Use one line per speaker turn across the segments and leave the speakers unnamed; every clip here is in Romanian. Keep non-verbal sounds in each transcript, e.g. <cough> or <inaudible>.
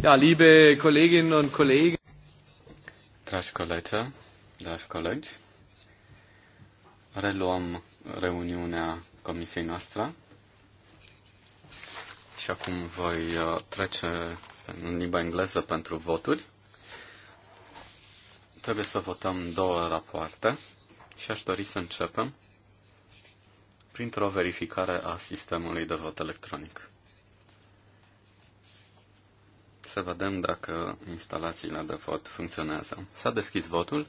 Ja, liebe Kolleginnen und Kollegen. Dragi colegi, dragi colegi, reluăm reuniunea comisiei noastre și acum voi uh, trece în limba engleză pentru voturi. Trebuie să votăm două rapoarte și aș dori să începem printr-o verificare a sistemului de vot electronic să vedem dacă instalațiile de vot funcționează. S-a deschis votul.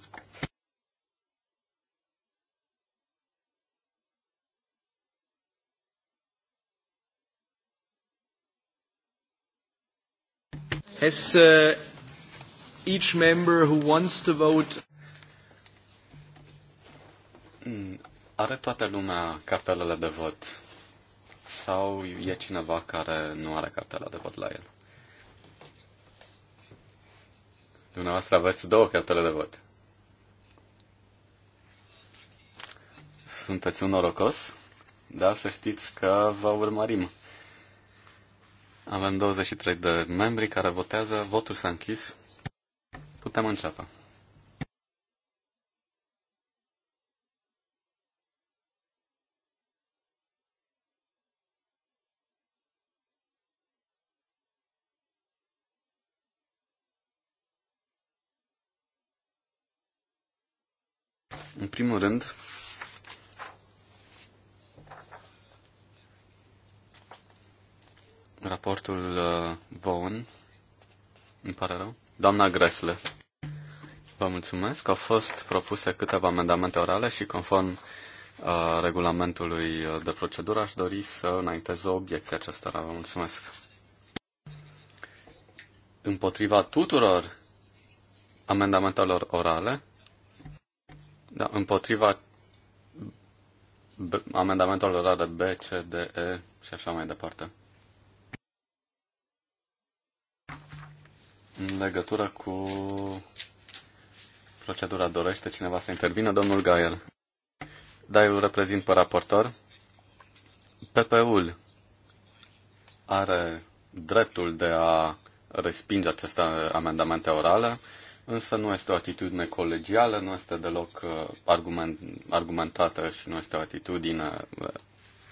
Has uh, each member who wants to vote
hmm, Are toată lumea cartelele de vot? Sau e cineva care nu are cartela de vot la el? Dumneavoastră aveți două cartele de vot. Sunteți un norocos, dar să știți că vă urmărim. Avem 23 de membri care votează, votul s-a închis. Putem începe. primul rând, raportul uh, Vaughan, îmi pare rău, doamna Gresle. Vă mulțumesc. Au fost propuse câteva amendamente orale și conform uh, regulamentului uh, de procedură aș dori să înaintez o obiecție acestora. Vă mulțumesc. Împotriva tuturor amendamentelor orale, da, împotriva B, amendamentelor de B, C, D, E și așa mai departe. În legătură cu procedura dorește cineva să intervină, domnul Gael. Da, eu reprezint pe raportor. PP-ul are dreptul de a respinge aceste amendamente orale însă nu este o atitudine colegială, nu este deloc uh, argument, argumentată și nu este o atitudine uh,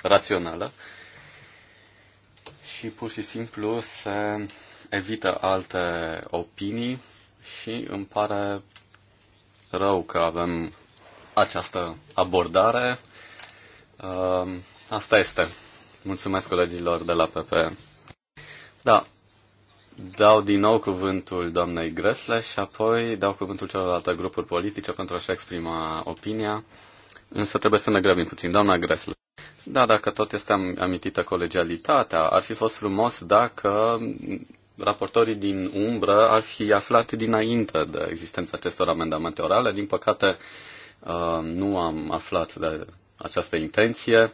rațională și pur și simplu se evită alte opinii și îmi pare rău că avem această abordare. Uh, asta este. Mulțumesc colegilor de la PP. Da, Dau din nou cuvântul doamnei Gresle și apoi dau cuvântul celorlalte grupuri politice pentru a-și exprima opinia, însă trebuie să ne grăbim puțin. Doamna Gresle. Da, dacă tot este amintită colegialitatea, ar fi fost frumos dacă raportorii din umbră ar fi aflat dinainte de existența acestor amendamente orale. Din păcate, uh, nu am aflat de această intenție.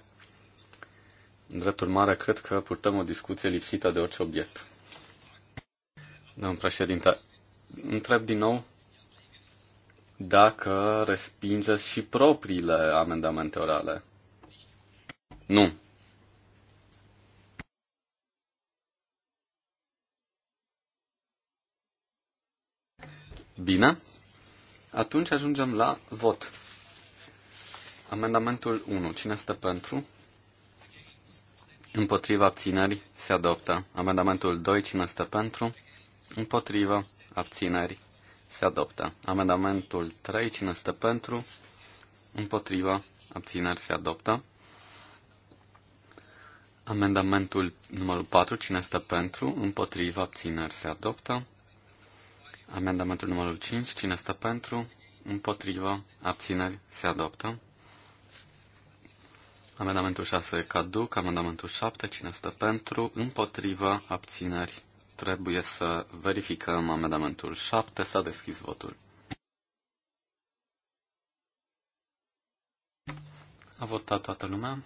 În dreptul mare, cred că purtăm o discuție lipsită de orice obiect. Domnul președinte, întreb din nou dacă respingeți și propriile amendamente orale. Nu. Bine. Atunci ajungem la vot. Amendamentul 1. Cine este pentru? Împotriva abținerii se adoptă. Amendamentul 2. Cine este pentru? Împotrivă. Abțineri. Se adoptă. Amendamentul 3. Cine stă pentru? Împotrivă. Abțineri. Se adoptă. Amendamentul numărul 4. Cine stă pentru? Împotrivă. Abțineri. Se adoptă. Amendamentul numărul 5. Cine stă pentru? Împotrivă. Abțineri. Se adoptă. Amendamentul 6 caduc, amendamentul 7, cine stă pentru, împotrivă, abțineri, Trebuie să verificăm amendamentul 7. S-a deschis votul. A votat toată lumea.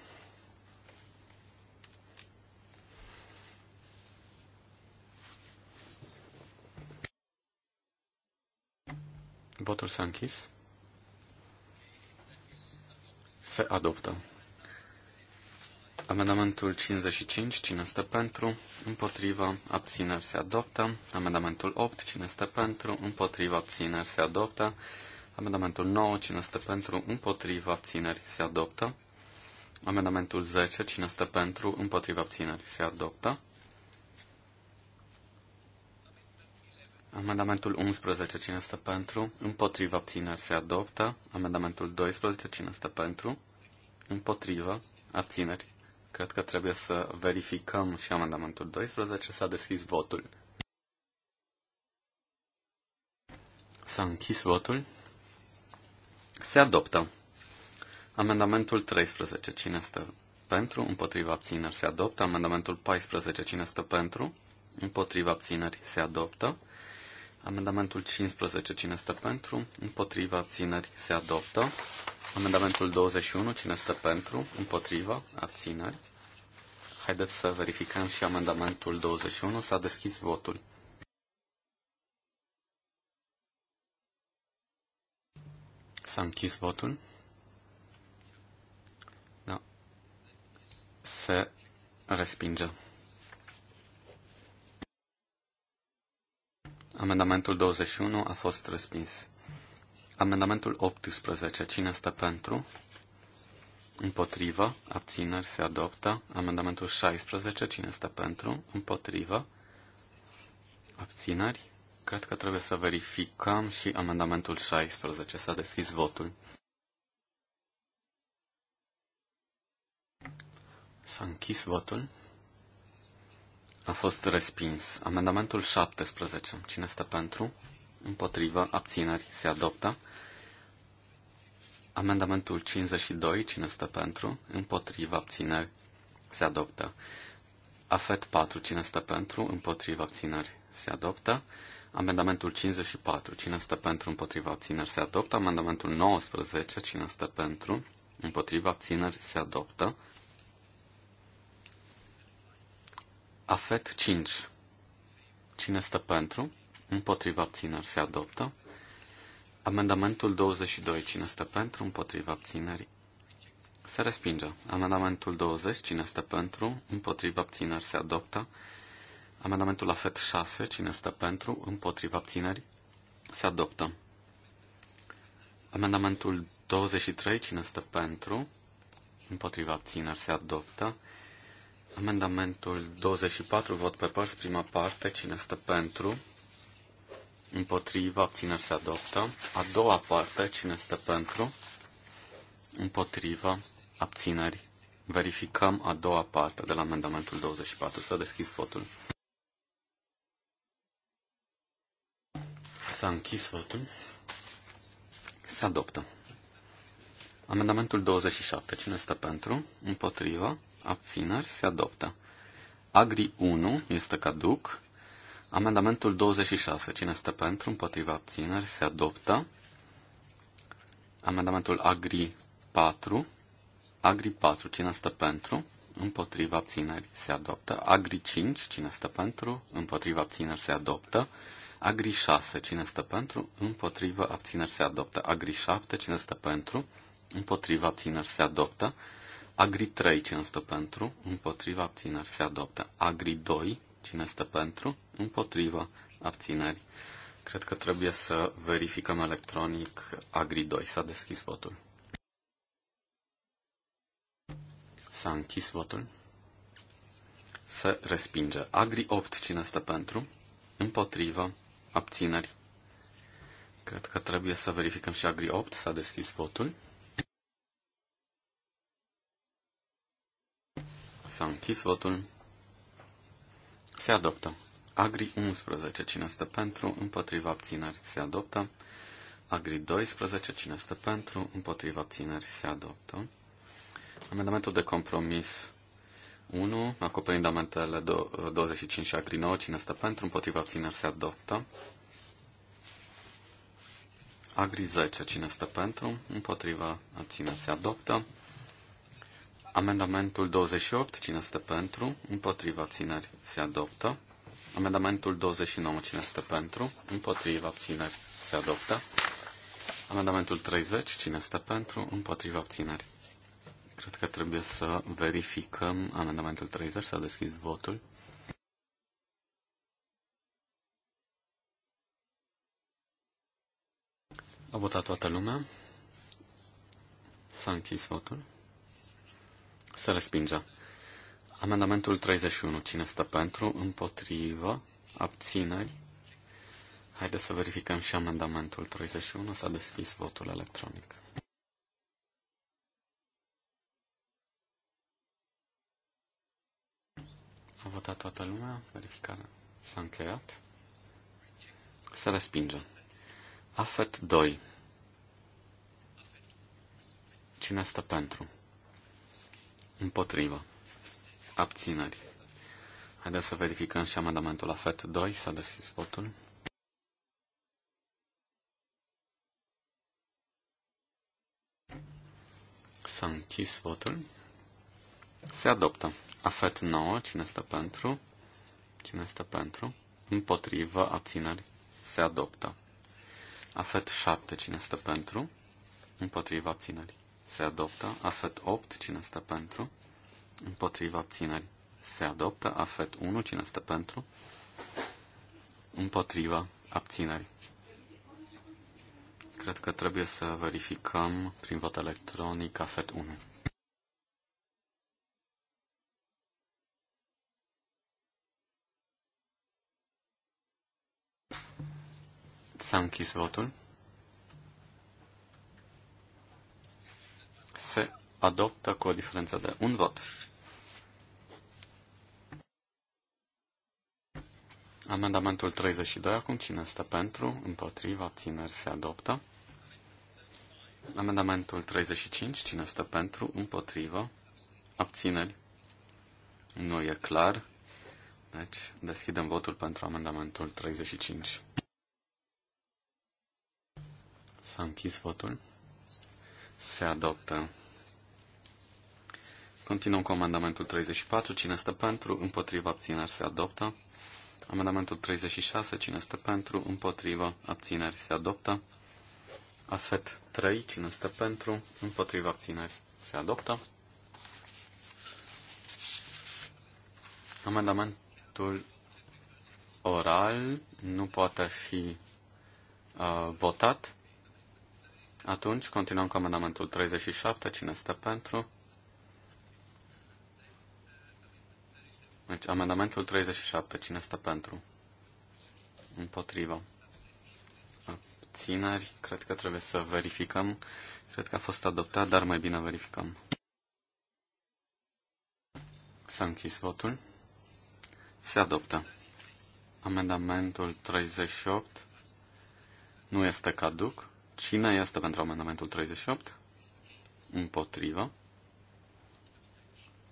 Votul s-a închis. Se adoptă. Amendamentul 55, cine stă pentru, împotriva, abțineri se adoptă. Amendamentul 8, cine stă pentru, împotriva, abțineri se adoptă. Amendamentul 9, cine stă pentru, împotriva, abțineri se adoptă. Amendamentul 10, cine stă pentru, împotriva, abțineri se adoptă. Amendamentul 11, cine stă pentru, împotriva, abțineri se adoptă. Amendamentul 12, cine stă pentru, împotriva, abțineri Cred că trebuie să verificăm și amendamentul 12. S-a deschis votul. S-a închis votul. Se adoptă. Amendamentul 13. Cine stă pentru? Împotriva abțineri se adoptă. Amendamentul 14. Cine stă pentru? Împotriva abțineri se adoptă. Amendamentul 15, cine stă pentru? Împotriva abțineri se adoptă. Amendamentul 21, cine stă pentru? Împotriva abțineri. Haideți să verificăm și amendamentul 21. S-a deschis votul. S-a închis votul. Da. Se respinge. Amendamentul 21 a fost respins. Amendamentul 18. Cine este pentru? Împotrivă. Abțineri se adoptă. Amendamentul 16. Cine este pentru? Împotrivă. Abțineri. Cred că trebuie să verificăm și amendamentul 16. S-a deschis votul. S-a închis votul. A fost respins. Amendamentul 17. Cine este pentru? Împotrivă. Abțineri. Se adoptă. Amendamentul 52. Cine este pentru? Împotrivă. Abțineri. Se adoptă. AFET 4. Cine este pentru? Împotrivă. Abțineri. Se adoptă. Amendamentul 54. Cine este pentru? Împotrivă. abțineri. Se adoptă. Amendamentul 19. Cine este pentru? Împotrivă. abțineri. Se adoptă. Afet 5. Cine stă pentru? Împotriva abțineri se adoptă. Amendamentul 22. Cine stă pentru? Împotriva abținerii se respinge. Amendamentul 20. Cine stă pentru? Împotriva abținerii se adoptă. Amendamentul AFET 6. Cine stă pentru? Împotriva abținerii se adoptă. Amendamentul 23. Cine stă pentru? Împotriva abținerii se adoptă. Amendamentul 24, vot pe părți, prima parte, cine stă pentru, împotriva, abțineri se adoptă. A doua parte, cine stă pentru, împotriva, abțineri. Verificăm a doua parte de la amendamentul 24. Să deschis votul. S-a închis votul. Se adoptă. Amendamentul 27. Cine stă pentru? Împotriva? abțineri, se adoptă. Agri 1 este caduc. Amendamentul 26. Cine este pentru, împotriva abțineri, se adoptă. Amendamentul Agri 4. Agri 4. Cine este pentru, împotriva abțineri, se adoptă. Agri 5. Cine este pentru, împotriva abțineri, se adoptă. Agri 6. Cine este pentru, împotriva abțineri, se adoptă. Agri 7. Cine este pentru, împotriva abțineri, se adoptă. Agri 3, cine stă pentru, împotriva abțineri se adoptă. Agri 2, cine stă pentru, împotriva abțineri. Cred că trebuie să verificăm electronic Agri 2. S-a deschis votul. S-a închis votul. Se respinge. Agri 8, cine stă pentru, împotriva abțineri. Cred că trebuie să verificăm și Agri 8. S-a deschis votul. S-a închis votul. Se adoptă. Agri 11, cine stă pentru, împotriva abțineri, se adoptă. Agri 12, cine stă pentru, împotriva abțineri, se adoptă. Amendamentul de compromis 1, acoperind amendamentele 25 și Agri 9, cine stă pentru, împotriva abțineri, se adoptă. Agri 10, cine stă pentru, împotriva abțineri, se adoptă. Amendamentul 28, cine este pentru? Împotriva abțineri se adoptă. Amendamentul 29, cine este pentru? Împotriva abțineri se adoptă. Amendamentul 30, cine este pentru? Împotriva abțineri. Cred că trebuie să verificăm amendamentul 30, s-a deschis votul. A votat toată lumea. S-a închis votul. Se respinge. Amendamentul 31. Cine stă pentru? Împotrivă? Abțineri? Haideți să verificăm și amendamentul 31. S-a deschis votul electronic. A votat toată lumea. Verificarea s-a încheiat. Se respinge. Afet 2. Cine stă pentru? Împotrivă. Abțineri. Haideți să verificăm și amendamentul la FET 2. S-a deschis votul. S-a închis votul. Se adoptă. AFET 9. Cine stă pentru? Cine stă pentru? Împotrivă. Abțineri. Se adoptă. AFET 7. Cine stă pentru? Împotrivă. abținerii se adoptă. Afet 8, cine stă pentru? Împotriva abținerii, se adoptă. Afet 1, cine stă pentru? Împotriva abținerii. Cred că trebuie să verificăm prin vot electronic Afet 1. S-a închis votul. se adoptă cu o diferență de un vot. Amendamentul 32, acum cine este pentru, împotriva, abțineri, se adoptă. Amendamentul 35, cine este pentru, împotriva, abțineri, nu e clar. Deci, deschidem votul pentru amendamentul 35. S-a închis votul se adoptă. Continuăm cu amendamentul 34. Cine stă pentru? Împotriva abțineri se adoptă. Amendamentul 36. Cine stă pentru? Împotriva abțineri se adoptă. Afet 3. Cine stă pentru? Împotriva abțineri se adoptă. Amendamentul oral nu poate fi uh, votat atunci continuăm cu amendamentul 37. Cine stă pentru? Deci amendamentul 37. Cine stă pentru? Împotriva. Abțineri. Cred că trebuie să verificăm. Cred că a fost adoptat, dar mai bine verificăm. S-a închis votul. Se adoptă. Amendamentul 38 nu este caduc. Cine este pentru amendamentul 38? Împotrivă.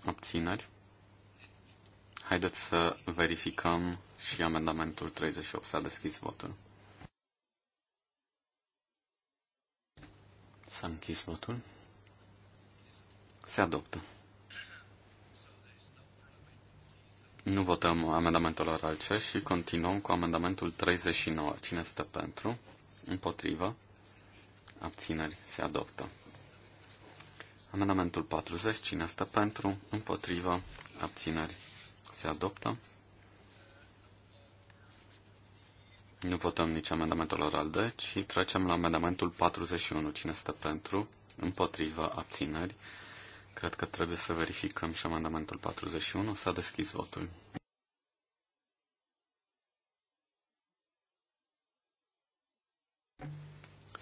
Abțineri. Haideți să verificăm și amendamentul 38. S-a deschis votul. S-a închis votul. Se adoptă. Nu votăm amendamentul oral C și continuăm cu amendamentul 39. Cine stă pentru? Împotrivă? abțineri, se adoptă. Amendamentul 40, cine stă pentru, împotrivă, abțineri, se adoptă. Nu votăm nici amendamentul oral, ci trecem la amendamentul 41. Cine stă pentru? Împotrivă, abțineri. Cred că trebuie să verificăm și amendamentul 41. S-a deschis votul.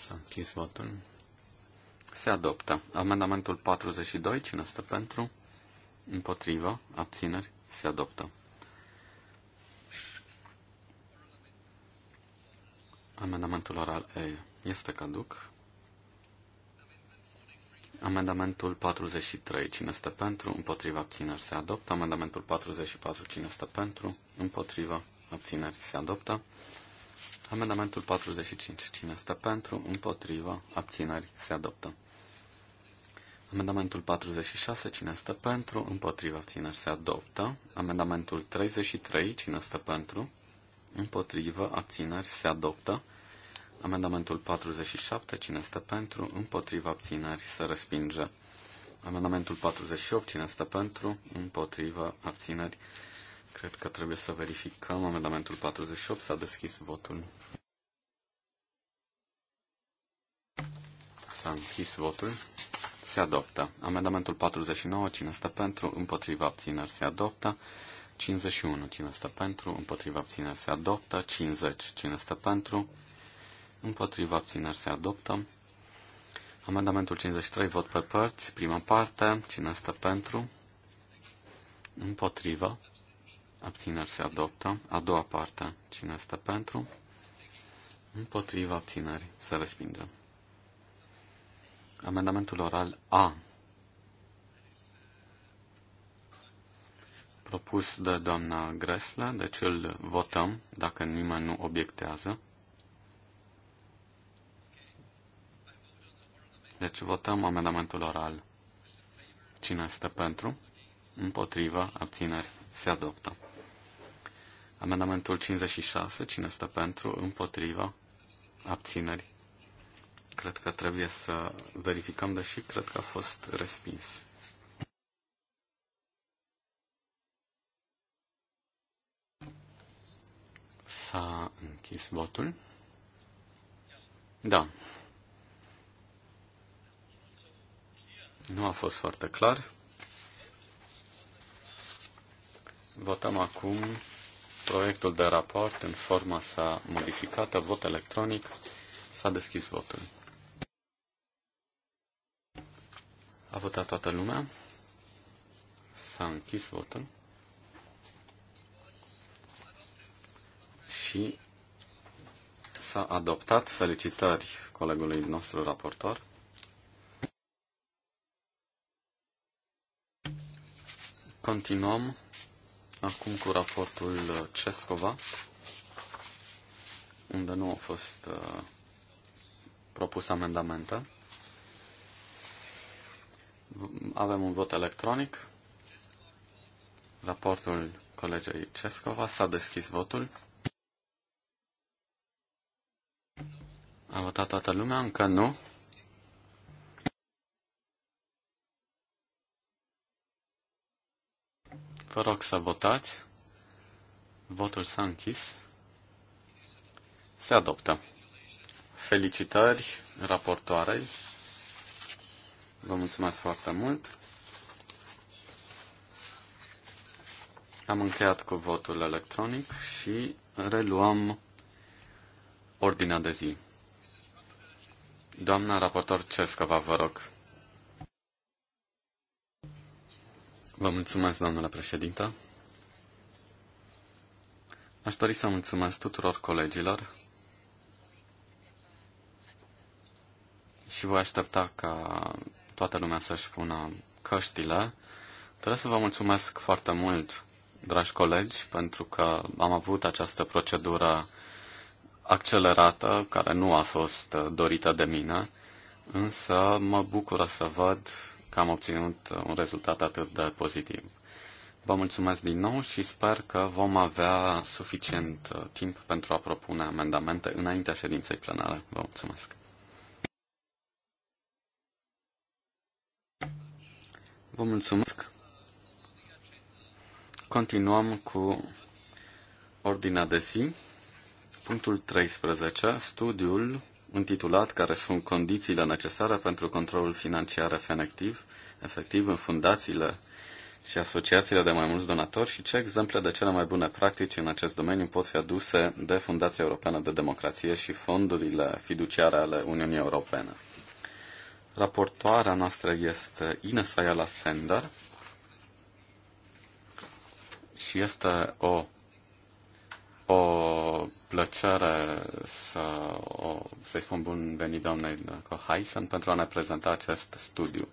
S-a închis votul. Se adoptă. Amendamentul 42. Cine este pentru? Împotrivă. Abțineri. Se adoptă. Amendamentul oral E este caduc. Amendamentul 43. Cine este pentru? Împotriva abțineri se adoptă. Amendamentul 44. Cine este pentru? Împotriva abțineri se adoptă. Amendamentul 45. Cine stă pentru, împotrivă, abțineri, se adoptă. Amendamentul 46. Cine stă pentru, împotrivă, abțineri, se adoptă. Amendamentul 33. Cine stă pentru, împotrivă, abțineri, se adoptă. Amendamentul 47. Cine stă pentru, împotrivă, abțineri, se respinge. Amendamentul 48. Cine stă pentru, împotrivă, abțineri, se Cred că trebuie să verificăm amendamentul 48. S-a deschis votul. S-a închis votul. Se adoptă. Amendamentul 49. Cine stă pentru? Împotriva abțineri se adoptă. 51. Cine stă pentru? Împotriva abțineri se adoptă. 50. Cine stă pentru? Împotriva abțineri se adoptă. Amendamentul 53. Vot pe părți. Prima parte. Cine stă pentru? Împotriva abțineri se adoptă. A doua parte, cine este pentru, împotriva abținerii, se respinge. Amendamentul oral A, propus de doamna Gresle, deci îl votăm dacă nimeni nu obiectează. Deci votăm amendamentul oral. Cine este pentru? Împotriva, abțineri, se adoptă. Amendamentul 56, cine stă pentru, împotriva, abțineri. Cred că trebuie să verificăm, deși cred că a fost respins. S-a închis votul. Da. Nu a fost foarte clar. Votăm acum proiectul de raport în forma sa modificată, vot electronic, s-a deschis votul. A votat toată lumea, s-a închis votul și s-a adoptat. Felicitări colegului nostru raportor. Continuăm Acum cu raportul uh, Cescova, unde nu au fost uh, propus amendamente. Avem un vot electronic. Raportul colegei Cescova s-a deschis votul. A votat toată lumea? Încă nu. Vă rog să votați. Votul s-a închis. Se adoptă. Felicitări raportoarei. Vă mulțumesc foarte mult. Am încheiat cu votul electronic și reluăm ordinea de zi. Doamna raportor Cescova, vă rog. Vă mulțumesc, domnule președintă. Aș dori să mulțumesc tuturor colegilor și voi aștepta ca toată lumea să-și pună căștile. Trebuie să vă mulțumesc foarte mult, dragi colegi, pentru că am avut această procedură accelerată, care nu a fost dorită de mine, însă mă bucură să văd că am obținut uh, un rezultat atât de pozitiv. Vă mulțumesc din nou și sper că vom avea suficient uh, timp pentru a propune amendamente înaintea ședinței plenare. Vă mulțumesc. Vă mulțumesc. Continuăm cu ordinea de zi. Punctul 13. Studiul intitulat care sunt condițiile necesare pentru controlul financiar efectiv, efectiv în fundațiile și asociațiile de mai mulți donatori și ce exemple de cele mai bune practici în acest domeniu pot fi aduse de Fundația Europeană de Democrație și fondurile fiduciare ale Uniunii Europene. Raportoarea noastră este Ines Ayala Sender și este o o plăcere să o, să-i spun bun venit doamnei Cohaisen pentru a ne prezenta acest studiu.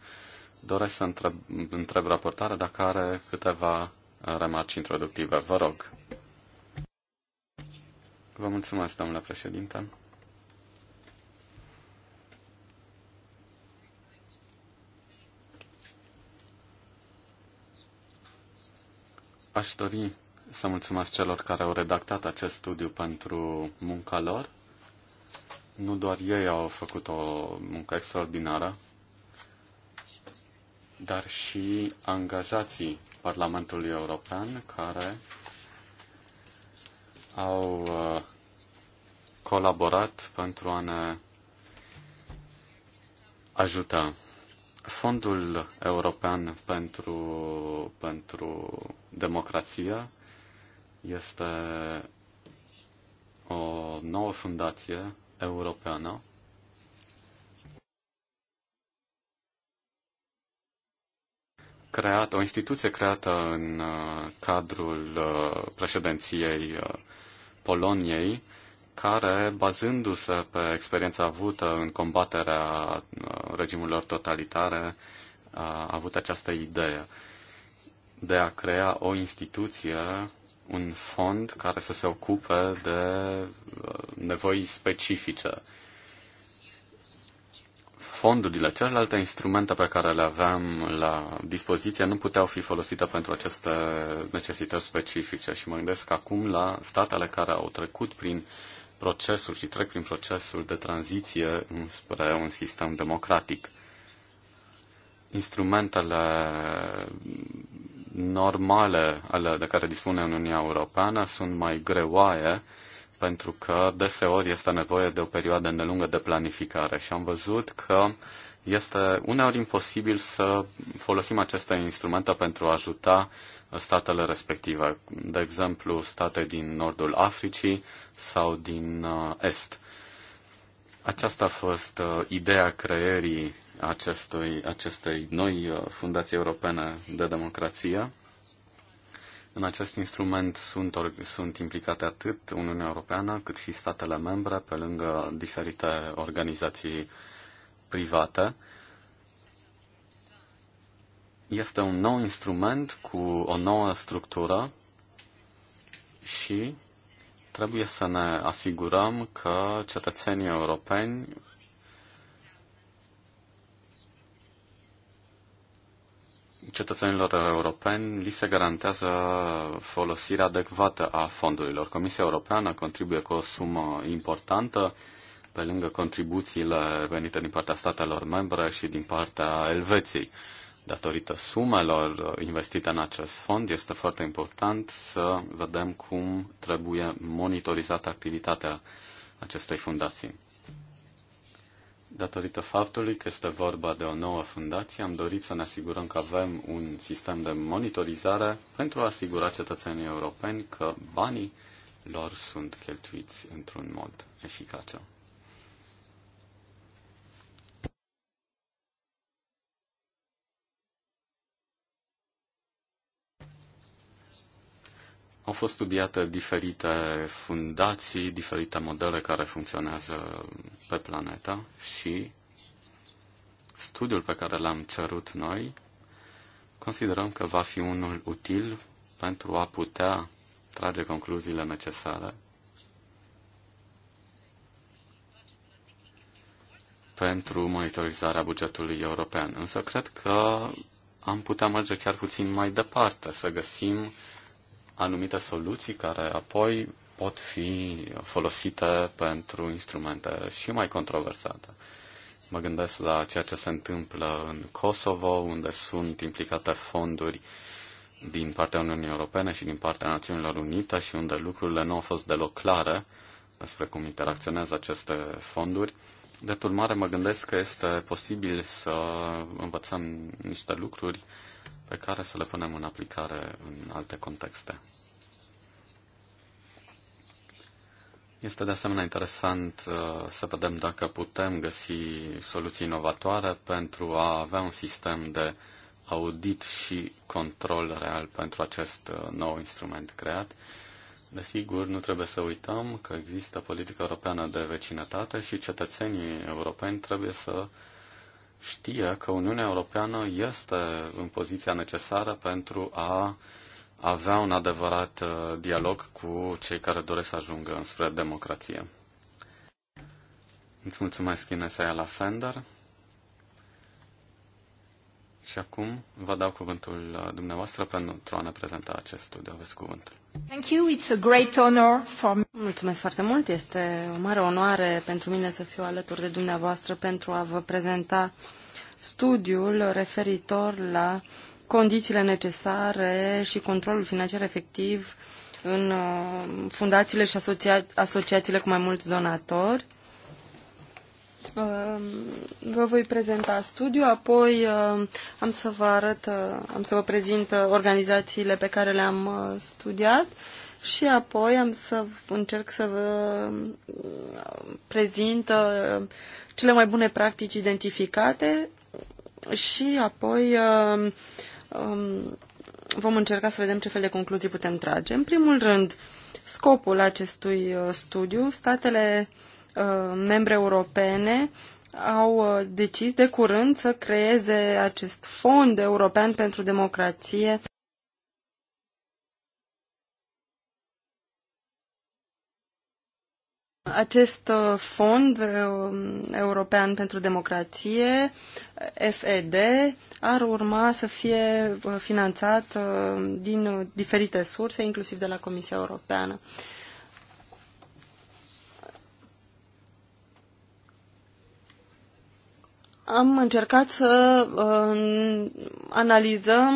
Doresc să întreb, întreb raportarea dacă are câteva remarci introductive. Vă rog. Vă mulțumesc, domnule președinte. Aș dori să mulțumesc celor care au redactat acest studiu pentru munca lor. Nu doar ei au făcut o muncă extraordinară, dar și angajații Parlamentului European care au uh, colaborat pentru a ne ajuta. Fondul European pentru, pentru Democrație este o nouă fundație europeană creat, o instituție creată în uh, cadrul uh, președinției uh, Poloniei, care, bazându-se pe experiența avută în combaterea regimurilor totalitare, a avut această idee de a crea o instituție un fond care să se ocupe de uh, nevoi specifice. Fondurile, celelalte instrumente pe care le aveam la dispoziție nu puteau fi folosite pentru aceste necesități specifice și mă gândesc acum la statele care au trecut prin procesul și trec prin procesul de tranziție înspre un sistem democratic. Instrumentele normale ale de care dispune Uniunea Europeană sunt mai greoaie pentru că deseori este nevoie de o perioadă îndelungă de planificare și am văzut că este uneori imposibil să folosim aceste instrumente pentru a ajuta statele respective, de exemplu state din nordul Africii sau din uh, est. Aceasta a fost uh, ideea creierii acestui, acestei noi uh, Fundații Europene de Democrație. În acest instrument sunt, or, sunt implicate atât Uniunea Europeană cât și statele membre, pe lângă diferite organizații private. Este un nou instrument cu o nouă structură și Trebuie să ne asigurăm că cetățenii europeni cetățenilor europeni li se garantează folosirea adecvată a fondurilor. Comisia Europeană contribuie cu o sumă importantă pe lângă contribuțiile venite din partea statelor membre și din partea Elveției datorită sumelor investite în acest fond, este foarte important să vedem cum trebuie monitorizată activitatea acestei fundații. Datorită faptului că este vorba de o nouă fundație, am dorit să ne asigurăm că avem un sistem de monitorizare pentru a asigura cetățenii europeni că banii lor sunt cheltuiți într-un mod eficace. Au fost studiate diferite fundații, diferite modele care funcționează pe planetă și studiul pe care l-am cerut noi considerăm că va fi unul util pentru a putea trage concluziile necesare pentru monitorizarea bugetului european. Însă cred că am putea merge chiar puțin mai departe, să găsim anumite soluții care apoi pot fi folosite pentru instrumente și mai controversate. Mă gândesc la ceea ce se întâmplă în Kosovo, unde sunt implicate fonduri din partea Uniunii Europene și din partea Națiunilor Unite și unde lucrurile nu au fost deloc clare despre cum interacționează aceste fonduri. De urmare, mă gândesc că este posibil să învățăm niște lucruri pe care să le punem în aplicare în alte contexte. Este de asemenea interesant uh, să vedem dacă putem găsi soluții inovatoare pentru a avea un sistem de audit și control real pentru acest uh, nou instrument creat. Desigur, nu trebuie să uităm că există politica europeană de vecinătate și cetățenii europeni trebuie să știe că Uniunea Europeană este în poziția necesară pentru a avea un adevărat uh, dialog cu cei care doresc să ajungă înspre democrație. Îți mulțumesc, Inesaia la Sender. Și acum vă dau cuvântul uh, dumneavoastră pentru a ne prezenta acest studiu. Aveți cuvântul.
Thank you. It's
a great honor for me. Mulțumesc foarte mult. Este o mare onoare pentru mine să fiu alături de dumneavoastră pentru a vă prezenta studiul referitor la condițiile necesare și controlul financiar efectiv în uh, fundațiile și asociațiile cu mai mulți donatori Ehm, vă voi prezenta studiul, apoi ehm, am să vă arăt, ehm, am să vă prezint organizațiile pe care le-am studiat și apoi am să încerc să vă prezint cele mai bune practici identificate și apoi vom încerca să vedem ce fel de concluzii putem trage. În primul rând, scopul acestui studiu, statele Uh, membre europene au uh, decis de curând să creeze acest fond european pentru democrație. Acest uh, fond european pentru democrație, FED, ar urma să fie finanțat din diferite surse, inclusiv de la Comisia Europeană. am încercat să uh, analizăm,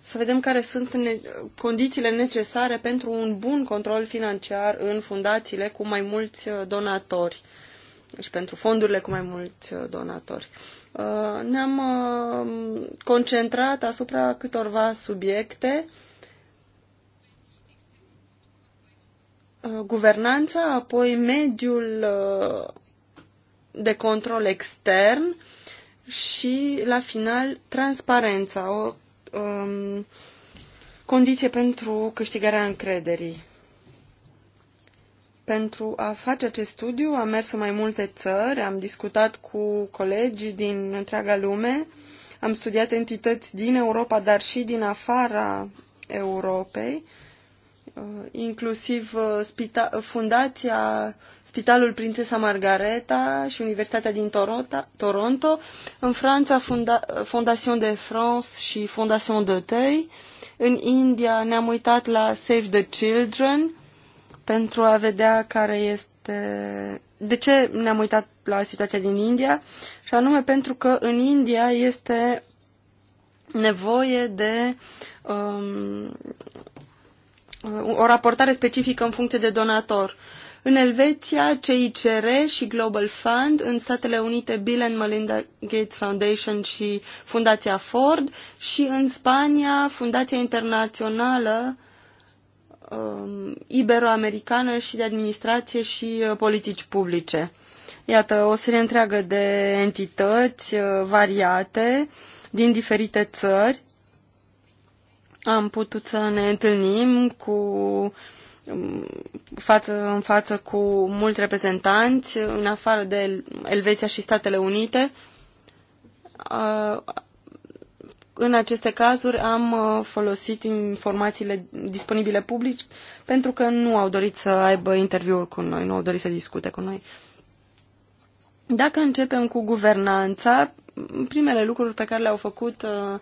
să vedem care sunt ne- condițiile necesare pentru un bun control financiar în fundațiile cu mai mulți uh, donatori și pentru fondurile cu mai mulți uh, donatori. Uh, ne-am concentrat asupra câtorva subiecte. guvernanța, apoi mediul de control extern și, la final, transparența, o um, condiție pentru câștigarea încrederii. Pentru a face acest studiu am mers în mai multe țări, am discutat cu colegi din întreaga lume, am studiat entități din Europa, dar și din afara Europei, uh, inclusiv uh, fundația Spitalul Prințesa Margareta și Universitatea din Toronto, Toronto în Franța Funda, Fondation de France și Fondation de Tei, în India ne-am uitat la Save the Children pentru a vedea care este... De ce ne-am uitat la situația din India? Și anume pentru că în India este nevoie de um, o raportare specifică în funcție de donator. Uh, în Elveția, CICR și Global Fund, în Statele Unite Bill and Melinda Gates Foundation și Fundația Ford și în Spania Fundația Internațională um, Iberoamericană și de Administrație și uh, Politici Publice. Iată, o serie întreagă de entități uh, variate din diferite țări. Am putut să ne întâlnim cu uh, față în față cu mulți reprezentanți, în afară de Elveția și Statele Unite. Uh, în aceste cazuri am uh, folosit informațiile disponibile publici pentru că nu au dorit să aibă interviuri cu noi, nu au dorit să discute cu noi. Dacă începem cu guvernanța, primele lucruri pe care le-au făcut uh,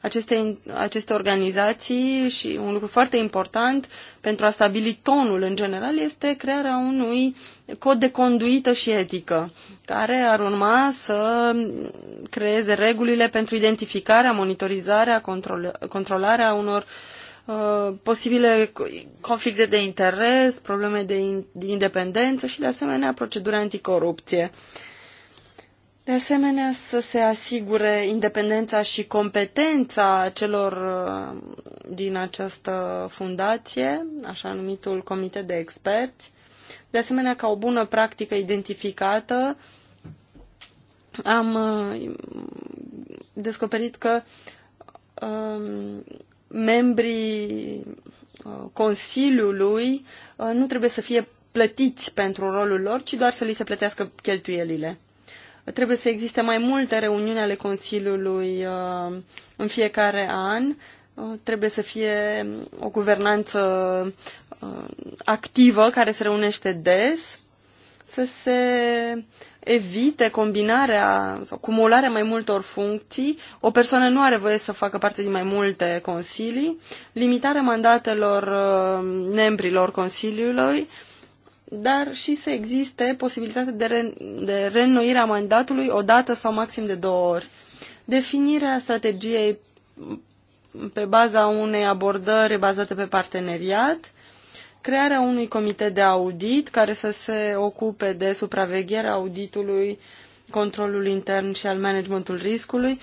aceste, aceste organizații și un lucru foarte important pentru a stabili tonul în general este crearea unui cod de conduită și etică, care ar urma să creeze regulile pentru identificarea, monitorizarea, control, controlarea unor uh, posibile conflicte de interes, probleme de, independență și, de asemenea, proceduri anticorupție. Uh, de asemenea, să se asigure independența și competența celor uh, din această fundație, așa numitul comitet de experți. De asemenea, ca o bună practică identificată, am uh, descoperit că um, membrii uh, Consiliului nu trebuie să fie plătiți pentru rolul lor, ci doar să li se plătească cheltuielile. Trebuie să existe mai multe reuniuni ale Consiliului uh, în fiecare an. Uh, trebuie să fie o guvernanță uh, activă care se reunește des, să se evite combinarea sau cumularea mai multor funcții. O persoană nu are voie să facă parte din mai multe consilii, limitarea mandatelor membrilor Consiliului, dar și să existe posibilitatea de, re, de reînnoire a mandatului o dată sau maxim de două ori. Definirea strategiei pe baza unei abordări bazate pe parteneriat, crearea unui comitet de audit care să se ocupe de supravegherea auditului, controlul intern și al managementul riscului,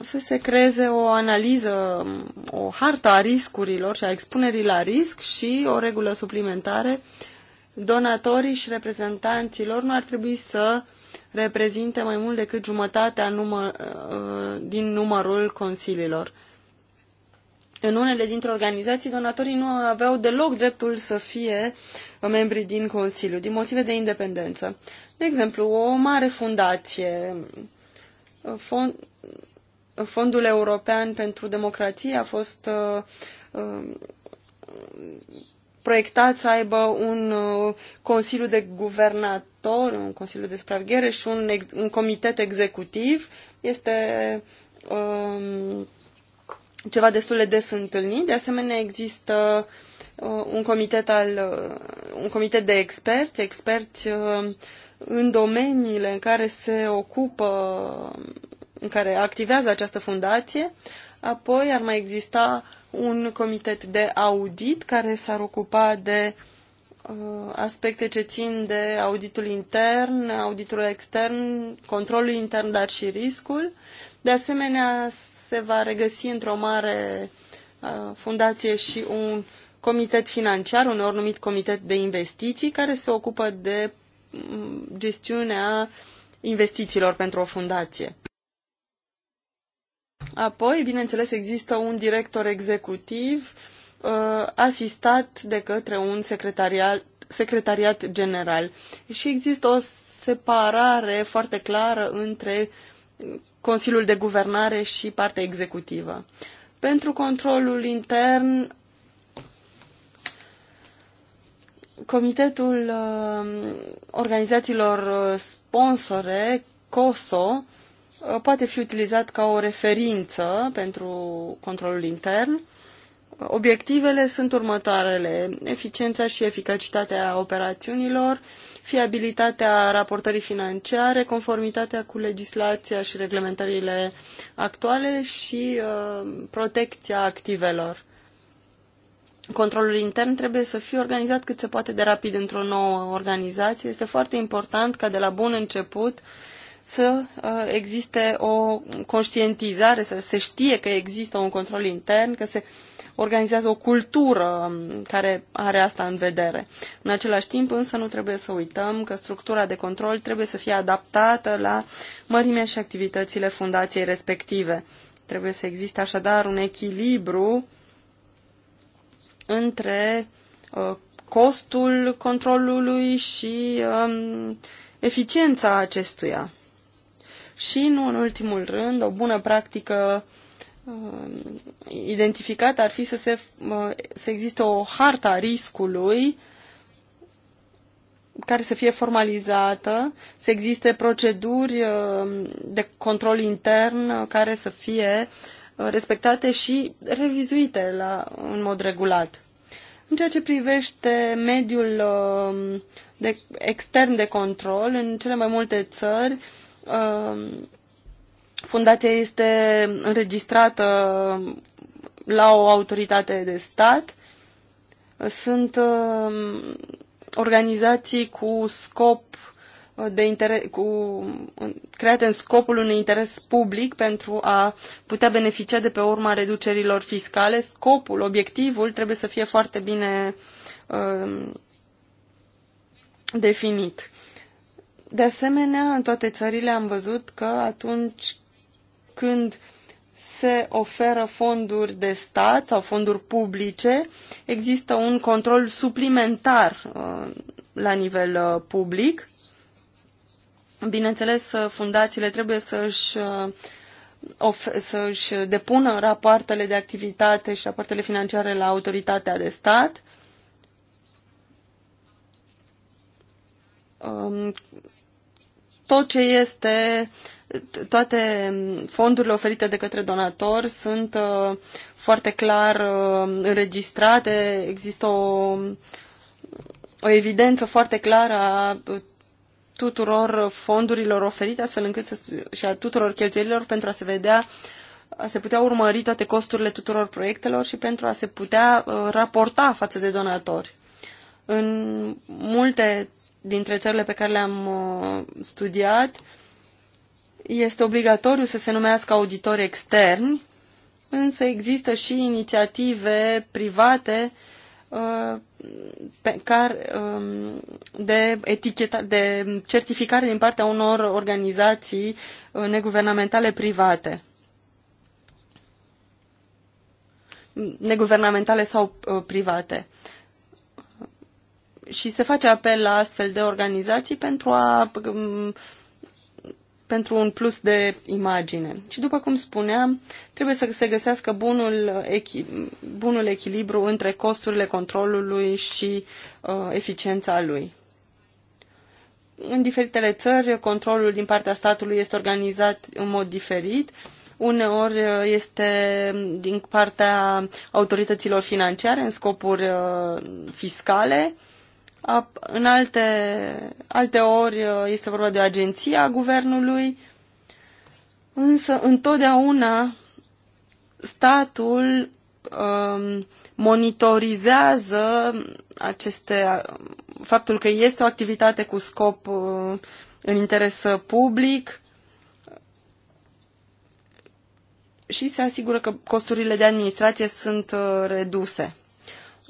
să se creeze o analiză, o hartă a riscurilor și a expunerii la risc și o regulă suplimentare. Donatorii și reprezentanților nu ar trebui să reprezinte mai mult decât jumătatea număr, uh, din numărul consiliilor. În unele dintre organizații, donatorii nu aveau deloc dreptul să fie membri din Consiliu, din motive de independență. De exemplu, o mare fundație, fond, Fondul European pentru Democrație a fost uh, uh, proiectat să aibă un uh, Consiliu de Guvernator, un Consiliu de Supraveghere și un, ex- un comitet executiv. Este um, ceva destul de des întâlnit. De asemenea, există uh, un comitet al uh, un comitet de experți, experți uh, în domeniile în care se ocupă în care activează această fundație. Apoi ar mai exista un comitet de audit care s-ar ocupa de uh, aspecte ce țin de auditul intern, auditul extern, controlul intern, dar și riscul. De asemenea, se va regăsi într-o mare uh, fundație și un comitet financiar, uneori numit comitet de investiții, care se ocupă de mm, gestiunea investițiilor pentru o fundație. Apoi, bineînțeles, există un director executiv uh, asistat de către un secretariat, secretariat general. Și există o separare foarte clară între Consiliul de Guvernare și partea executivă. Pentru controlul
intern,
Comitetul uh, Organizațiilor Sponsore, COSO, Uh, poate fi utilizat ca o referință pentru controlul intern. Obiectivele sunt următoarele. Eficiența și eficacitatea operațiunilor, fiabilitatea raportării financiare, conformitatea cu legislația și reglementările actuale și uh, protecția activelor. Controlul intern trebuie să fie organizat cât se poate de rapid într-o nouă organizație. Este foarte important ca de la bun început uh, să uh, existe o conștientizare, să se știe că există un control intern, că se organizează o cultură um, care are asta în vedere. În același timp, însă, nu trebuie să uităm că structura de control trebuie să fie adaptată la mărimea și activitățile fundației respective. Trebuie să existe așadar un echilibru între uh, costul controlului și um, eficiența acestuia și, nu în ultimul rând, o bună practică uh, identificată ar fi să, se, uh, să existe o harta riscului care să fie formalizată, să existe proceduri uh, de control intern care să fie respectate și revizuite la, în mod regulat. În ceea ce privește mediul de, extern de control, în cele mai multe țări, Um, fundația este înregistrată la o autoritate de stat. Sunt um, organizații cu scop uh, de interes, cu, create în scopul unui interes public pentru a putea beneficia de pe urma reducerilor fiscale. Scopul, obiectivul trebuie să fie foarte bine uh, definit. De asemenea, în toate țările am văzut că atunci când se oferă fonduri de stat sau fonduri publice, există un control suplimentar uh, la nivel uh, public. Bineînțeles, uh, fundațiile trebuie să-și să își depună rapoartele de activitate și rapoartele financiare la autoritatea de stat. Um, tot ce este toate fondurile oferite de către donator sunt uh, foarte clar uh, înregistrate, există o, o evidență foarte clară a tuturor fondurilor oferite, astfel încât să, și a tuturor cheltuielilor pentru a se vedea, a se putea urmări toate costurile tuturor proiectelor și pentru a se putea uh, raporta față de donatori. În multe dintre țările pe care le-am uh, studiat, este obligatoriu să se numească auditori externi, însă există și inițiative private uh, pe care, um, de, eticheta, de certificare din partea unor organizații uh, neguvernamentale private. Neguvernamentale sau private și se face apel la astfel de organizații pentru a mm, pentru un plus de imagine. Și după cum spuneam, trebuie să se găsească bunul, echi, bunul echilibru între costurile controlului și uh, eficiența lui. În diferitele țări, controlul din partea statului este organizat în mod diferit. Uneori uh, este din partea autorităților financiare în scopuri uh, fiscale, uh, în alte, alte ori uh, este vorba de o agenție a guvernului, însă întotdeauna statul um, monitorizează aceste, faptul că este o activitate cu scop uh, în interes public și se asigură că costurile de administrație sunt uh, reduse.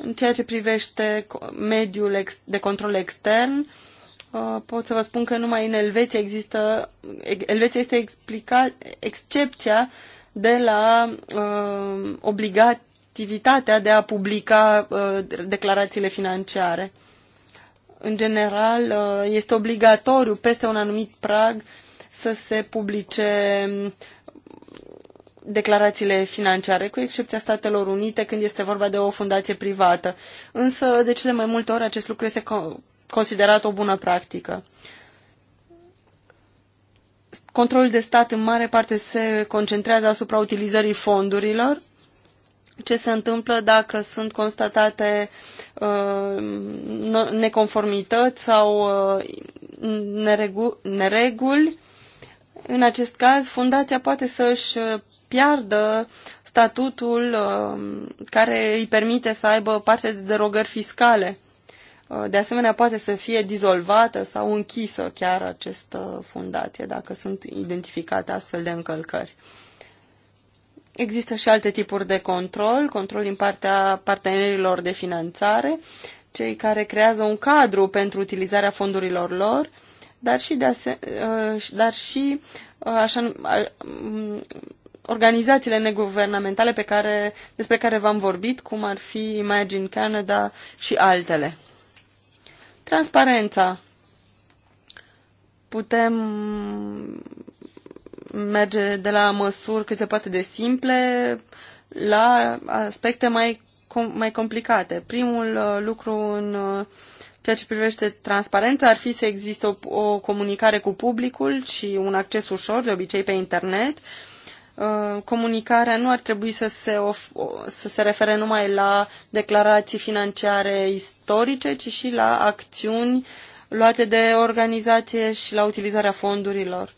În ceea ce privește mediul de control extern, uh, pot să vă spun că numai în Elveția există, Elveția este explica, excepția de la uh, obligativitatea de a publica uh, declarațiile financiare. În general, uh, este obligatoriu peste un anumit prag să se publice declarațiile financiare, cu excepția Statelor Unite când este vorba de o fundație privată. Însă, de cele mai multe ori, acest lucru este considerat o bună practică. Controlul de stat în mare parte se concentrează asupra utilizării fondurilor, ce se întâmplă dacă sunt constatate uh, neconformități sau uh, nereguli. În acest caz, fundația poate să își uh, piardă statutul um, care îi permite să aibă parte de derogări fiscale. Uh, de asemenea, poate să fie dizolvată sau închisă chiar această fundație, dacă sunt identificate astfel de încălcări. Există și alte tipuri de control, control din partea partenerilor de finanțare, cei care creează un cadru pentru utilizarea fondurilor lor, dar și, de ase- uh, dar și uh, așa, organizațiile neguvernamentale pe care, despre care v-am vorbit, cum ar fi Imagine Canada și altele. Transparența. Putem merge de la măsuri cât se poate de simple la aspecte mai, com mai complicate. Primul uh, lucru în uh, ceea ce privește transparența ar fi să existe o, o comunicare cu publicul și un acces ușor, de obicei pe internet, uh, Uh, comunicarea nu ar trebui să se, of- să se refere numai la declarații financiare istorice, ci și la acțiuni luate de organizație și la utilizarea fondurilor.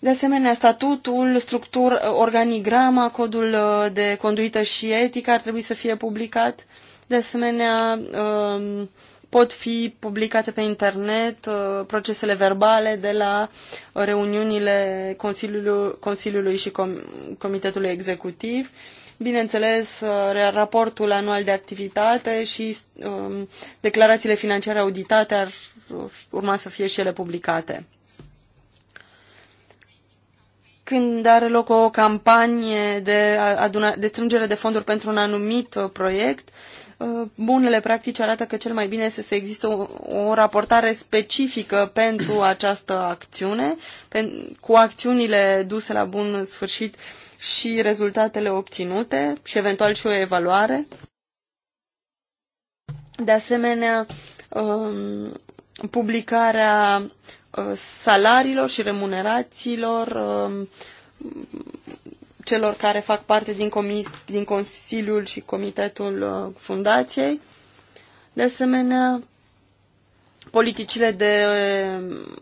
De asemenea, statutul, structur, organigrama, codul uh, de conduită și etică ar trebui să fie publicat. De asemenea, uh, pot fi publicate pe internet uh, procesele verbale de la reuniunile Consiliului, Consiliului și Comitetului Executiv, bineînțeles uh, raportul anual de activitate și um, declarațiile financiare auditate ar uh, urma să fie și ele publicate. Când are loc o campanie de, aduna, de strângere de fonduri pentru un anumit proiect, uh, Uh, bunele practici arată că cel mai bine este să existe o, o raportare specifică pentru această acțiune, pen, cu acțiunile duse la bun sfârșit și rezultatele obținute și eventual și o evaluare. De asemenea, um, publicarea uh, salariilor și remunerațiilor um, celor care fac parte din, comis, din Consiliul și Comitetul uh, Fundației. De asemenea, politicile de,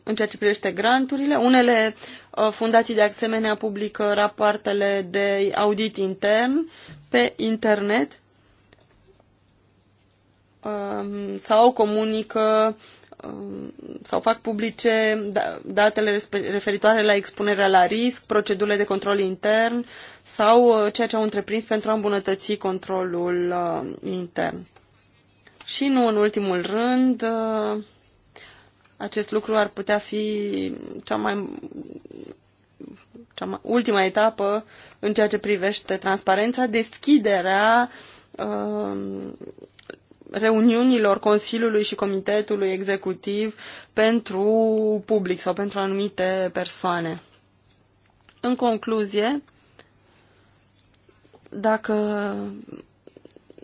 în ceea ce privește granturile. Unele uh, fundații de asemenea publică rapoartele de audit intern pe internet um, sau comunică Um, sau fac publice da, datele referitoare la expunerea la risc, procedurile de control intern sau uh, ceea ce au întreprins pentru a îmbunătăți controlul uh, intern. Și nu în ultimul rând, uh, acest lucru ar putea fi cea mai, cea mai ultima etapă în ceea ce privește transparența, deschiderea reuniunilor Consiliului și Comitetului Executiv pentru public sau pentru anumite persoane. În concluzie, dacă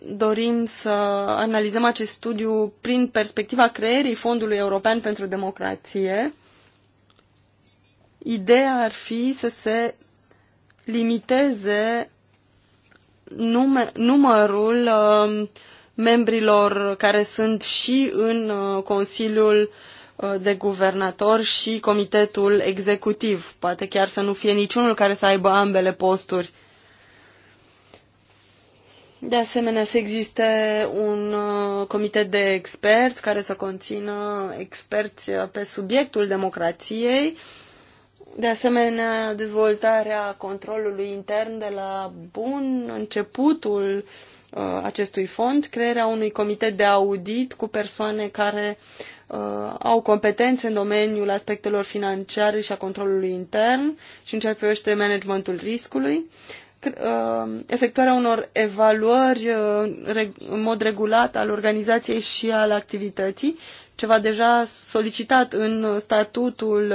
dorim să analizăm acest studiu prin perspectiva creierii Fondului European pentru Democrație, ideea ar fi să se limiteze nume, numărul uh, membrilor care sunt și în uh, Consiliul uh, de Guvernator și Comitetul Executiv. Poate chiar să nu fie niciunul care să aibă ambele posturi. De asemenea, să existe un uh, comitet de experți care să conțină experți pe subiectul democrației. De asemenea, dezvoltarea controlului intern de la bun începutul uh, Uh, acestui fond, crearea unui comitet de audit cu persoane care uh, au competențe în domeniul aspectelor financiare și a controlului intern și în ceea ce privește managementul riscului, uh, efectuarea unor evaluări uh, în mod regulat al organizației și al activității, ceva deja solicitat în statutul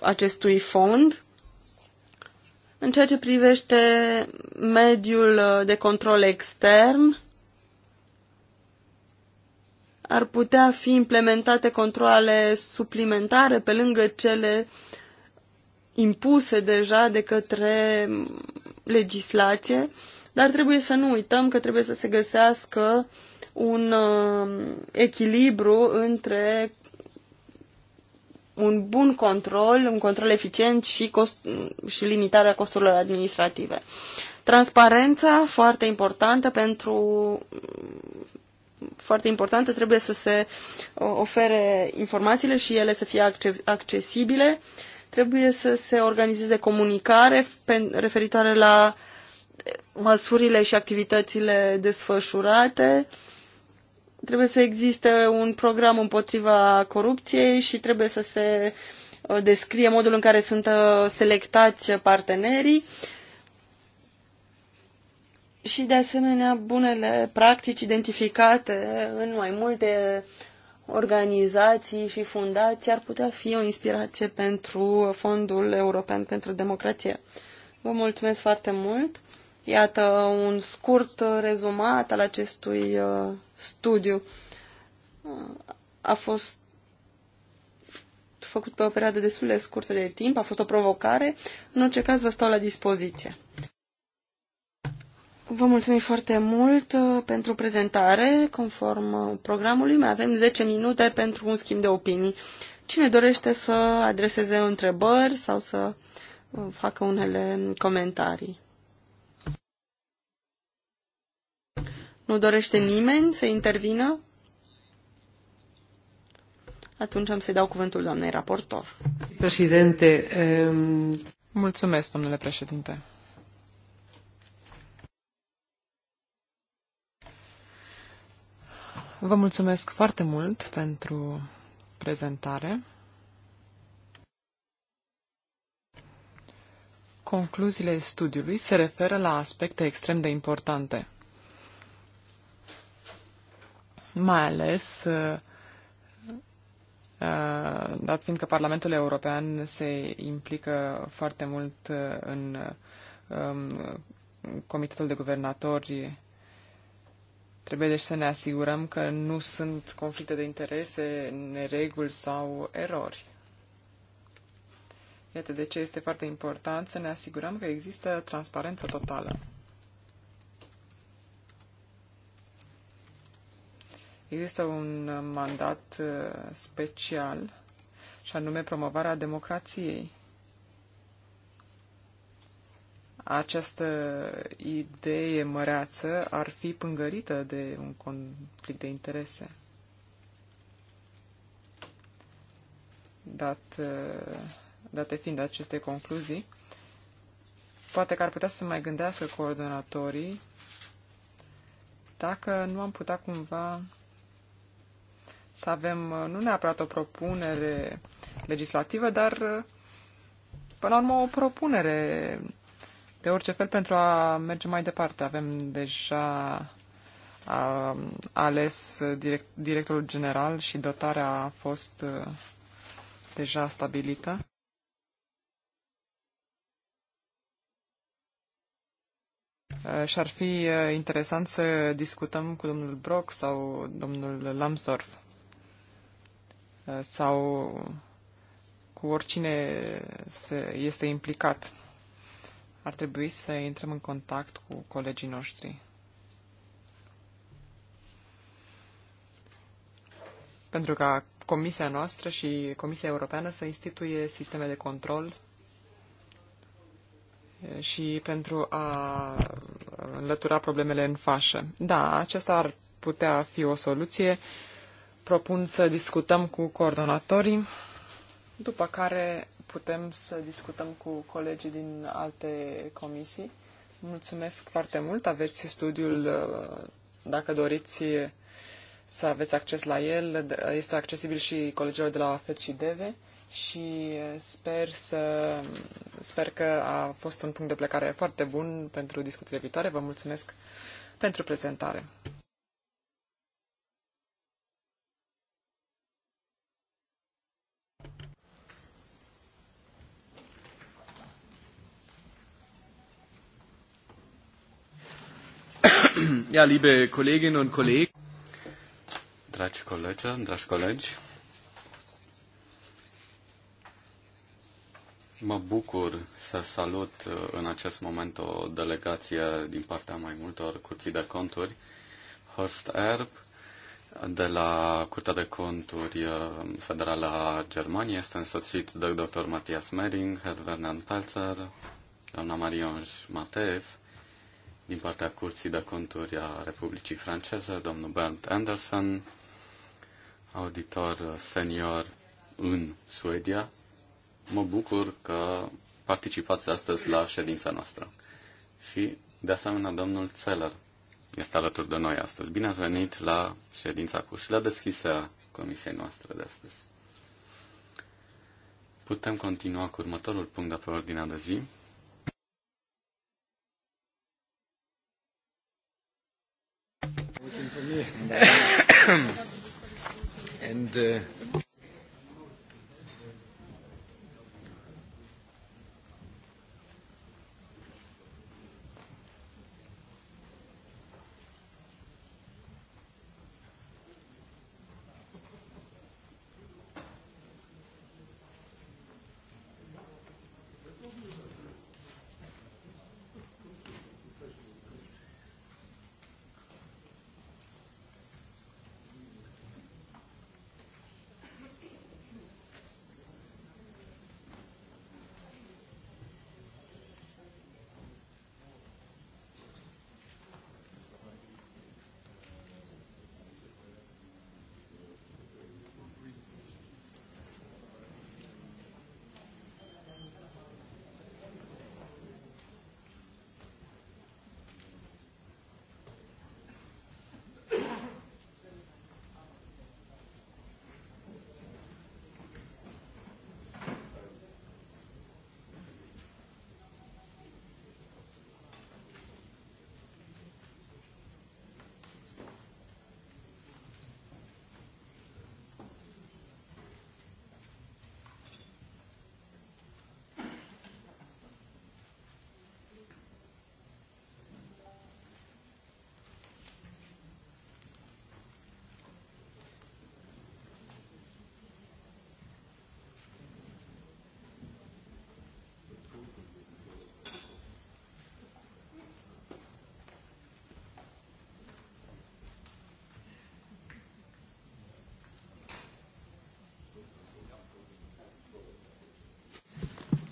acestui fond, în ceea ce privește mediul uh, de control extern, ar putea fi implementate controle suplimentare pe lângă cele impuse deja de către mm, legislație, dar trebuie să nu uităm că trebuie să se găsească un uh, echilibru între un bun control, un control eficient și, cost, și limitarea costurilor administrative. Transparența, foarte importantă pentru foarte importantă, trebuie să se ofere informațiile și ele să fie accesibile. Trebuie să se organizeze comunicare referitoare la eh, măsurile și activitățile desfășurate trebuie să existe un program împotriva corupției și trebuie să se uh, descrie modul în care sunt uh, selectați partenerii și de asemenea bunele practici identificate în mai multe organizații și fundații ar putea fi o inspirație pentru Fondul European pentru Democrație. Vă mulțumesc foarte mult! Iată un scurt rezumat al acestui uh, studiu. A fost făcut pe o perioadă destul de scurtă de timp, a fost o provocare. În orice caz, vă stau la dispoziție. Vă mulțumim foarte mult uh, pentru prezentare. Conform uh, programului, mai avem 10 minute pentru un schimb de opinii. Cine dorește să adreseze întrebări sau să facă unele comentarii? Nu dorește nimeni să intervină? Atunci am să-i dau cuvântul doamnei raportor.
Președinte, um... mulțumesc, domnule președinte. Vă mulțumesc foarte mult pentru prezentare. Concluziile studiului se referă la aspecte extrem de importante – mai ales uh, dat fiindcă Parlamentul European se implică foarte mult uh, în um, Comitetul de Guvernatori. Trebuie deci să ne asigurăm că nu sunt conflicte de interese, nereguli sau erori. Iată de ce este foarte important să ne asigurăm că există transparență totală. Există un mandat uh, special și anume promovarea democrației. Această idee măreață ar fi pângărită de un conflict de interese. Dat, uh, date fiind aceste concluzii, poate că ar putea să mai gândească coordonatorii dacă nu am putea cumva să avem uh, nu neapărat o propunere legislativă, dar uh, până la urmă o propunere de orice fel pentru a merge mai departe. Avem deja a, uh, ales direct, directorul general și dotarea a fost deja stabilită. Și ar fi interesant să discutăm cu domnul Brock sau domnul Lambsdorff sau cu oricine se este implicat. Ar trebui să intrăm în contact cu colegii noștri. Pentru ca Comisia noastră și Comisia Europeană să instituie sisteme de control și pentru a înlătura problemele în fașă. Da, aceasta ar putea fi o soluție propun să discutăm cu coordonatorii, după care putem să discutăm cu colegii din alte comisii. Mulțumesc foarte mult. Aveți studiul, uh, dacă doriți să aveți acces la el, este accesibil și colegilor de la FED și DEVE și sper, să, sper că a fost un punct de plecare foarte bun pentru discuțiile viitoare. Vă mulțumesc pentru prezentare.
ja, liebe Kolleginnen
und Kollegen. Dragi colegi, dragi colegi, mă bucur să salut uh, în acest moment o delegație din partea mai multor curții de conturi. Horst Erb, de la Curtea de Conturi uh, Federală a Germaniei, este însoțit de dr. Matthias Mering, Herr Vernon Pelzer, doamna Marion Mateev, din partea Curții de Conturi a Republicii Franceze, domnul Bernd Anderson, auditor senior în Suedia. Mă bucur că participați astăzi la ședința noastră. Și, de asemenea, domnul Zeller este alături de noi astăzi. Bine ați venit la ședința cu și la deschisă comisiei noastre de astăzi. Putem continua cu următorul punct de pe ordinea de zi,
<coughs> and uh,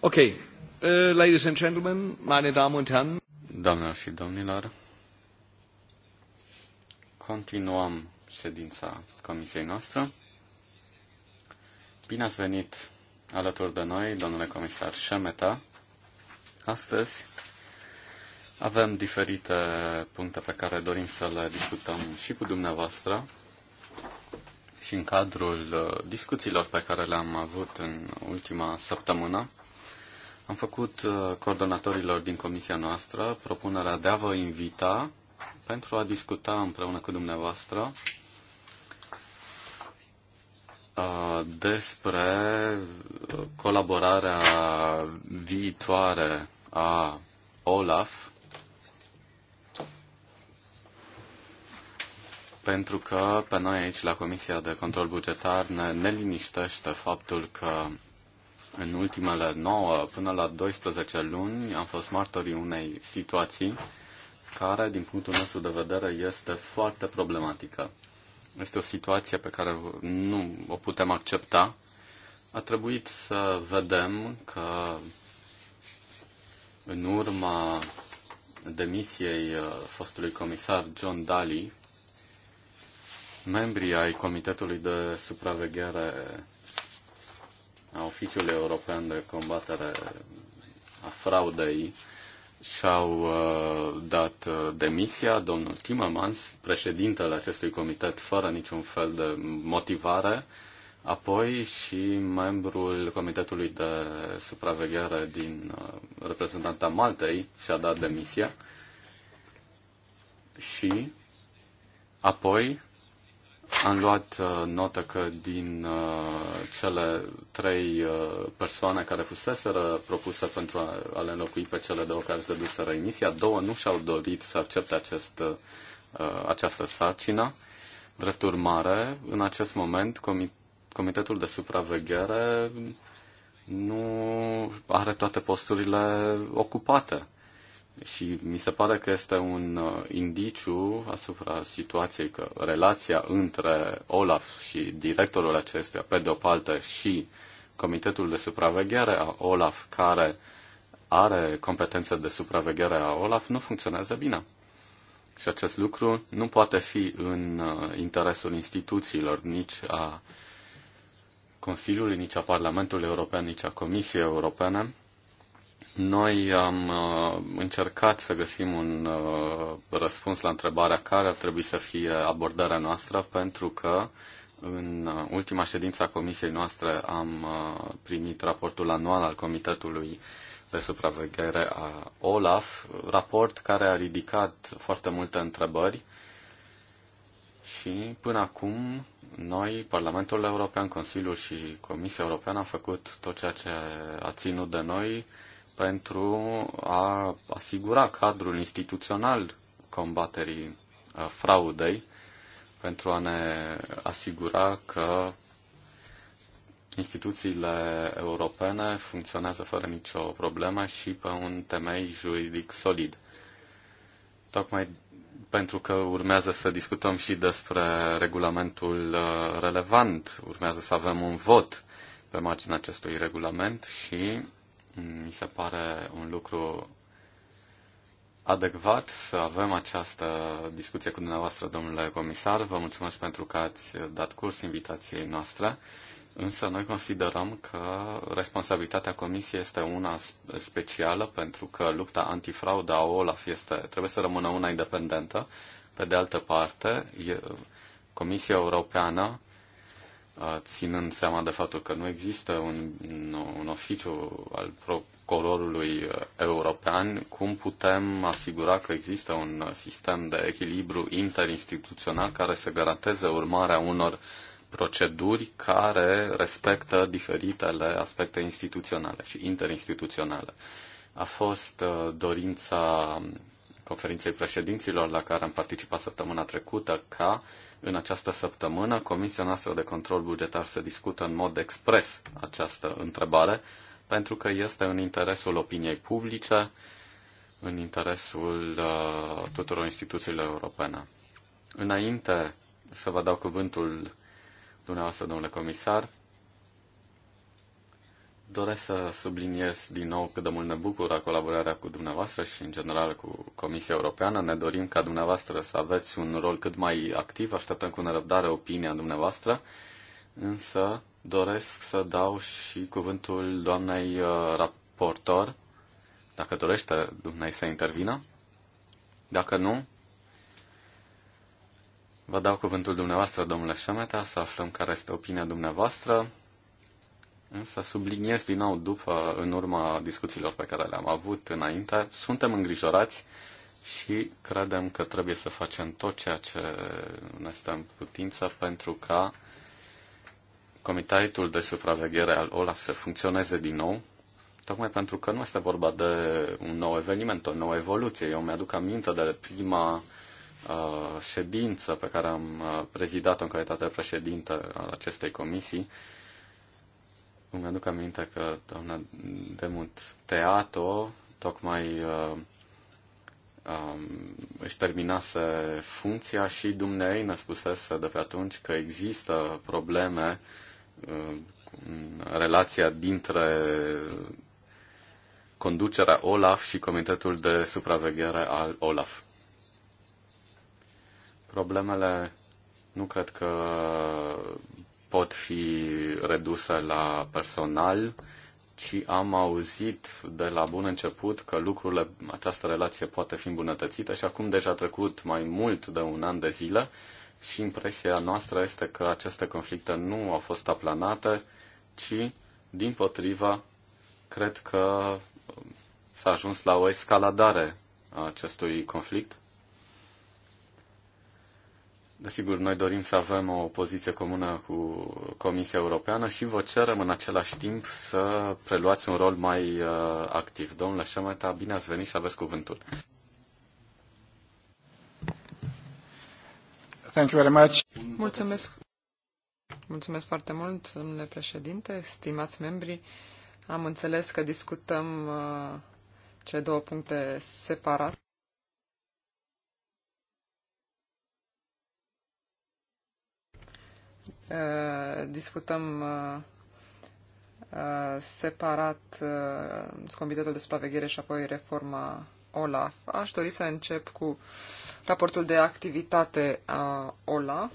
Okay, uh, ladies and gentlemen,
meine Damen und Herren. Doamnelor și domnilor, continuăm ședința comisiei noastre. Bine ați venit alături de noi, domnule comisar Șemeta. Astăzi avem diferite puncte pe care dorim să le discutăm și cu dumneavoastră și în cadrul uh, discuțiilor pe care le-am avut în ultima săptămână. Am făcut uh, coordonatorilor din comisia noastră propunerea de a vă invita pentru a discuta împreună cu dumneavoastră uh, despre uh, colaborarea viitoare a Olaf pentru că pe noi aici la Comisia de Control Bugetar ne, ne liniștește faptul că în ultimele 9 până la 12 luni am fost martorii unei situații care, din punctul nostru de vedere, este foarte problematică. Este o situație pe care nu o putem accepta. A trebuit să vedem că în urma demisiei uh, fostului comisar John Daly, membrii ai Comitetului de Supraveghere a Oficiului European de Combatere a Fraudei și-au uh, dat uh, demisia domnul Timmermans, președintele acestui comitet, fără niciun fel de motivare, apoi și membrul Comitetului de Supraveghere din uh, reprezentanta Maltei și-a dat demisia și apoi am luat uh, notă că din uh, cele trei uh, persoane care fuseseră propuse pentru a, a le înlocui pe cele două care își dăduseră emisia, două nu și-au dorit să accepte acest, uh, uh această sarcină. Drept urmare, în acest moment, Comitetul de Supraveghere nu are toate posturile ocupate. Și mi se pare că este un uh, indiciu asupra situației că relația între Olaf și directorul acestuia, pe de o parte, și Comitetul de Supraveghere a Olaf, care are competențe de supraveghere a Olaf, nu funcționează bine. Și acest lucru nu poate fi în uh, interesul instituțiilor, nici a Consiliului, nici a Parlamentului European, nici a Comisiei Europene, noi am uh, încercat să găsim un uh, răspuns la întrebarea care ar trebui să fie abordarea noastră, pentru că în uh, ultima ședință a comisiei noastre am uh, primit raportul anual al Comitetului de Supraveghere a OLAF, raport care a ridicat foarte multe întrebări și până acum noi, Parlamentul European, Consiliul și Comisia Europeană am făcut tot ceea ce a ținut de noi pentru a asigura cadrul instituțional combaterii uh, fraudei, pentru a ne asigura că instituțiile europene funcționează fără nicio problemă și pe un temei juridic solid. Tocmai pentru că urmează să discutăm și despre regulamentul uh, relevant, urmează să avem un vot pe marginea acestui regulament și mi se pare un lucru adecvat să avem această discuție cu dumneavoastră, domnule comisar. Vă mulțumesc pentru că ați dat curs invitației noastre. Însă noi considerăm că responsabilitatea Comisiei este una specială pentru că lupta antifraudă a OLAF este, trebuie să rămână una independentă. Pe de altă parte, Comisia Europeană ținând seama de faptul că nu există un, un oficiu al procurorului uh, european, cum putem asigura că există un uh, sistem de echilibru interinstituțional care să garanteze urmarea unor proceduri care respectă diferitele aspecte instituționale și interinstituționale. A fost uh, dorința um, conferinței președinților la care am participat săptămâna trecută ca uh, în această săptămână, Comisia noastră de control bugetar se discută în mod expres această întrebare, pentru că este în interesul opiniei publice, în interesul uh, tuturor instituțiilor europene. Înainte să vă dau cuvântul dumneavoastră, domnule comisar, Doresc să subliniez din nou cât de mult ne bucură colaborarea cu dumneavoastră și, în general, cu Comisia Europeană. Ne dorim ca dumneavoastră să aveți un rol cât mai activ. Așteptăm cu nerăbdare opinia dumneavoastră, însă doresc să dau și cuvântul doamnei uh, raportor, dacă dorește dumnei să intervină. Dacă nu, vă dau cuvântul dumneavoastră, domnule Șemeta, să aflăm care este opinia dumneavoastră Însă subliniez din nou, după, în urma discuțiilor pe care le-am avut înainte, suntem îngrijorați și credem că trebuie să facem tot ceea ce ne stă în putință pentru ca Comitetul de Supraveghere al OLAF să funcționeze din nou, tocmai pentru că nu este vorba de un nou eveniment, o nouă evoluție. Eu mi-aduc aminte de prima uh, ședință pe care am uh, prezidat-o în calitate de președinte al acestei comisii, uh, îmi aduc aminte că doamna Demut Teato tocmai uh, um, își terminase funcția și dumnei ne spusese de pe atunci că există probleme uh, în relația dintre conducerea OLAF și Comitetul de Supraveghere al OLAF. Problemele nu cred că pot fi reduse la personal, ci am auzit de la bun început că lucrurile, această relație poate fi îmbunătățită și acum deja a trecut mai mult de un an de zile și impresia noastră este că aceste conflicte nu au fost aplanate, ci, din potriva, cred că s-a ajuns la o escaladare a acestui conflict Desigur, noi dorim să avem o poziție comună cu Comisia Europeană și vă cerem în același timp să preluați un rol mai uh, activ. Domnule Șemeta, bine ați venit și aveți
cuvântul. Thank you very much. Mulțumesc.
Mulțumesc foarte mult, domnule președinte, stimați membri. Am înțeles că discutăm uh, cele două puncte separat. Eh, discutăm eh, eh, separat Comitetul de Supraveghere și apoi reforma OLAF. Aș dori să încep cu raportul de activitate a OLAF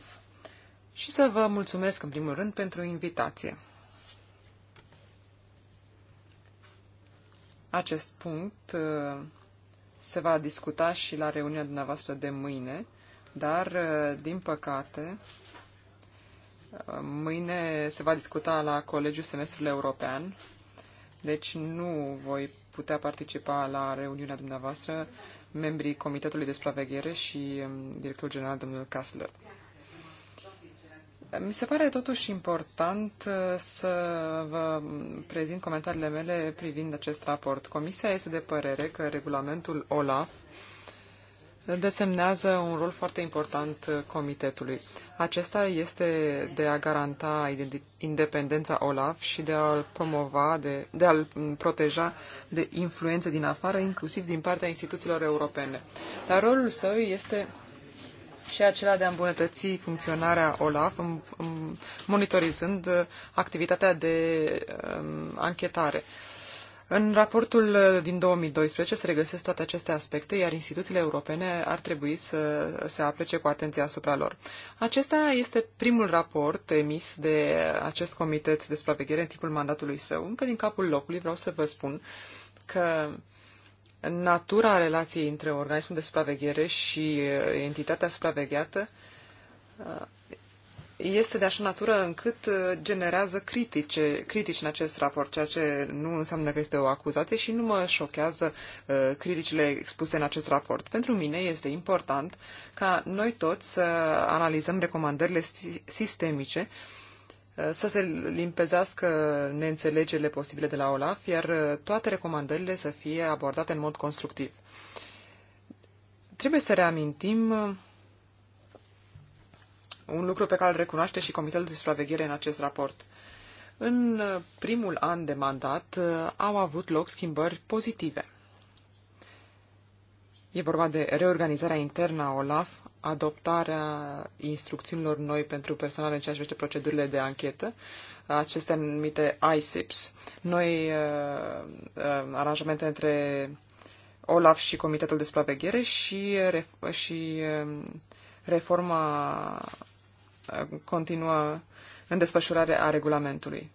și să vă mulțumesc în primul rând pentru invitație. Acest punct se va discuta și la reuniunea dumneavoastră de mâine, dar, din păcate, Mâine se va discuta la Colegiul Semestrului European, deci nu voi putea participa la reuniunea dumneavoastră membrii Comitetului de Supraveghere și um, directorul general, domnul Kassler. Mi se pare totuși important uh, să vă prezint comentariile mele privind acest raport. Comisia este de părere că regulamentul OLAF desemnează un rol foarte important comitetului. Acesta este de a garanta independența OLAF și de a-l promova, de, de a-l proteja de influențe din afară, inclusiv din partea instituțiilor europene. Dar rolul său este și acela de a îmbunătăți funcționarea OLAF, monitorizând activitatea de um, anchetare. Uh, în raportul uh, din 2012 se regăsesc toate aceste aspecte, iar instituțiile europene ar trebui să se aplece cu atenție asupra lor. Acesta este primul raport emis de acest comitet de supraveghere în timpul mandatului său. Încă din capul locului vreau să vă spun că natura relației între organismul de supraveghere și uh, entitatea supravegheată uh, este de așa natură încât uh, generează critice, critici în acest raport, ceea ce nu înseamnă că este o acuzație și nu mă șochează uh, criticile expuse în acest raport. Pentru mine este important ca noi toți să analizăm recomandările sistemice uh, să se limpezească neînțelegerile posibile de la OLAF, iar toate recomandările să fie abordate în mod constructiv. Trebuie să reamintim un lucru pe care îl recunoaște și Comitetul de Supraveghere în acest raport. În primul an de mandat uh, au avut loc schimbări pozitive. E vorba de reorganizarea internă a OLAF, adoptarea instrucțiunilor noi pentru personal în ceea ce privește procedurile de anchetă, acestea numite ISIPs, noi uh, uh, aranjamente între OLAF și Comitetul de Supraveghere și, uh, și uh, reforma continuă în desfășurare a regulamentului.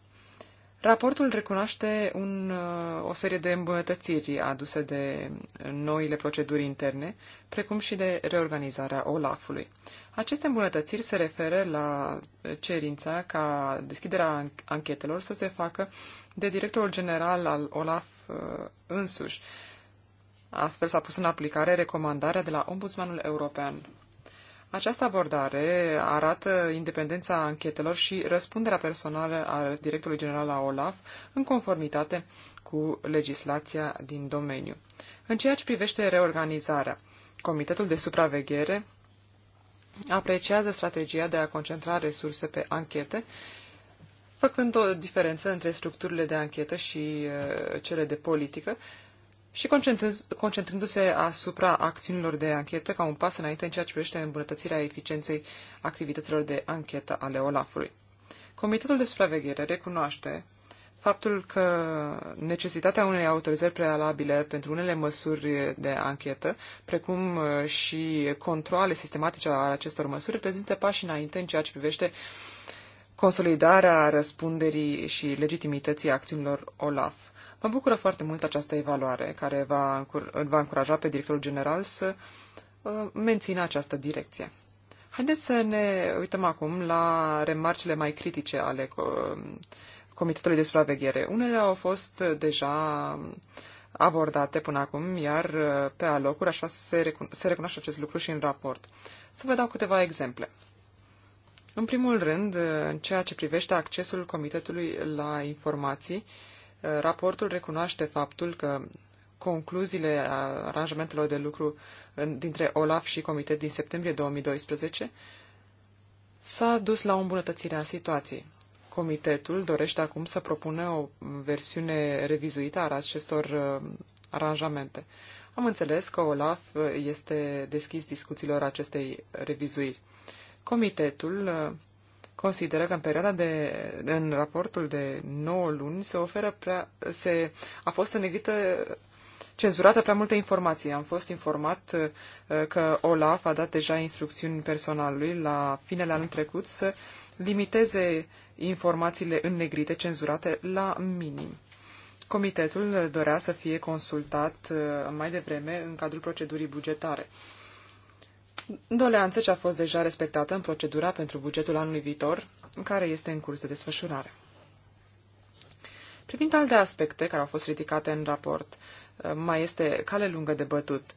Raportul recunoaște un, uh, o serie de îmbunătățiri aduse de noile proceduri interne, precum și de reorganizarea OLAF-ului. Aceste îmbunătățiri se referă la cerința ca deschiderea anchetelor să se facă de directorul general al OLAF uh, însuși. Astfel s-a pus în aplicare recomandarea de la Ombudsmanul European această abordare arată independența anchetelor și răspunderea personală a directorului general a OLAF în conformitate cu legislația din domeniu. În ceea ce privește reorganizarea, Comitetul de Supraveghere apreciază strategia de a concentra resurse pe anchete, făcând o diferență între structurile de anchetă și uh, cele de politică și concentrându-se asupra acțiunilor de anchetă ca un pas înainte în ceea ce privește îmbunătățirea eficienței activităților de anchetă ale OLAF-ului. Comitetul de supraveghere recunoaște faptul că necesitatea unei autorizări prealabile pentru unele măsuri de anchetă, precum uh, și controle sistematice ale acestor măsuri, reprezintă pași înainte în ceea ce privește consolidarea răspunderii și legitimității acțiunilor OLAF. Mă bucură foarte mult această evaluare care va, va încuraja pe directorul general să uh, mențină această direcție. Haideți să ne uităm acum la remarcile mai critice ale uh, Comitetului de Supraveghere. Unele au fost deja abordate până acum, iar uh, pe alocuri așa se, recun- se recunoaște acest lucru și în raport. Să vă dau câteva exemple. În primul rând, în ceea ce privește accesul Comitetului la informații Raportul recunoaște faptul că concluziile aranjamentelor de lucru dintre OLAF și Comitet din septembrie 2012 s-a dus la o îmbunătățire a situației. Comitetul dorește acum să propună o versiune revizuită a acestor uh, aranjamente. Am înțeles că OLAF uh, este deschis discuțiilor acestei revizuiri. Comitetul uh, consideră că în perioada de, în raportul de 9 luni se oferă prea, se, a fost înnegrită cenzurată prea multe informații. Am fost informat uh, că Olaf a dat deja instrucțiuni personalului la finele anul trecut să limiteze informațiile înnegrite, cenzurate, la minim. Comitetul dorea să fie consultat uh, mai devreme în cadrul procedurii bugetare doleanță ce a fost deja respectată în procedura pentru bugetul anului viitor, care este în curs de desfășurare. Privind alte aspecte care au fost ridicate în raport, eh, mai este cale lungă de bătut.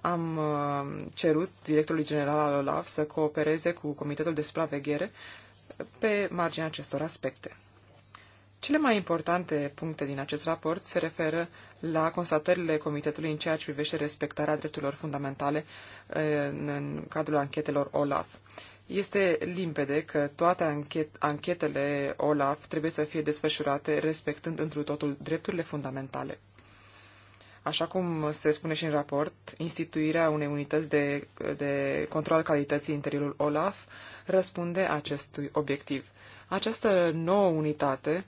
Am eh, cerut directorului general al OLAF să coopereze cu Comitetul de Supraveghere pe marginea acestor aspecte. Cele mai importante puncte din acest raport se referă la constatările Comitetului în ceea ce privește respectarea drepturilor fundamentale eh, în cadrul anchetelor OLAF. Este limpede că toate anchetele OLAF trebuie să fie desfășurate respectând întru totul drepturile fundamentale. Așa cum se spune și în raport, instituirea unei unități de, de control al calității interiorul OLAF răspunde acestui obiectiv. Această nouă unitate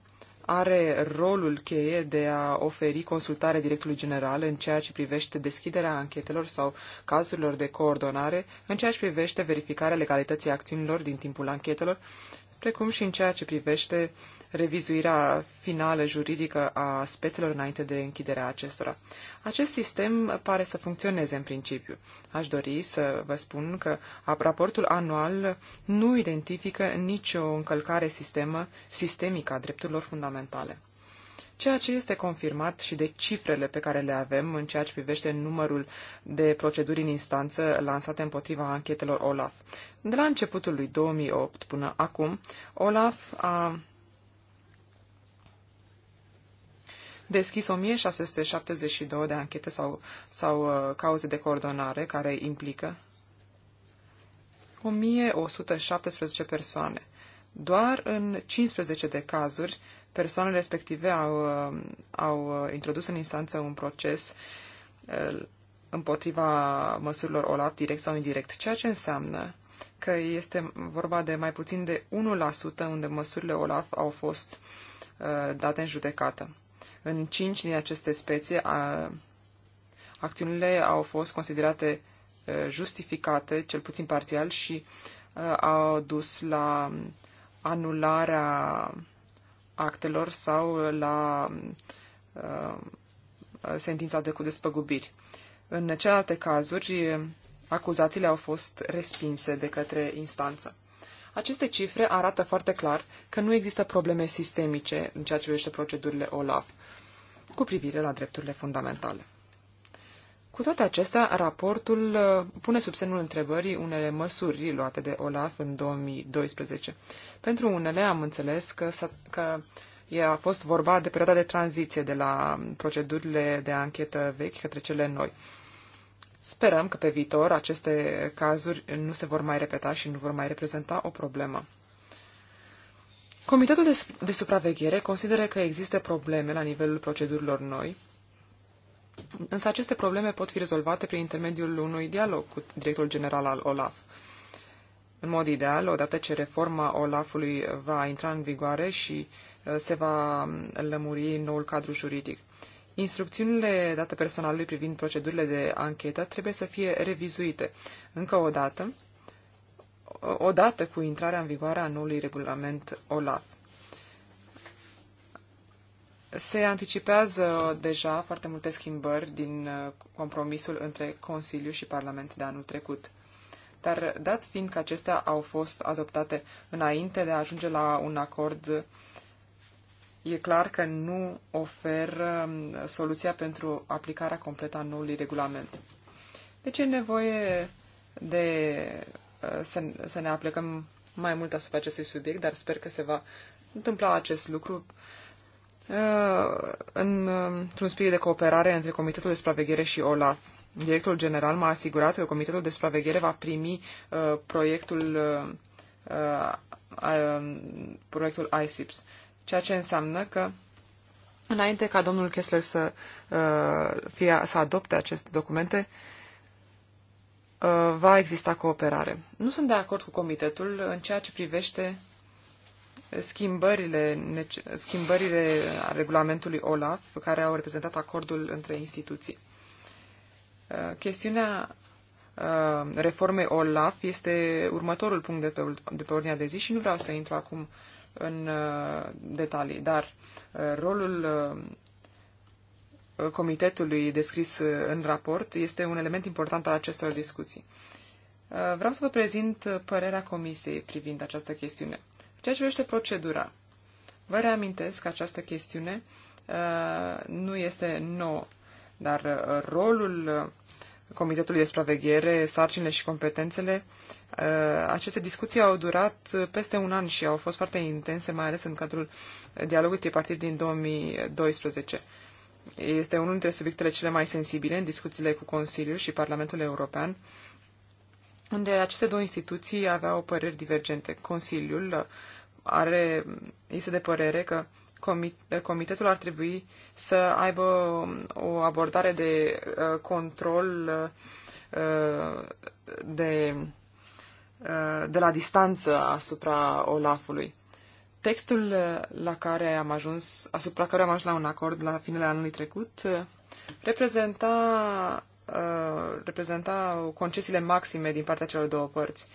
are rolul cheie de a oferi consultare directului general în ceea ce privește deschiderea anchetelor sau cazurilor de coordonare, în ceea ce privește verificarea legalității acțiunilor din timpul anchetelor, precum și în ceea ce privește uh, revizuirea finală juridică a spețelor înainte de închiderea acestora. Acest sistem pare să funcționeze în principiu. Aș dori să vă spun că raportul anual nu identifică nicio încălcare sistemă, sistemică a drepturilor fundamentale ceea ce este confirmat și de cifrele pe care le avem în ceea ce privește numărul de proceduri în instanță lansate împotriva anchetelor OLAF. De la începutul lui 2008 până acum, OLAF a deschis 1672 de anchete sau, sau uh, cauze de coordonare care implică 1117 persoane. Doar în 15 de cazuri, persoanele respective au, uh, au uh, introdus în instanță un proces uh, împotriva măsurilor OLAF, direct sau indirect, ceea ce înseamnă că este vorba de mai puțin de 1% unde măsurile OLAF au fost uh, date în judecată. În cinci din aceste specii, a, acțiunile au fost considerate justificate, cel puțin parțial, și au dus la anularea actelor sau la sentința de cu despăgubiri. În celelalte cazuri, acuzațiile au fost respinse de către instanță. Aceste cifre arată foarte clar că nu există probleme sistemice în ceea ce privește procedurile OLAF cu privire la drepturile fundamentale. Cu toate acestea, raportul uh, pune sub semnul întrebării unele măsuri luate de OLAF în 2012. Pentru unele am înțeles că, că a fost vorba de perioada de tranziție de la procedurile de anchetă vechi către cele noi. Sperăm că pe viitor aceste cazuri nu se vor mai repeta și nu vor mai reprezenta o problemă. Comitetul de, de supraveghere consideră că există probleme la nivelul procedurilor noi, însă aceste probleme pot fi rezolvate prin intermediul unui dialog cu directorul general al OLAF. În mod ideal, odată ce reforma OLAF-ului va intra în vigoare și uh, se va um, lămuri noul cadru juridic. Instrucțiunile date personalului privind procedurile de anchetă trebuie să fie revizuite. Încă o dată, odată cu intrarea în vigoare a noului regulament OLAF. Se anticipează deja foarte multe schimbări din uh, compromisul între Consiliu și Parlament de anul trecut. Dar dat fiind că acestea au fost adoptate înainte de a ajunge la un acord, e clar că nu oferă um, soluția pentru aplicarea completă a noului regulament. Deci e nevoie de să, să ne aplecăm mai mult asupra acestui subiect, dar sper că se va întâmpla acest lucru uh, în, într-un spirit de cooperare între Comitetul de Supraveghere și OLAF. Directorul general m-a asigurat că Comitetul de Supraveghere va primi uh, proiectul, uh, uh, uh proiectul ISIPS, ceea ce înseamnă că înainte ca domnul Kessler să, uh, fie, să adopte aceste documente, Uh, va exista cooperare. Nu sunt de acord cu comitetul în ceea ce privește schimbările, schimbările a regulamentului OLAF care au reprezentat acordul între instituții. Uh, chestiunea uh, reformei OLAF este următorul punct de pe, de pe ordinea de zi și nu vreau să intru acum în detalii, dar rolul comitetului descris uh, în raport este un element important al acestor discuții. Uh, vreau să vă prezint părerea comisiei privind această chestiune. Ceea ce privește procedura, vă reamintesc că această chestiune uh, nu este nouă, dar rolul Comitetului de Supraveghere, sarcinile și competențele. Aceste discuții au durat peste un an și au fost foarte intense, mai ales în cadrul dialogului tripartit din 2012 este unul dintre subiectele cele mai sensibile în discuțiile cu Consiliul și Parlamentul European, unde aceste două instituții aveau păreri divergente. Consiliul uh, are, este de părere că uh, comitetul ar trebui să aibă o abordare de uh, control de, de la distanță asupra Olafului. Textul uh, la care am ajuns, asupra care am ajuns la un acord la finele anului trecut, uh, reprezenta, uh, reprezenta concesiile maxime din partea celor două părți.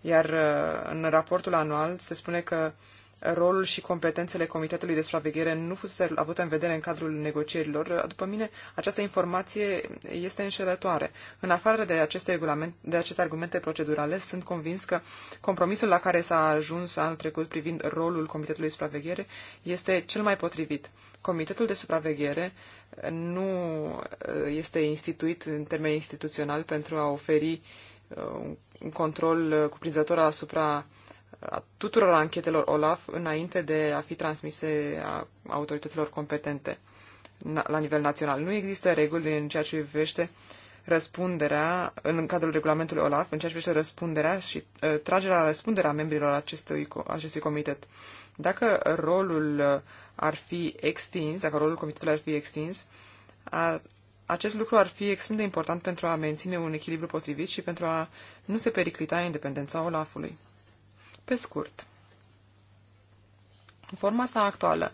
Iar uh, în raportul anual se spune că uh, rolul și competențele Comitetului de Supraveghere nu fusese avute în vedere în cadrul negocierilor. După mine, această informație este înșelătoare. În afară de aceste, regulament, de aceste argumente procedurale, sunt convins că compromisul la care s-a ajuns anul trecut privind rolul Comitetului de Supraveghere este cel mai potrivit. Comitetul de Supraveghere nu uh, este instituit în termeni instituțional pentru a oferi uh, un control uh, cuprinzător asupra a tuturor anchetelor OLAF înainte de a fi transmise a autorităților competente la nivel național. Nu există reguli în ceea ce privește răspunderea, în cadrul regulamentului OLAF, în ceea ce privește răspunderea și uh, tragerea la răspunderea membrilor acestui, acestui comitet. Dacă rolul ă, ar fi extins, dacă rolul comitetului ar fi extins, ar, acest lucru ar fi extrem de important pentru a menține un echilibru potrivit și pentru a nu se periclita independența OLAF-ului. Pe scurt, în forma sa actuală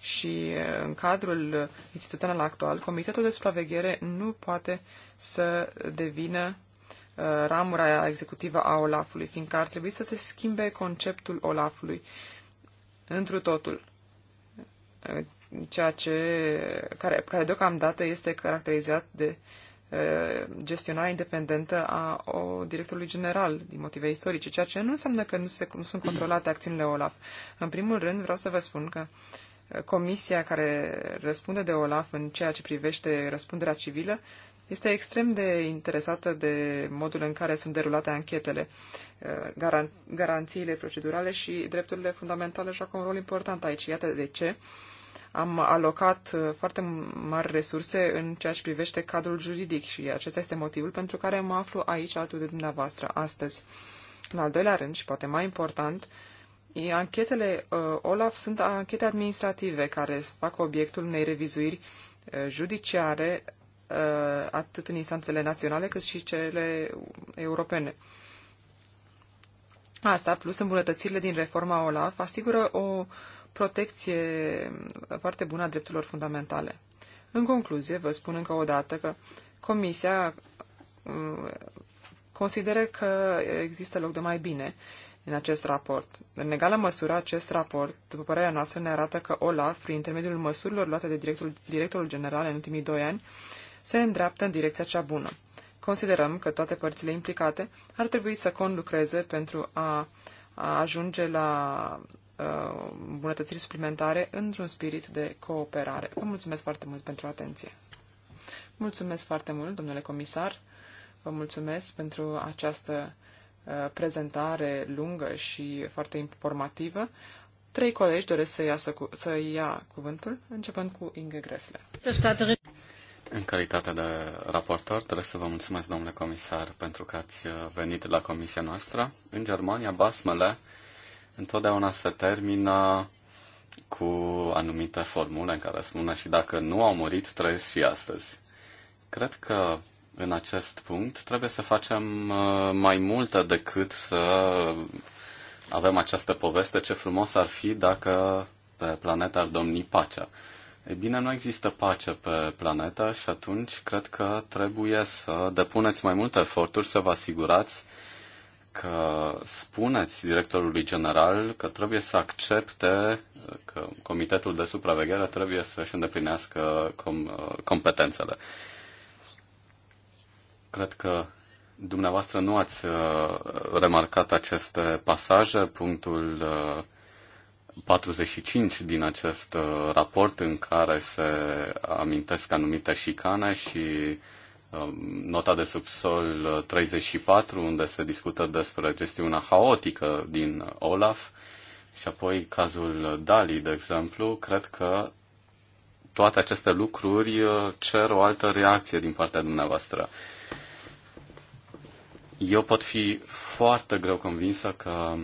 și în cadrul instituțional actual, Comitetul de Supraveghere nu poate să devină uh, ramura executivă a Olafului, fiindcă ar trebui să se schimbe conceptul Olafului întru totul. Uh, ceea ce, care, care deocamdată este caracterizat de uh, Uh, gestionarea independentă a o directorului general din motive istorice, ceea ce nu înseamnă că nu, se, nu sunt controlate acțiunile OLAF. În primul rând, vreau să vă spun că uh, comisia care răspunde de OLAF în ceea ce privește răspunderea civilă este extrem de interesată de modul în care sunt derulate anchetele. Uh, garan- garanțiile procedurale și drepturile fundamentale joacă un rol important aici. Iată de ce am alocat uh, foarte mari resurse în ceea ce privește cadrul juridic și acesta este motivul pentru care mă aflu aici alături de dumneavoastră astăzi. În al doilea rând, și poate mai important, anchetele uh, OLAF sunt anchete administrative care fac obiectul unei revizuiri uh, judiciare atât în instanțele naționale cât și cele europene. Asta, plus îmbunătățirile din reforma OLAF, asigură o protecție foarte bună a drepturilor fundamentale. În concluzie, vă spun încă o dată că Comisia uh, consideră că există loc de mai bine în acest raport. În egală măsură, acest raport, după părerea noastră, ne arată că OLAF, prin intermediul măsurilor luate de directorul, directorul general în ultimii doi ani, se îndreaptă în direcția cea bună. Considerăm că toate părțile implicate ar trebui să conlucreze pentru a, a ajunge la uh, suplimentare într-un spirit de cooperare. Vă mulțumesc foarte mult pentru atenție. Mulțumesc foarte mult, domnule comisar. Vă mulțumesc pentru această uh, prezentare lungă și foarte informativă. Trei colegi doresc să, iasă cu, să ia cuvântul, începând cu Inge Gresle.
În calitate de raportor, trebuie să vă mulțumesc, domnule comisar, pentru că ați venit la comisia noastră. În Germania, basmele întotdeauna se termină cu anumite formule în care spune și dacă nu au murit, trăiesc și astăzi. Cred că în acest punct trebuie să facem uh, mai multe decât să avem această poveste ce frumos ar fi dacă pe planetă ar domni pacea. E bine, nu există pace pe planetă și atunci cred că trebuie să depuneți mai multe eforturi să vă asigurați că spuneți directorului general că trebuie să accepte că comitetul de supraveghere trebuie să-și îndeplinească com- uh, competențele. Cred că dumneavoastră nu ați uh, remarcat aceste pasaje, punctul 45 uh, din acest raport în care se amintesc anumite șicane și Um, nota de subsol 34, uh, unde se discută despre gestiunea haotică din Olaf, și apoi cazul Dali, de exemplu, cred că toate aceste lucruri uh, cer o altă reacție din partea dumneavoastră. Eu pot fi foarte greu convinsă că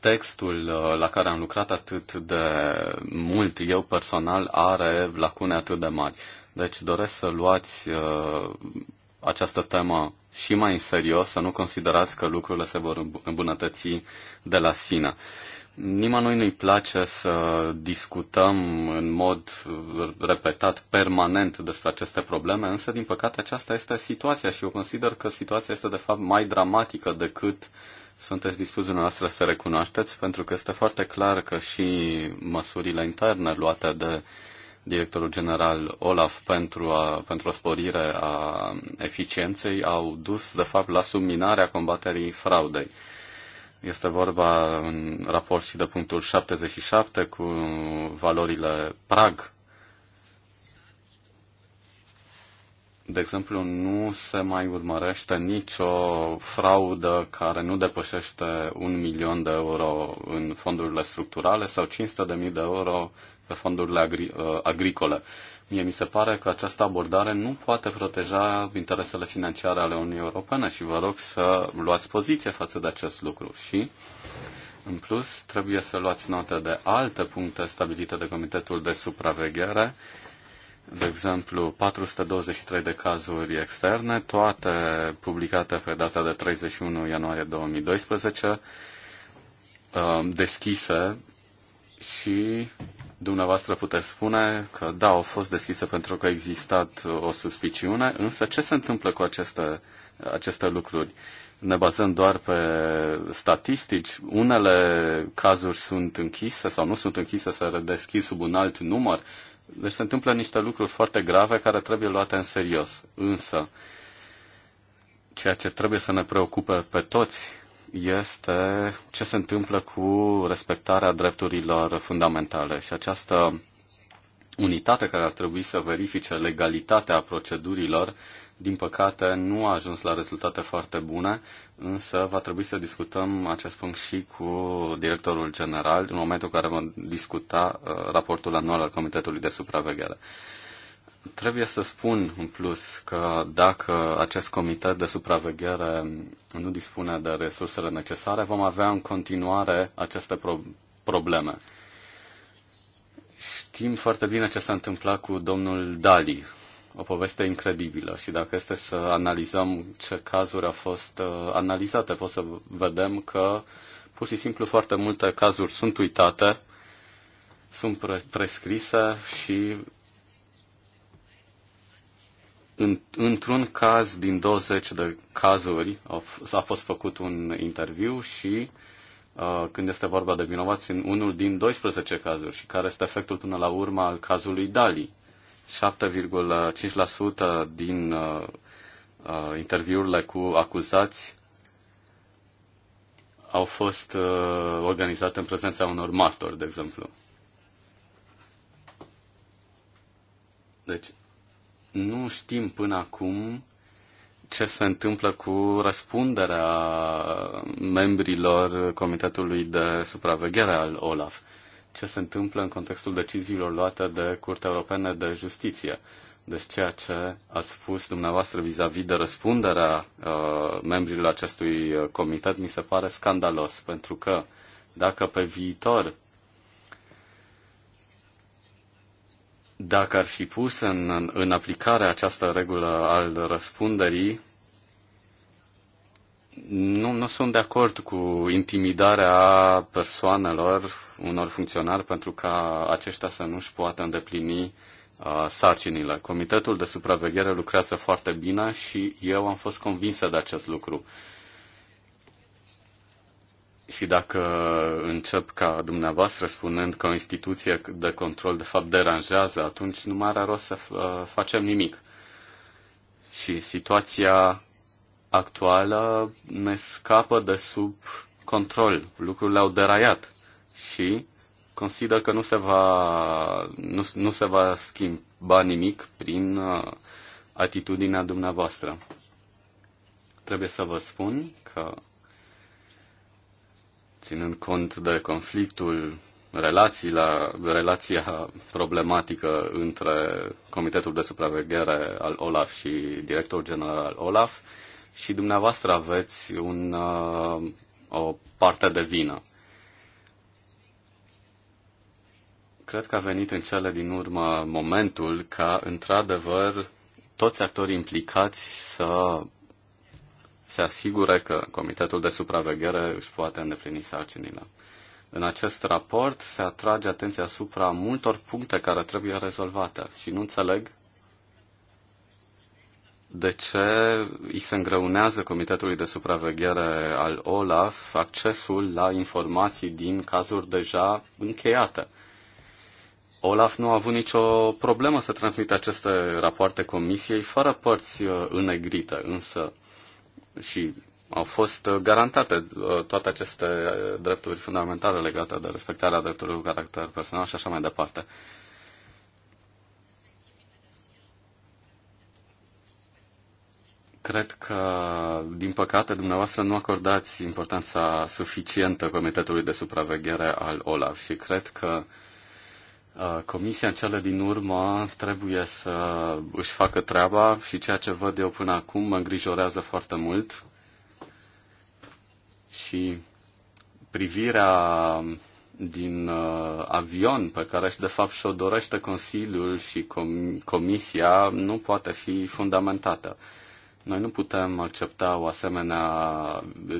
textul uh, la care am lucrat atât de mult eu personal are lacune atât de mari. Deci doresc să luați uh, această temă și mai în serios, să nu considerați că lucrurile se vor îmbunătăți de la sine. Nimănui nu-i place să discutăm în mod uh, repetat, permanent despre aceste probleme, însă, din păcate, aceasta este situația și eu consider că situația este, de fapt, mai dramatică decât sunteți dispuși dumneavoastră să recunoașteți, pentru că este foarte clar că și măsurile interne luate de uh, directorul general Olaf pentru, a, pentru o sporire a eficienței au dus, de fapt, la subminarea combaterii fraudei. Este vorba în raport și de punctul 77 cu valorile prag. De exemplu, nu se mai urmărește nicio fraudă care nu depășește un milion de euro în fondurile structurale sau 500.000 de euro pe fondurile agri- uh, agricole. Mie mi se pare că această abordare nu poate proteja interesele financiare ale Uniunii Europene și vă rog să luați poziție față de acest lucru. Și, în plus, trebuie să luați note de alte puncte stabilite de Comitetul de Supraveghere, de exemplu, 423 de cazuri externe, toate publicate pe data de 31 ianuarie 2012, uh, deschise și Dumneavoastră puteți spune că da, au fost deschise pentru că a existat uh, o suspiciune, însă ce se întâmplă cu aceste, aceste lucruri? Ne bazăm doar pe statistici? Unele cazuri sunt închise sau nu sunt închise, se redeschid sub un alt număr? Deci se întâmplă niște lucruri foarte grave care trebuie luate în serios. Însă, ceea ce trebuie să ne preocupe pe toți este ce se întâmplă cu respectarea drepturilor fundamentale și această unitate care ar trebui să verifice legalitatea procedurilor, din păcate, nu a ajuns la rezultate foarte bune, însă va trebui să discutăm acest punct și cu directorul general în momentul în care vom discuta uh, raportul anual al Comitetului de Supraveghere. Trebuie să spun în plus că dacă acest comitet de supraveghere nu dispune de resursele necesare, vom avea în continuare aceste pro- probleme. Știm foarte bine ce s-a întâmplat cu domnul Dali, o poveste incredibilă și dacă este să analizăm ce cazuri au fost uh, analizate, pot să vedem că pur și simplu foarte multe cazuri sunt uitate, sunt prescrise și într-un caz din 20 de cazuri a fost făcut un interviu și uh, când este vorba de vinovați în unul din 12 cazuri și care este efectul până la urmă al cazului Dali. 7,5% din uh, uh, interviurile cu acuzați au fost uh, organizate în prezența unor martori, de exemplu. Deci, nu știm până acum ce se întâmplă cu răspunderea membrilor Comitetului de Supraveghere al OLAF, ce se întâmplă în contextul deciziilor luate de Curtea Europeană de Justiție. Deci ceea ce ați spus dumneavoastră vis-a-vis -vis de răspunderea uh, membrilor acestui comitet mi se pare scandalos, pentru că dacă pe viitor Dacă ar fi pus în, în aplicare această regulă al răspunderii, nu, nu sunt de acord cu intimidarea persoanelor, unor funcționari, pentru ca aceștia să nu-și poată îndeplini uh, sarcinile. Comitetul de supraveghere lucrează foarte bine și eu am fost convinsă de acest lucru. Uh, și dacă încep ca dumneavoastră spunând că o instituție de control de fapt deranjează, atunci nu mai are rost să uh, facem nimic. Și situația actuală ne scapă de sub control. Lucrurile au deraiat și consider că nu se va, nu, nu se va schimba nimic prin uh, atitudinea dumneavoastră. Trebuie să vă spun că ținând cont de conflictul, relațiile, relația problematică între Comitetul de Supraveghere al OLAF și Directorul General al OLAF, și dumneavoastră aveți un, uh, o parte de vină. Cred că a venit în cele din urmă momentul ca, într-adevăr, toți actorii implicați să se asigure că Comitetul de Supraveghere își poate îndeplini sarcinile. În acest raport se atrage atenția asupra multor puncte care trebuie rezolvate și nu înțeleg de ce îi se îngreunează Comitetului de Supraveghere al OLAF accesul la informații din cazuri deja încheiate. Olaf nu a avut nicio problemă să transmită aceste rapoarte comisiei fără părți uh, înegrite, însă și au fost uh, garantate uh, toate aceste drepturi fundamentale legate de respectarea drepturilor cu caracter personal și așa mai departe. Cred că, din păcate, dumneavoastră nu acordați importanța suficientă Comitetului de Supraveghere al OLAF și cred că uh, Uh, comisia în cele din urmă trebuie să își facă treaba și ceea ce văd eu până acum mă îngrijorează foarte mult și privirea din uh, avion pe care de fapt și-o dorește Consiliul și com- Comisia nu poate fi fundamentată. Uh, noi nu putem accepta o asemenea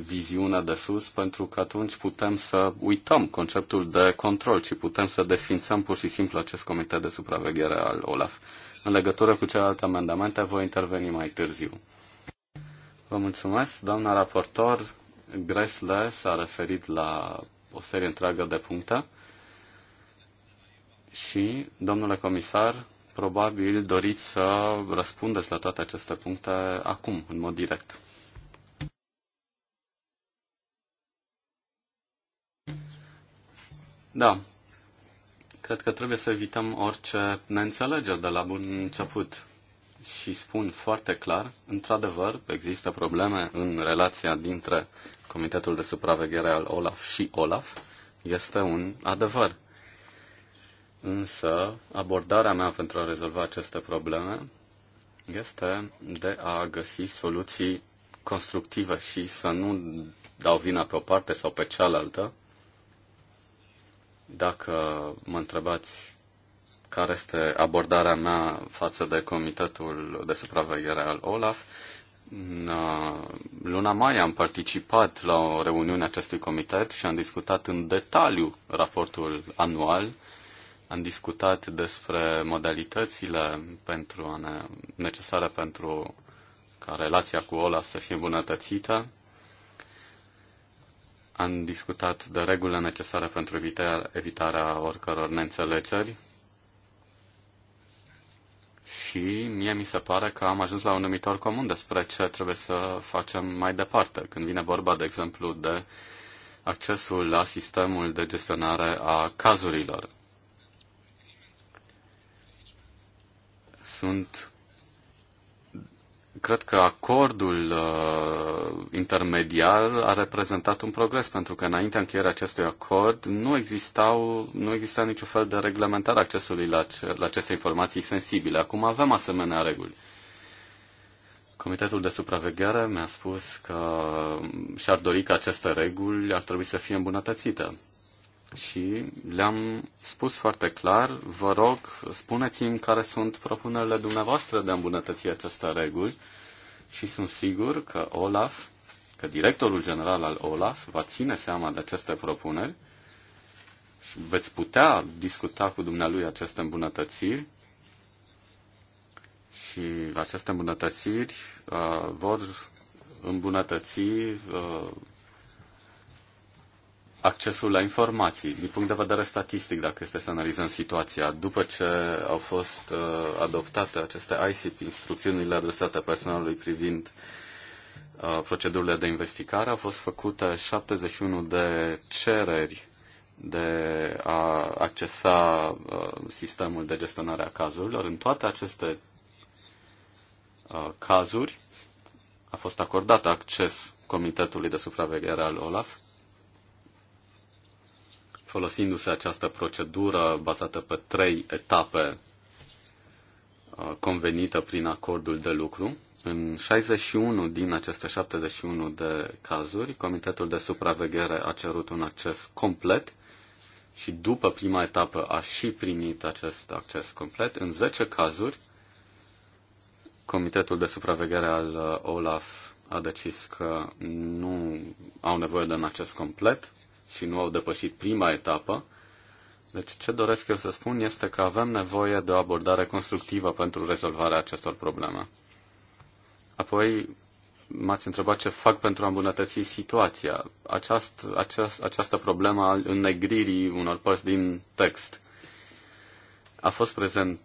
viziune de sus pentru că atunci putem să uităm conceptul de control și putem să desfințăm pur și simplu acest comitet de supraveghere al OLAF. În legătură cu celelalte amendamente voi interveni mai târziu. Vă mulțumesc, doamna raportor. Gresle s-a referit la o serie întreagă de puncte și, domnule comisar, Probabil doriți să răspundeți la toate aceste puncte acum, în mod direct. Da. Cred că trebuie să evităm orice neînțelegeri de la bun început. Și spun foarte clar, într-adevăr, există probleme în relația dintre Comitetul de Supraveghere al OLAF și OLAF. Este un adevăr. Însă, abordarea mea pentru a rezolva aceste probleme este de a găsi soluții constructive și să nu dau vina pe o parte sau pe cealaltă. Dacă mă întrebați care este abordarea mea față de Comitetul de Supraveghere al OLAF, în uh, luna mai am participat la o reuniune a acestui comitet și am discutat în detaliu raportul anual am discutat despre modalitățile pentru a ne, necesare pentru ca relația cu ola să fie îmbunătățită. Am discutat de regulile necesare pentru evitarea, evitarea oricăror neînțelegeri și mie mi se pare că am ajuns la un numitor comun despre ce trebuie să facem mai departe. Când vine vorba, de exemplu, de accesul la sistemul de gestionare a cazurilor. sunt cred că acordul uh, intermediar a reprezentat un progres, pentru că înaintea încheierii acestui acord nu, existau, nu exista niciun fel de reglementare accesului la, la aceste informații sensibile. Acum avem asemenea reguli. Comitetul de supraveghere mi-a spus că și-ar dori că aceste reguli ar trebui să fie îmbunătățite și le-am spus foarte clar, vă rog, spuneți-mi care sunt propunerile dumneavoastră de a îmbunătăți aceste reguli și sunt sigur că Olaf, că directorul general al Olaf va ține seama de aceste propuneri și veți putea discuta cu dumnealui aceste îmbunătățiri și aceste îmbunătățiri uh, vor îmbunătăți uh, accesul la informații, din punct de vedere statistic, dacă este să analizăm situația, după ce au fost uh, adoptate aceste ICP, instrucțiunile adresate personalului privind uh, procedurile de investigare, au fost făcute 71 de cereri de a accesa uh, sistemul de gestionare a cazurilor. În toate aceste uh, cazuri a fost acordat acces Comitetului de Supraveghere al OLAF folosindu-se această procedură bazată pe trei etape uh, convenită prin acordul de lucru. În 61 din aceste 71 de cazuri, Comitetul de Supraveghere a cerut un acces complet și după prima etapă a și primit acest acces complet. În 10 cazuri, Comitetul de Supraveghere al uh, OLAF a decis că nu au nevoie de un acces complet și nu au depășit prima etapă. Deci ce doresc eu să spun este că avem nevoie de o abordare constructivă pentru rezolvarea acestor probleme. Apoi m-ați întrebat ce fac pentru a îmbunătăți situația, aceast, aceast, această problemă al înnegririi unor părți din text. A fost prezent,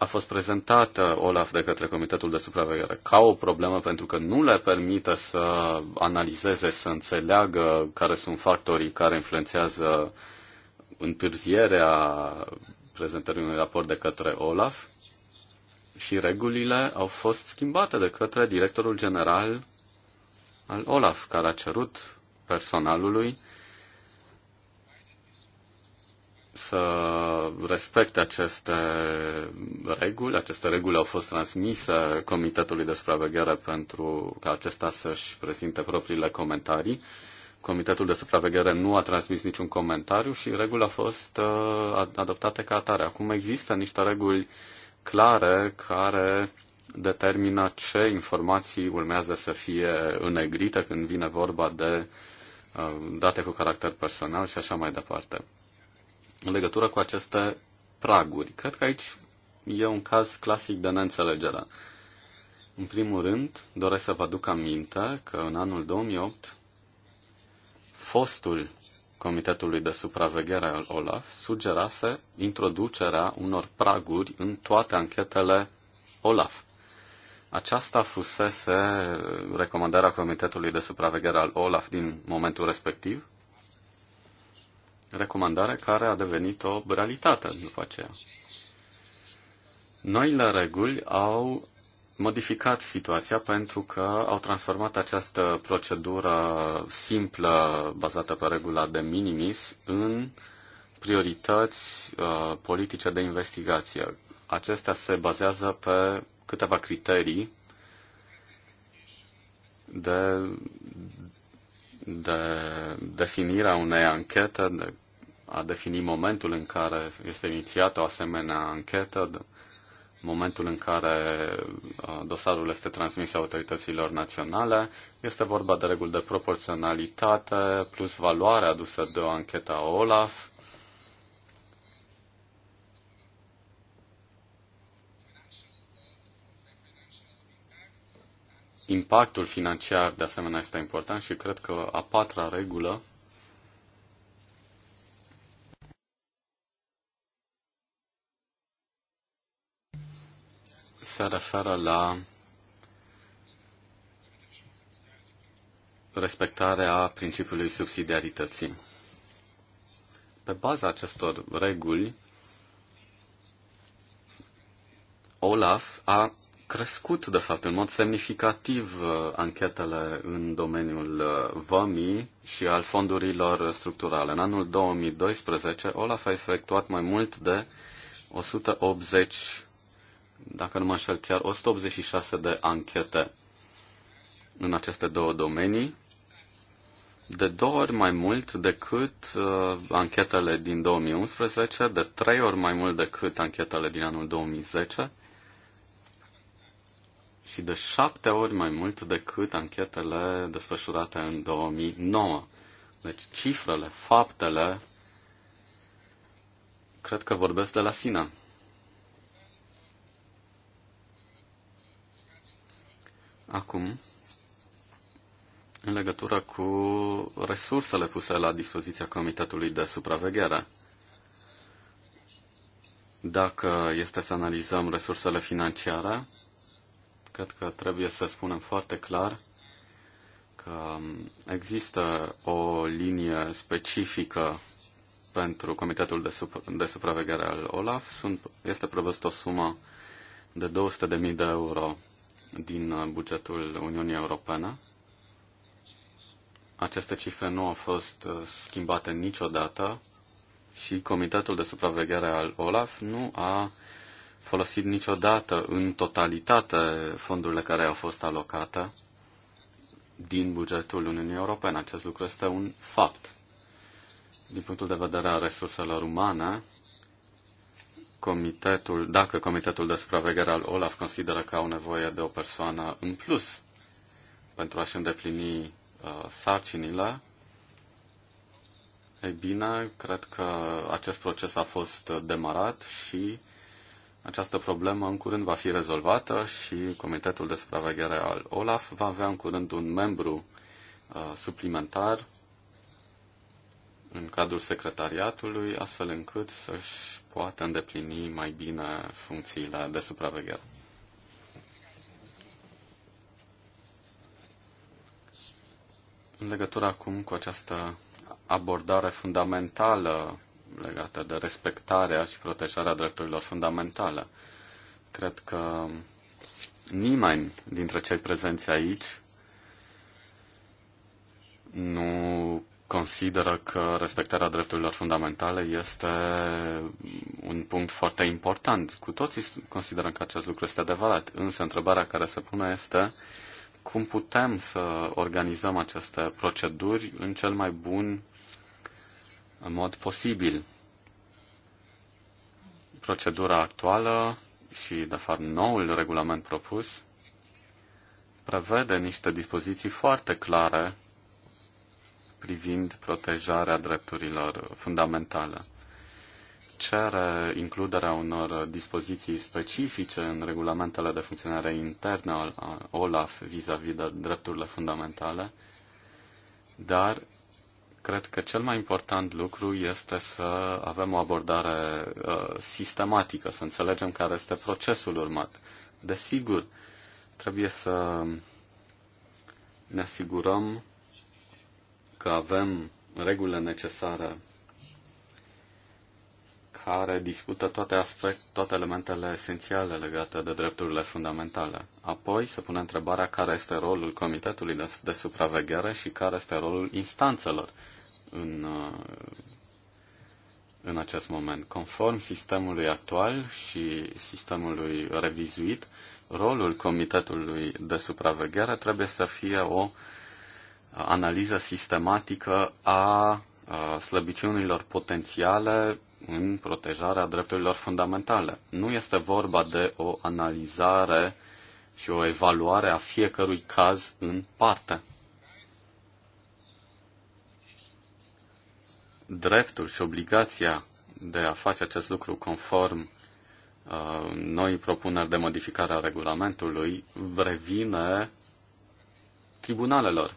a fost prezentată Olaf de către Comitetul de Supraveghere ca o problemă pentru că nu le permite să analizeze, să înțeleagă care sunt factorii care influențează întârzierea prezentării unui raport de către Olaf și regulile au fost schimbate de către directorul general al Olaf, care a cerut personalului să respecte aceste reguli. Aceste reguli au fost transmise Comitetului de Supraveghere pentru ca acesta să-și prezinte propriile comentarii. Comitetul de Supraveghere nu a transmis niciun comentariu și reguli au fost uh, adoptată adoptate ca atare. Acum există niște reguli clare care determină ce informații urmează să fie înegrite când vine vorba de uh, date cu caracter personal și așa mai departe în legătură cu aceste praguri. Cred că aici e un caz clasic de neînțelegere. În primul rând, doresc să vă aduc aminte că în anul 2008, fostul Comitetului de Supraveghere al OLAF sugerase introducerea unor praguri în toate anchetele OLAF. Aceasta fusese recomandarea Comitetului de Supraveghere al OLAF din momentul respectiv recomandare care a devenit o realitate după aceea. Noile reguli au modificat situația pentru că au transformat această procedură simplă, bazată pe regula de minimis, în priorități uh, politice de investigație. Acestea se bazează pe câteva criterii de de definirea unei anchete, de a defini momentul în care este inițiată o asemenea anchetă, de momentul în care uh, dosarul este transmis autorităților naționale. Este vorba de reguli de proporționalitate plus valoare adusă de o anchetă a OLAF Impactul financiar, de asemenea, este important și cred că a patra regulă se referă la respectarea principiului subsidiarității. Pe baza acestor reguli, Olaf a crescut, de fapt, în mod semnificativ uh, anchetele în domeniul uh, vămii și al fondurilor structurale. În anul 2012, Olaf a efectuat mai mult de 180, dacă nu mă înșel chiar, 186 de anchete în aceste două domenii, de două ori mai mult decât uh, anchetele din 2011, de trei ori mai mult decât anchetele din anul 2010 și de șapte ori mai mult decât anchetele desfășurate în 2009. Deci cifrele, faptele, cred că vorbesc de la sine. Acum, în legătură cu resursele puse la dispoziția Comitetului de Supraveghere. Dacă este să analizăm resursele financiare, Cred că trebuie să spunem foarte clar că există o linie specifică pentru Comitetul de, Sup- de Supraveghere al OLAF. Sunt, este prevăzută o sumă de 200.000 de euro din bugetul Uniunii Europene. Aceste cifre nu au fost uh, schimbate niciodată și Comitetul de Supraveghere al OLAF nu a folosit niciodată în totalitate fondurile care au fost alocate din bugetul Uniunii Europene. Acest lucru este un fapt. Din punctul de vedere a resurselor umane, comitetul, dacă Comitetul de Supraveghere al OLAF consideră că au nevoie de o persoană în plus pentru a-și îndeplini uh, sarcinile, ei bine, cred că acest proces a fost demarat și această problemă în curând va fi rezolvată și Comitetul de Supraveghere al OLAF va avea în curând un membru uh, suplimentar în cadrul secretariatului, astfel încât să-și poată îndeplini mai bine funcțiile de supraveghere. În legătură acum cu această abordare fundamentală legate de respectarea și protejarea drepturilor fundamentale. Cred că nimeni dintre cei prezenți aici nu consideră că respectarea drepturilor fundamentale este un punct foarte important. Cu toții considerăm că acest lucru este adevărat, însă întrebarea care se pune este cum putem să organizăm aceste proceduri în cel mai bun în mod posibil. Procedura actuală și, de fapt, noul regulament propus prevede niște dispoziții foarte clare privind protejarea drepturilor fundamentale. Cere includerea unor dispoziții specifice în regulamentele de funcționare internă al OLAF vis-a-vis -vis de drepturile fundamentale, dar cred că cel mai important lucru este să avem o abordare uh, sistematică, să înțelegem care este procesul urmat. Desigur, trebuie să ne asigurăm că avem regulile necesare care discută toate aspect, toate elementele esențiale legate de drepturile fundamentale. Apoi se pune întrebarea care este rolul Comitetului de, de Supraveghere și care este rolul instanțelor în, uh, în acest moment. Conform sistemului actual și sistemului revizuit, rolul Comitetului de Supraveghere trebuie să fie o uh, analiză sistematică a uh, slăbiciunilor potențiale în protejarea drepturilor fundamentale. Nu este vorba de o analizare și o evaluare a fiecărui caz în parte. dreptul și obligația de a face acest lucru conform uh, noi propuneri de modificare a regulamentului revine tribunalelor.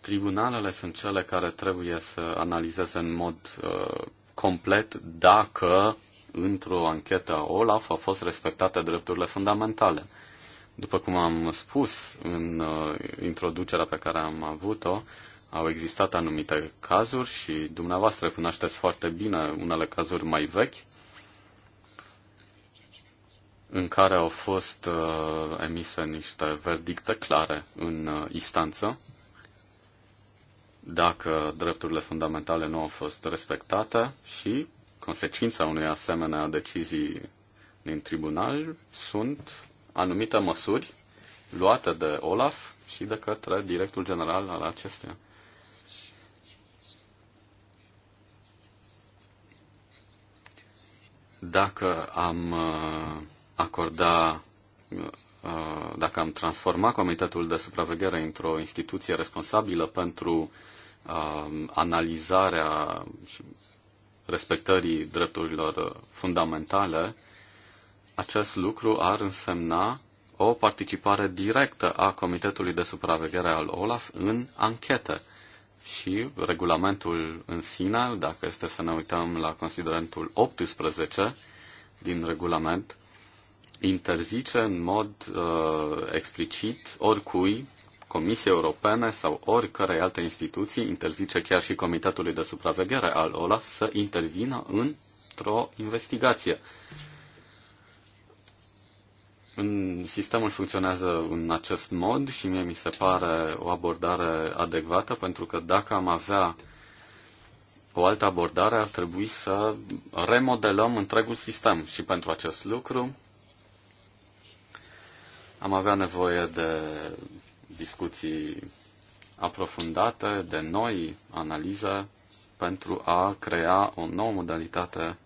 Tribunalele sunt cele care trebuie să analizeze în mod uh, complet dacă într-o anchetă a OLAF au fost respectate drepturile fundamentale. După cum am spus în uh, introducerea pe care am avut-o, uh, au existat anumite cazuri și dumneavoastră cunoașteți foarte bine unele cazuri mai vechi în care au fost uh, emise niște verdicte clare în uh, instanță dacă drepturile fundamentale nu au fost respectate și consecința unei asemenea decizii din tribunal sunt anumite măsuri luate de Olaf și de către directul general al acestuia. Dacă am uh, acorda, uh, dacă am transforma Comitetul de Supraveghere într-o instituție responsabilă pentru uh, analizarea și respectării drepturilor fundamentale, acest lucru ar însemna o participare directă a Comitetului de Supraveghere al OLAF în anchete și regulamentul în sine, dacă este să ne uităm la considerentul 18 din regulament, interzice în mod uh, explicit oricui, Comisiei Europene sau oricărei alte instituții, interzice chiar și Comitetului de Supraveghere al OLAF să intervină într-o investigație în sistemul funcționează în acest mod și mie mi se pare o abordare adecvată, pentru că dacă am avea o altă abordare, ar trebui să remodelăm întregul sistem și pentru acest lucru am avea nevoie de discuții aprofundate, de noi analize pentru a crea o nouă modalitate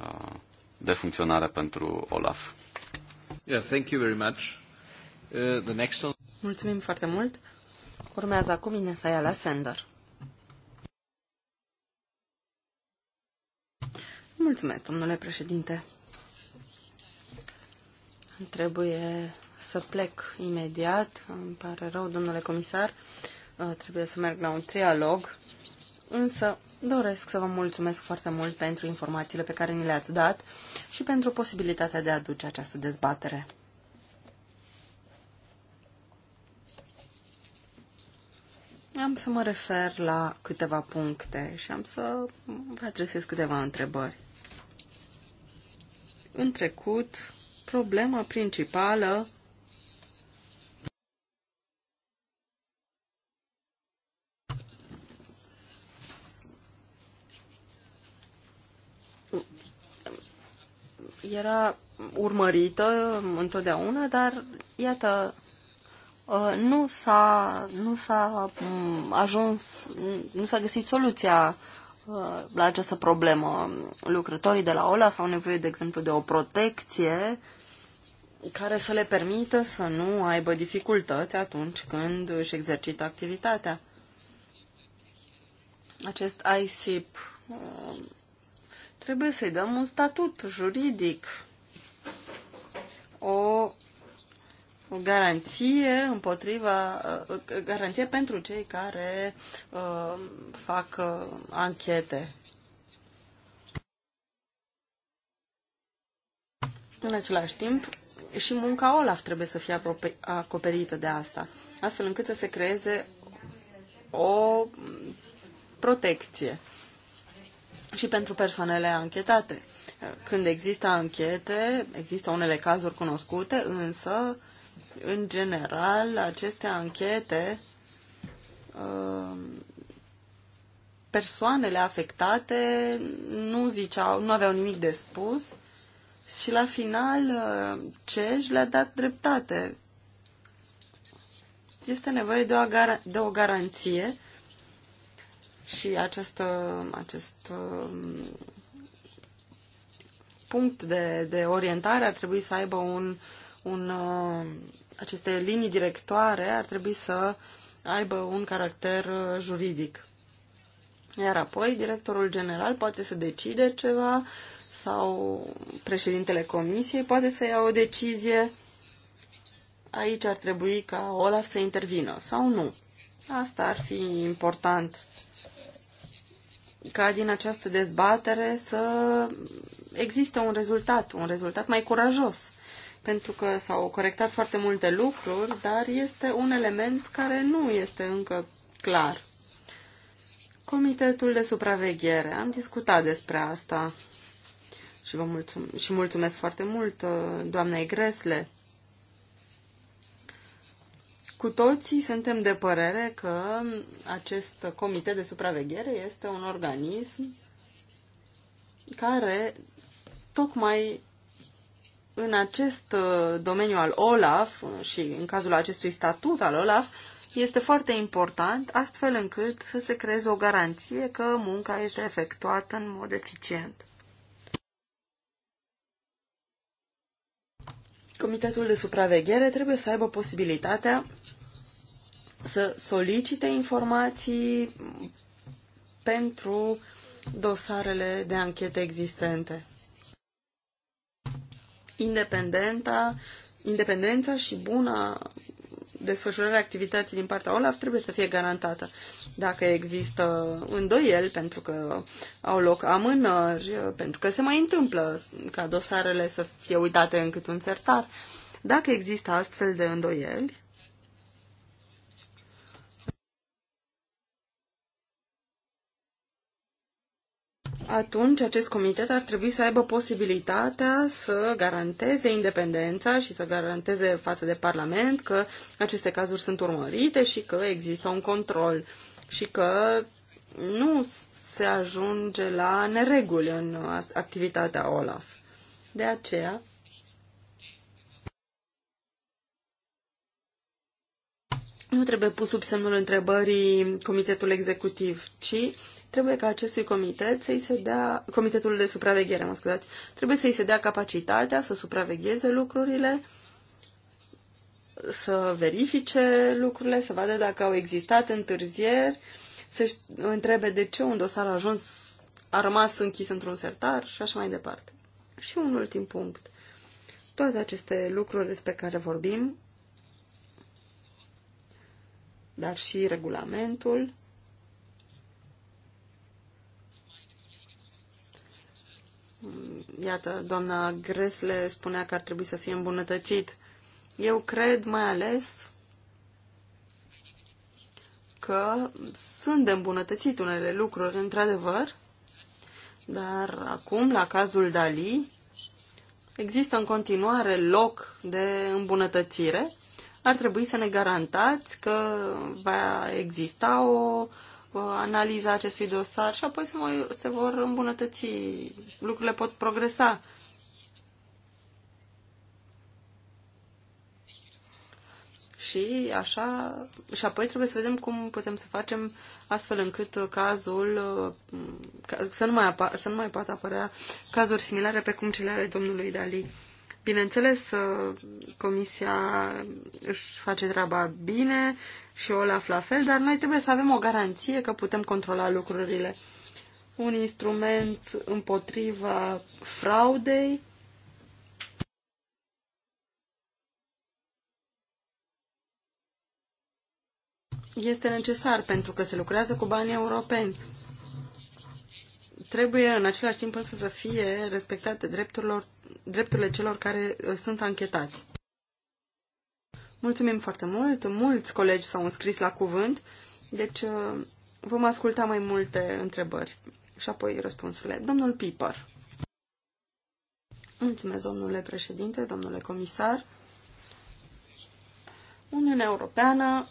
uh, de funcționare pentru OLAF. Yeah, thank you very much. Uh, the next one...
Mulțumim foarte mult. Urmează acum Ines Ayala Sender. Mulțumesc, domnule președinte. Trebuie să plec imediat. Îmi pare rău, domnule comisar. Uh, trebuie să merg la un trialog. Însă doresc să vă mulțumesc foarte mult pentru informațiile pe care ni le-ați dat și pentru posibilitatea de a aduce această dezbatere. Am să mă refer la câteva puncte și am să vă adresez câteva întrebări. În trecut, problema principală era urmărită întotdeauna, dar iată, ă, nu s-a, nu s-a mm, ajuns, nu s-a găsit soluția ă, la această problemă. Lucrătorii de la OLAF au nevoie, de exemplu, de o protecție care să le permită să nu aibă dificultăți atunci când își exercită activitatea. Acest ISIP ă, Trebuie să-i dăm un statut juridic, o, o garanție împotriva, uh, garanție pentru cei care uh, fac uh, anchete. În același timp, și munca OLAF trebuie să fie acoperită de asta, astfel încât să se creeze o protecție și pentru persoanele anchetate. Când există anchete, există unele cazuri cunoscute, însă, în general, aceste anchete, uh, persoanele afectate nu ziceau, nu aveau nimic de spus și la final uh, CEJ le-a dat dreptate. Este nevoie de o, gar- de o garanție și acest, acest um, punct de, de orientare ar trebui să aibă un, un um, aceste linii directoare ar trebui să aibă un caracter uh, juridic. Iar apoi directorul general poate să decide ceva sau președintele comisiei poate să ia o decizie. Aici ar trebui ca Olaf să intervină sau nu. Asta ar fi important ca din această dezbatere să există un rezultat, un rezultat mai curajos, pentru că s-au corectat foarte multe lucruri, dar este un element care nu este încă clar. Comitetul de supraveghere. Am discutat despre asta și, vă mulțum- și mulțumesc foarte mult, uh, doamnei Gresle. Cu toții suntem de părere că acest comitet de supraveghere este un organism care tocmai în acest uh, domeniu al OLAF și în cazul acestui statut al OLAF este foarte important astfel încât să se creeze o garanție că munca este efectuată în mod eficient. Comitetul de supraveghere trebuie să aibă posibilitatea să solicite informații pentru dosarele de anchete existente. Independenta, independența și buna desfășurarea activității din partea OLAF trebuie să fie garantată. Dacă există îndoieli, pentru că au loc amânări, pentru că se mai întâmplă ca dosarele să fie uitate în cât un sertar, dacă există astfel de îndoieli, atunci acest comitet ar trebui să aibă posibilitatea să garanteze independența și să garanteze față de Parlament că aceste cazuri sunt urmărite și că există un control și că nu se ajunge la nereguli în activitatea OLAF. De aceea, nu trebuie pus sub semnul întrebării Comitetul Executiv, ci Trebuie ca acestui comitet să-i se dea, comitetul de supraveghere, mă scuzați, trebuie să-i se dea capacitatea să supravegheze lucrurile, să verifice lucrurile, să vadă dacă au existat întârzieri, să întrebe de ce un dosar a ajuns, a rămas închis într-un sertar și așa mai departe. Și un ultim punct. Toate aceste lucruri despre care vorbim, dar și regulamentul, Iată, doamna Gresle spunea că ar trebui să fie îmbunătățit. Eu cred mai ales că sunt de îmbunătățit unele lucruri, într-adevăr, dar acum, la cazul Dali, există în continuare loc de îmbunătățire. Ar trebui să ne garantați că va exista o uh, analiza acestui dosar și apoi se, mai, se vor îmbunătăți. Lucrurile pot progresa. Și așa, și apoi trebuie să vedem cum putem să facem astfel încât cazul să nu mai, apa, să nu mai poată apărea cazuri similare precum cele ale domnului Dali. Bineînțeles, uh, Comisia își face treaba bine și Olaf la fel, dar noi trebuie să avem o garanție că putem controla lucrurile. Un instrument împotriva fraudei este necesar pentru că se lucrează cu banii europeni. Trebuie în același timp însă să fie respectate drepturilor drepturile celor care uh, sunt anchetați. Mulțumim foarte mult, mulți colegi s-au înscris la cuvânt, deci uh, vom asculta mai multe întrebări și apoi răspunsurile. Domnul Piper. Mulțumesc, domnule președinte, domnule comisar. Uniunea Europeană,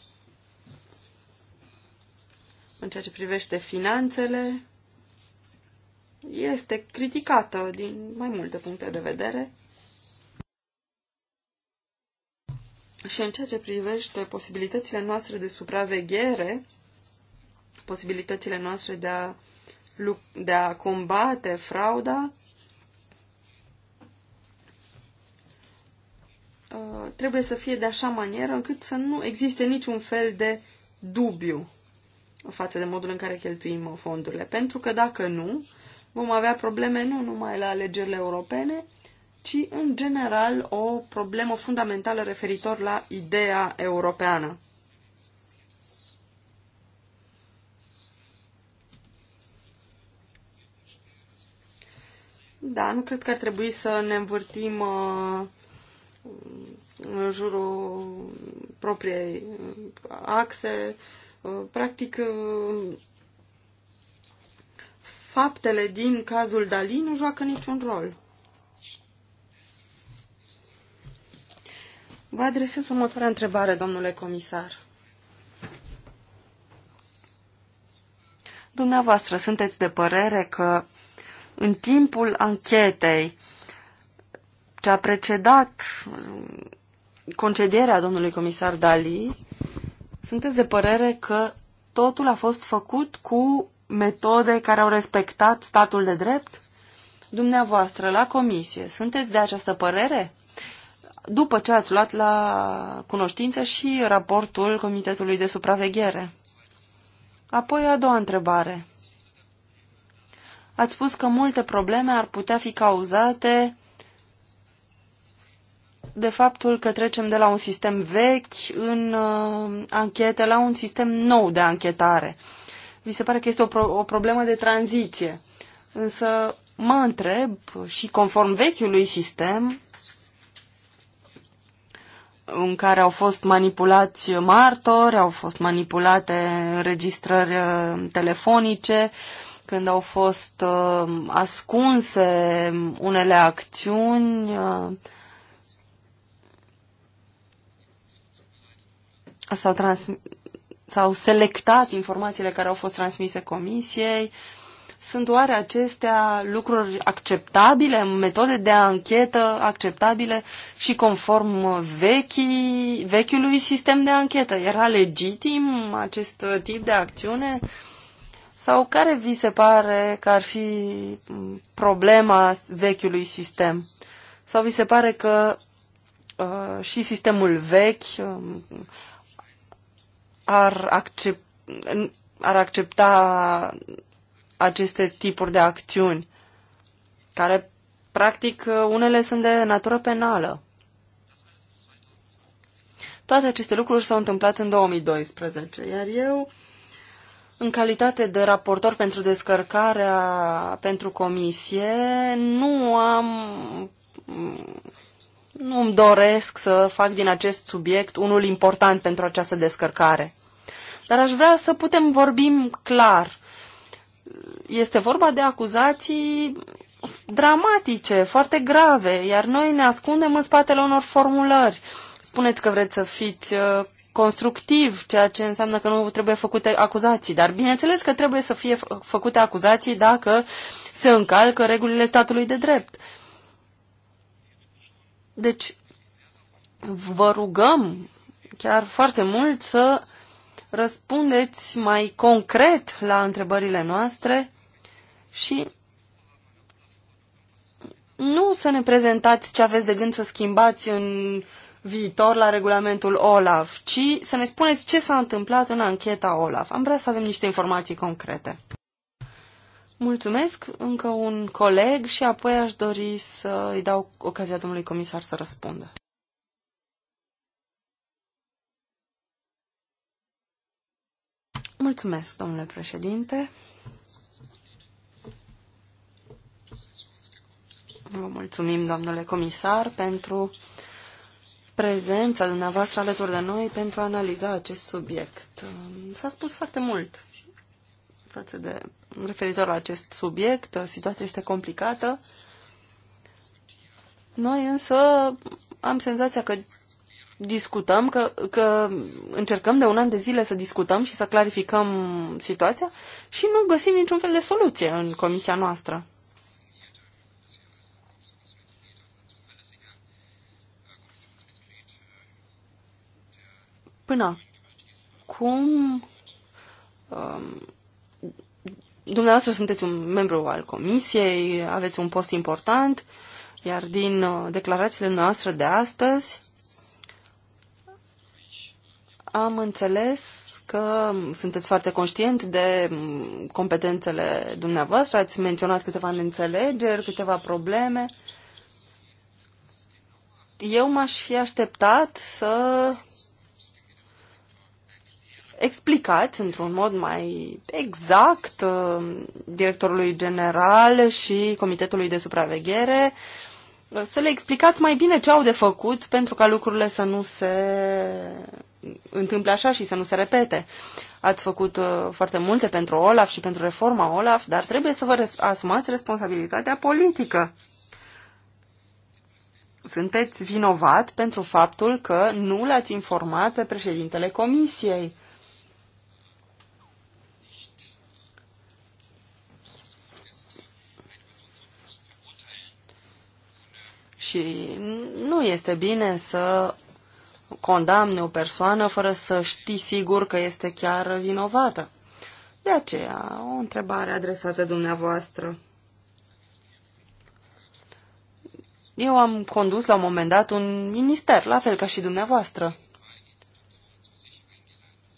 în ceea ce privește finanțele, este criticată din mai multe puncte de vedere. Și în ceea ce privește posibilitățile noastre de supraveghere, posibilitățile noastre de a, de a combate frauda, uh, trebuie să fie de așa manieră încât să nu existe niciun fel de dubiu față de modul în care cheltuim fondurile. Pentru că dacă nu, vom avea probleme nu numai la alegerile europene, ci în general o problemă fundamentală referitor la ideea europeană. Da, nu cred că ar trebui să ne învârtim uh, în jurul propriei uh, axe. Uh, practic, uh, faptele din cazul Dali nu joacă niciun rol. Vă adresez următoarea întrebare, domnule comisar. Dumneavoastră sunteți de părere că în timpul anchetei ce a precedat concedierea domnului comisar Dali, sunteți de părere că totul a fost făcut cu metode care au respectat statul de drept? Dumneavoastră, la comisie, sunteți de această părere? După ce ați luat la cunoștință și raportul Comitetului de Supraveghere. Apoi a doua întrebare. Ați spus că multe probleme ar putea fi cauzate de faptul că trecem de la un sistem vechi în uh, anchete la un sistem nou de anchetare. Uh, vi se pare că este o, pro o problemă de tranziție. Însă mă întreb și conform vechiului sistem în care au fost manipulați martori, au fost manipulate înregistrări uh, telefonice, când au fost uh, ascunse unele acțiuni, uh, s-au transmis s-au selectat informațiile care au fost transmise comisiei. Sunt oare acestea lucruri acceptabile, metode de anchetă acceptabile și conform vechii, vechiului sistem de anchetă? Era legitim acest tip de acțiune? Sau care vi se pare că ar fi problema vechiului sistem? Sau vi se pare că uh, și sistemul vechi, uh, ar, accept, ar accepta aceste tipuri de acțiuni, care, practic, unele sunt de natură penală. Toate aceste lucruri s-au întâmplat în 2012, iar eu, în calitate de raportor pentru descărcarea pentru comisie, nu am nu îmi doresc să fac din acest subiect unul important pentru această descărcare. Dar aș vrea să putem vorbi clar. Este vorba de acuzații dramatice, foarte grave, iar noi ne ascundem în spatele unor formulări. Spuneți că vreți să fiți uh, constructiv, ceea ce înseamnă că nu trebuie făcute acuzații, dar bineînțeles că trebuie să fie făcute acuzații dacă se încalcă regulile statului de drept. Deci, vă rugăm chiar foarte mult să răspundeți mai concret la întrebările noastre și nu să ne prezentați ce aveți de gând să schimbați în viitor la regulamentul OLAF, ci să ne spuneți ce s-a întâmplat în ancheta OLAF. Am vrea să avem niște informații concrete. Mulțumesc, încă un coleg și apoi aș dori să îi dau ocazia domnului comisar să răspundă. Mulțumesc, domnule președinte. Vă mulțumim, domnule comisar, pentru prezența dumneavoastră alături de noi pentru a analiza acest subiect. S-a spus foarte mult față de referitor la acest subiect. Situația este complicată. Noi însă am senzația că discutăm, că, că încercăm de un an de zile să discutăm și să clarificăm situația și nu găsim niciun fel de soluție în comisia noastră. Până acum, um, Dumneavoastră sunteți un membru al comisiei, aveți un post important, iar din uh, declarațiile noastre de astăzi am înțeles că sunteți foarte conștient de mm, competențele dumneavoastră, ați menționat câteva neînțelegeri, câteva probleme. Eu m-aș fi așteptat să explicați într-un mod mai exact uh, directorului general și comitetului de supraveghere, uh, să le explicați mai bine ce au de făcut pentru ca lucrurile să nu se întâmple așa și să nu se repete. Ați făcut uh, foarte multe pentru Olaf și pentru reforma Olaf, dar trebuie să vă asumați responsabilitatea politică sunteți vinovat pentru faptul că nu l-ați informat pe președintele comisiei. Și nu este bine să condamne o persoană fără să știi sigur că este chiar vinovată. De aceea, o întrebare adresată dumneavoastră. Eu am condus la un moment dat un minister, la fel ca și dumneavoastră.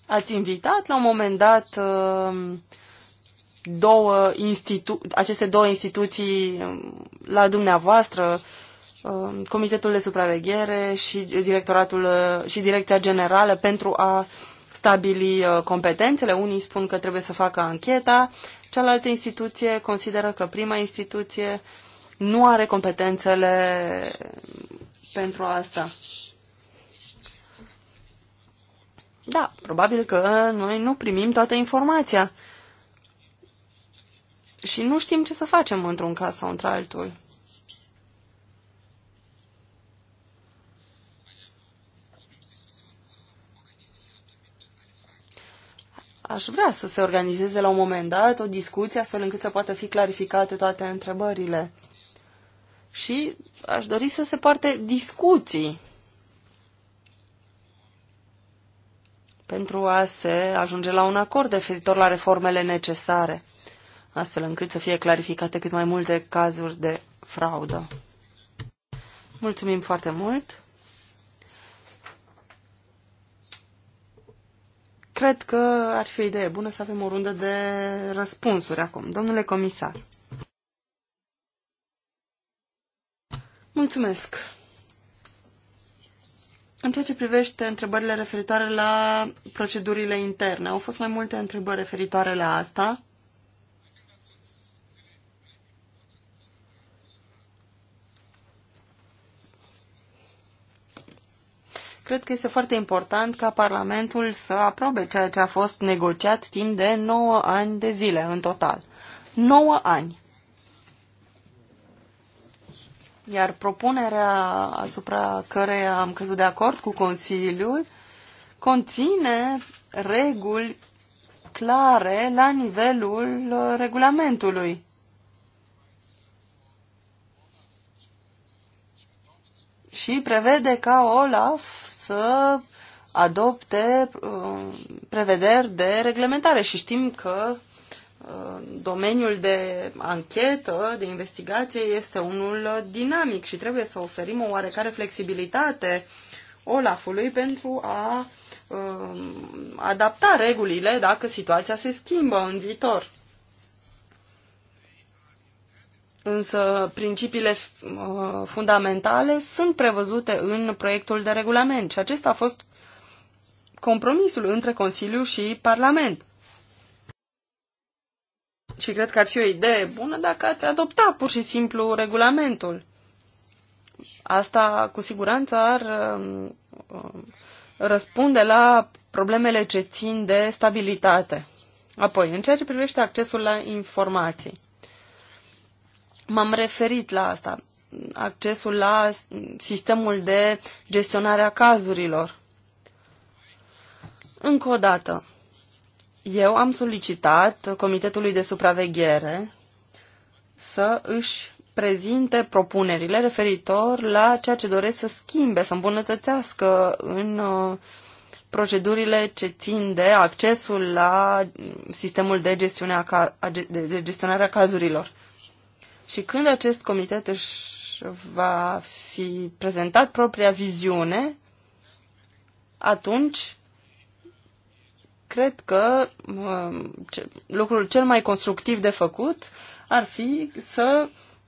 Ați invitat la un moment dat uh, două institu aceste două instituții um, la dumneavoastră Um, Comitetul de Supraveghere și, directoratul, uh, și Direcția Generală pentru a stabili uh, competențele. Unii spun că trebuie să facă ancheta, cealaltă instituție consideră că prima instituție nu are competențele pentru asta. Da, probabil că noi nu primim toată informația și nu știm ce să facem într-un caz sau într-altul. aș vrea să se organizeze la un moment dat o discuție astfel încât să poată fi clarificate toate întrebările. Și aș dori să se poarte discuții pentru a se ajunge la un acord referitor la reformele necesare, astfel încât să fie clarificate cât mai multe cazuri de fraudă. Mulțumim foarte mult! Cred că ar fi o idee bună să avem o rundă de răspunsuri acum. Domnule comisar. Mulțumesc. În ceea ce privește întrebările referitoare la procedurile interne, au fost mai multe întrebări referitoare la asta. Cred că este foarte important ca Parlamentul să aprobe ceea ce a fost negociat timp de 9 ani de zile în total. 9 ani! Iar propunerea asupra care am căzut de acord cu Consiliul conține reguli clare la nivelul regulamentului. și prevede ca Olaf să adopte uh, prevederi de reglementare și știm că uh, domeniul de anchetă, de investigație este unul dinamic și trebuie să oferim o oarecare flexibilitate Olafului pentru a uh, adapta regulile dacă situația se schimbă în viitor însă principiile uh, fundamentale sunt prevăzute în proiectul de regulament și acesta a fost compromisul între Consiliu și Parlament. Și cred că ar fi o idee bună dacă ați adopta pur și simplu regulamentul. Asta cu siguranță ar uh, răspunde la problemele ce țin de stabilitate. Apoi, în ceea ce privește accesul la informații. M-am referit la asta, accesul la sistemul de gestionare a cazurilor. Încă o dată, eu am solicitat Comitetului de Supraveghere să își prezinte propunerile referitor la ceea ce doresc să schimbe, să îmbunătățească în uh, procedurile ce țin de accesul la mm, sistemul de, de gestionare a cazurilor. Și când acest comitet își va fi prezentat propria viziune, atunci cred că uh, ce, lucrul cel mai constructiv de făcut ar fi să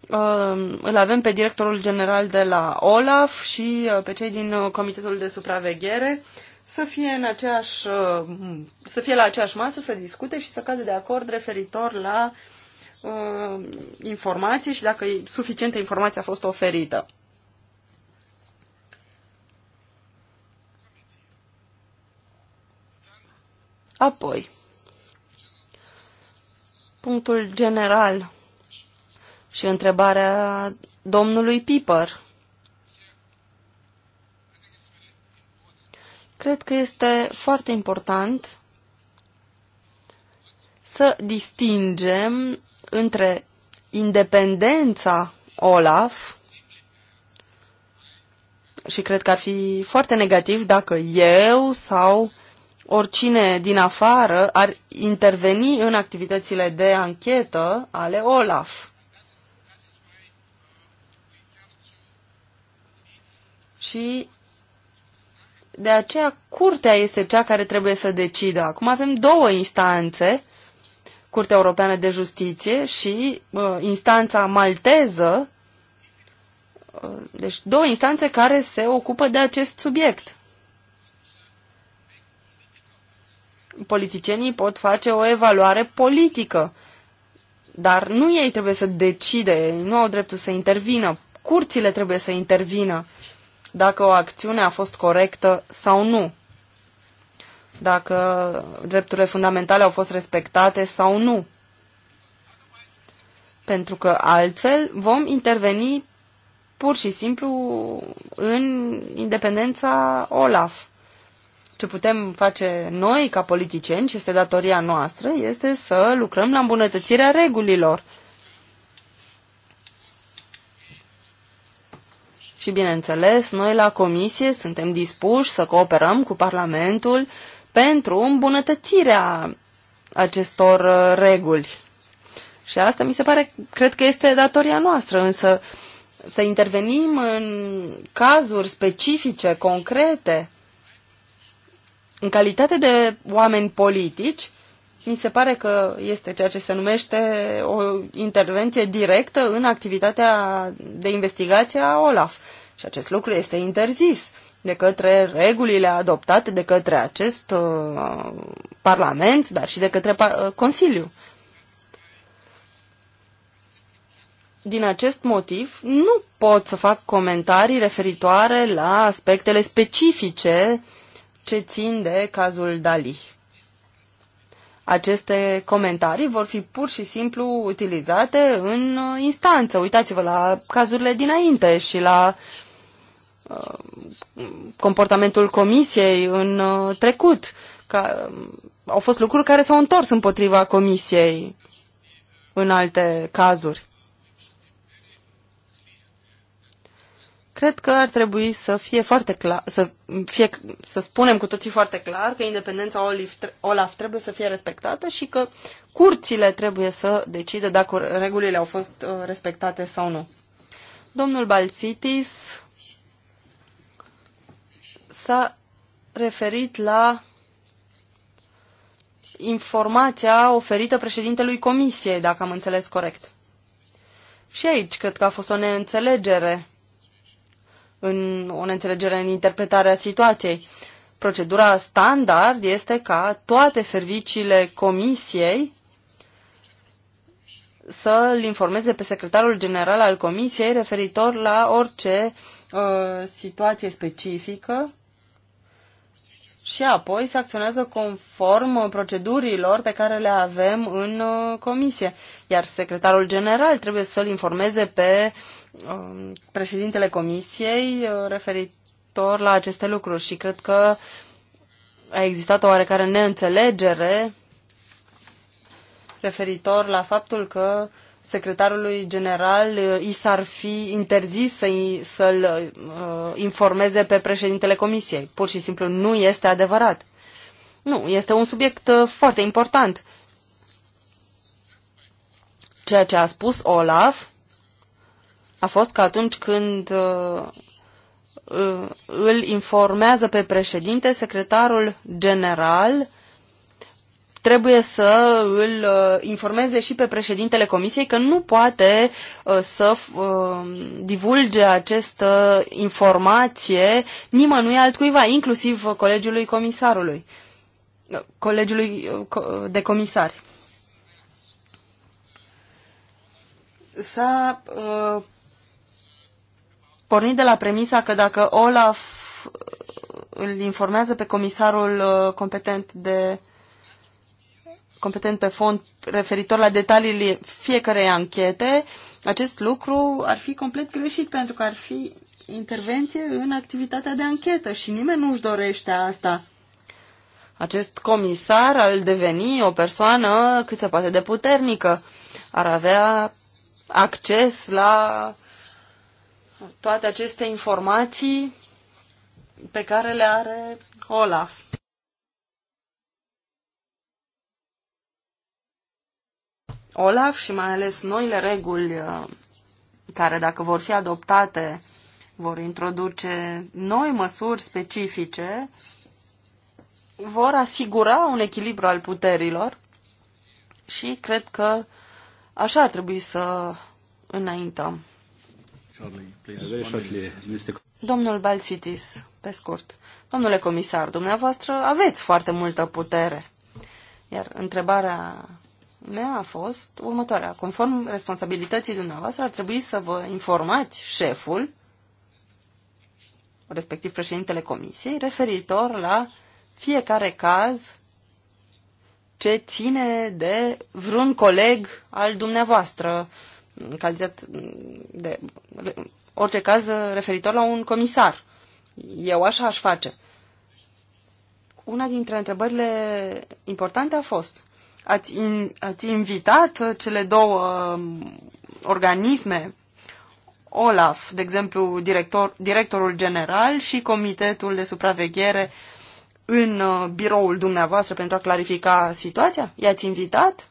uh, îl avem pe directorul general de la OLAF și uh, pe cei din uh, Comitetul de Supraveghere să fie, în aceeași, uh, să fie la aceeași masă, să discute și să cadă de acord referitor la uh, uh, informații și dacă suficientă informație a fost oferită. Apoi, punctul general și întrebarea domnului Piper. Cred că este foarte important să distingem între independența Olaf și cred că ar fi foarte negativ dacă eu sau oricine din afară ar interveni în activitățile de anchetă ale Olaf. Și de aceea curtea este cea care trebuie să decidă. Acum avem două instanțe Curtea Europeană de Justiție și uh, instanța malteză, uh, deci două instanțe care se ocupă de acest subiect. Politicienii pot face o evaluare politică, dar nu ei trebuie să decide, nu au dreptul să intervină, curțile trebuie să intervină dacă o acțiune a fost corectă sau nu dacă drepturile fundamentale au fost respectate sau nu. Pentru că altfel vom interveni pur și simplu în independența OLAF. Ce putem face noi ca politicieni, și este datoria noastră, este să lucrăm la îmbunătățirea regulilor. Și bineînțeles, noi la Comisie suntem dispuși să cooperăm cu Parlamentul pentru îmbunătățirea acestor uh, reguli. Și asta mi se pare, cred că este datoria noastră, însă să intervenim în cazuri specifice, concrete, în calitate de oameni politici, mi se pare că este ceea ce se numește o intervenție directă în activitatea de investigație a OLAF. Și acest lucru este interzis. Uh, de către regulile adoptate de către acest uh, Parlament, dar și de către uh, Consiliu. Din acest motiv, nu pot să fac comentarii referitoare la aspectele specifice ce țin de cazul Dali. Aceste comentarii vor fi pur și simplu utilizate în uh, instanță. Uitați-vă la cazurile dinainte și la comportamentul comisiei în uh, trecut. că um, au fost lucruri care s-au întors împotriva comisiei în alte cazuri. Cred că ar trebui să fie foarte clar, să, fie, să spunem cu toții foarte clar că independența Olaf trebuie să fie respectată și că curțile trebuie să decide dacă regulile au fost uh, respectate sau nu. Domnul Balsitis s-a referit la informația oferită președintelui comisiei, dacă am înțeles corect. Și aici cred că a fost o neînțelegere, în, o neînțelegere în interpretarea situației. Procedura standard este ca toate serviciile comisiei să-l informeze pe secretarul general al comisiei referitor la orice uh, situație specifică și apoi se acționează conform procedurilor pe care le avem în uh, comisie. Iar secretarul general trebuie să-l informeze pe um, președintele comisiei uh, referitor la aceste lucruri și cred că a existat o oarecare neînțelegere referitor la faptul că uh, secretarului general uh, i s-ar fi interzis să, l uh, informeze pe președintele comisiei. Pur și simplu nu este adevărat. Nu, este un subiect uh, foarte important. Ceea ce a spus Olaf a fost că atunci când îl informează pe președinte, secretarul general trebuie să îl uh, informeze și pe președintele comisiei că nu poate uh, să uh, divulge această informație nimănui altcuiva, inclusiv colegiului comisarului, colegiului de comisari. S-a pornit de la premisa că dacă Olaf îl informează pe comisarul competent de uh, competent pe fond referitor la detaliile fiecarei anchete, acest lucru ar fi complet greșit pentru că ar fi intervenție în activitatea de anchetă și nimeni nu își dorește asta. Acest comisar al deveni o persoană cât se poate de puternică. Ar avea acces la toate aceste informații pe care le are Olaf. OLAF și mai ales noile reguli uh, care, dacă vor fi adoptate, vor introduce noi măsuri specifice, vor asigura un echilibru al puterilor și cred că așa ar trebui să înaintăm. Domnul Balsitis, pe scurt. Domnule comisar, dumneavoastră aveți foarte multă putere. Iar întrebarea mea a fost următoarea. Conform responsabilității dumneavoastră, ar trebui să vă informați șeful, respectiv președintele comisiei, referitor la fiecare caz ce ține de vreun coleg al dumneavoastră, în calitate de orice caz referitor la un comisar. Eu așa aș face. Una dintre întrebările importante a fost ați, in, ați invitat cele două um, organisme, OLAF, de exemplu, director, directorul general și comitetul de supraveghere în uh, biroul dumneavoastră pentru a clarifica situația? I-ați invitat?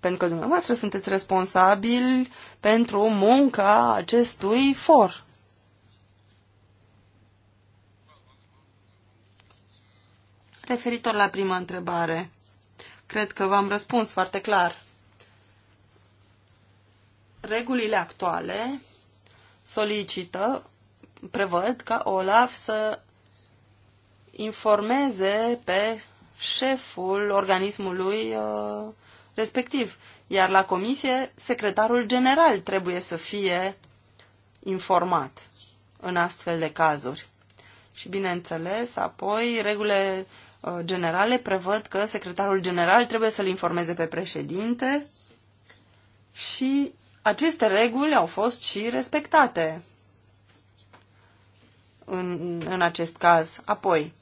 Pentru că dumneavoastră sunteți responsabili pentru munca acestui for. Referitor la prima întrebare, Cred că v-am răspuns foarte clar. Regulile actuale solicită, prevăd ca Olaf să informeze pe șeful organismului uh, respectiv. Iar la comisie, secretarul general trebuie să fie informat în astfel de cazuri. Și bineînțeles, apoi regulile Uh, generale prevăd că secretarul general trebuie să-l informeze pe președinte și aceste reguli au fost și respectate în, în acest caz. Apoi,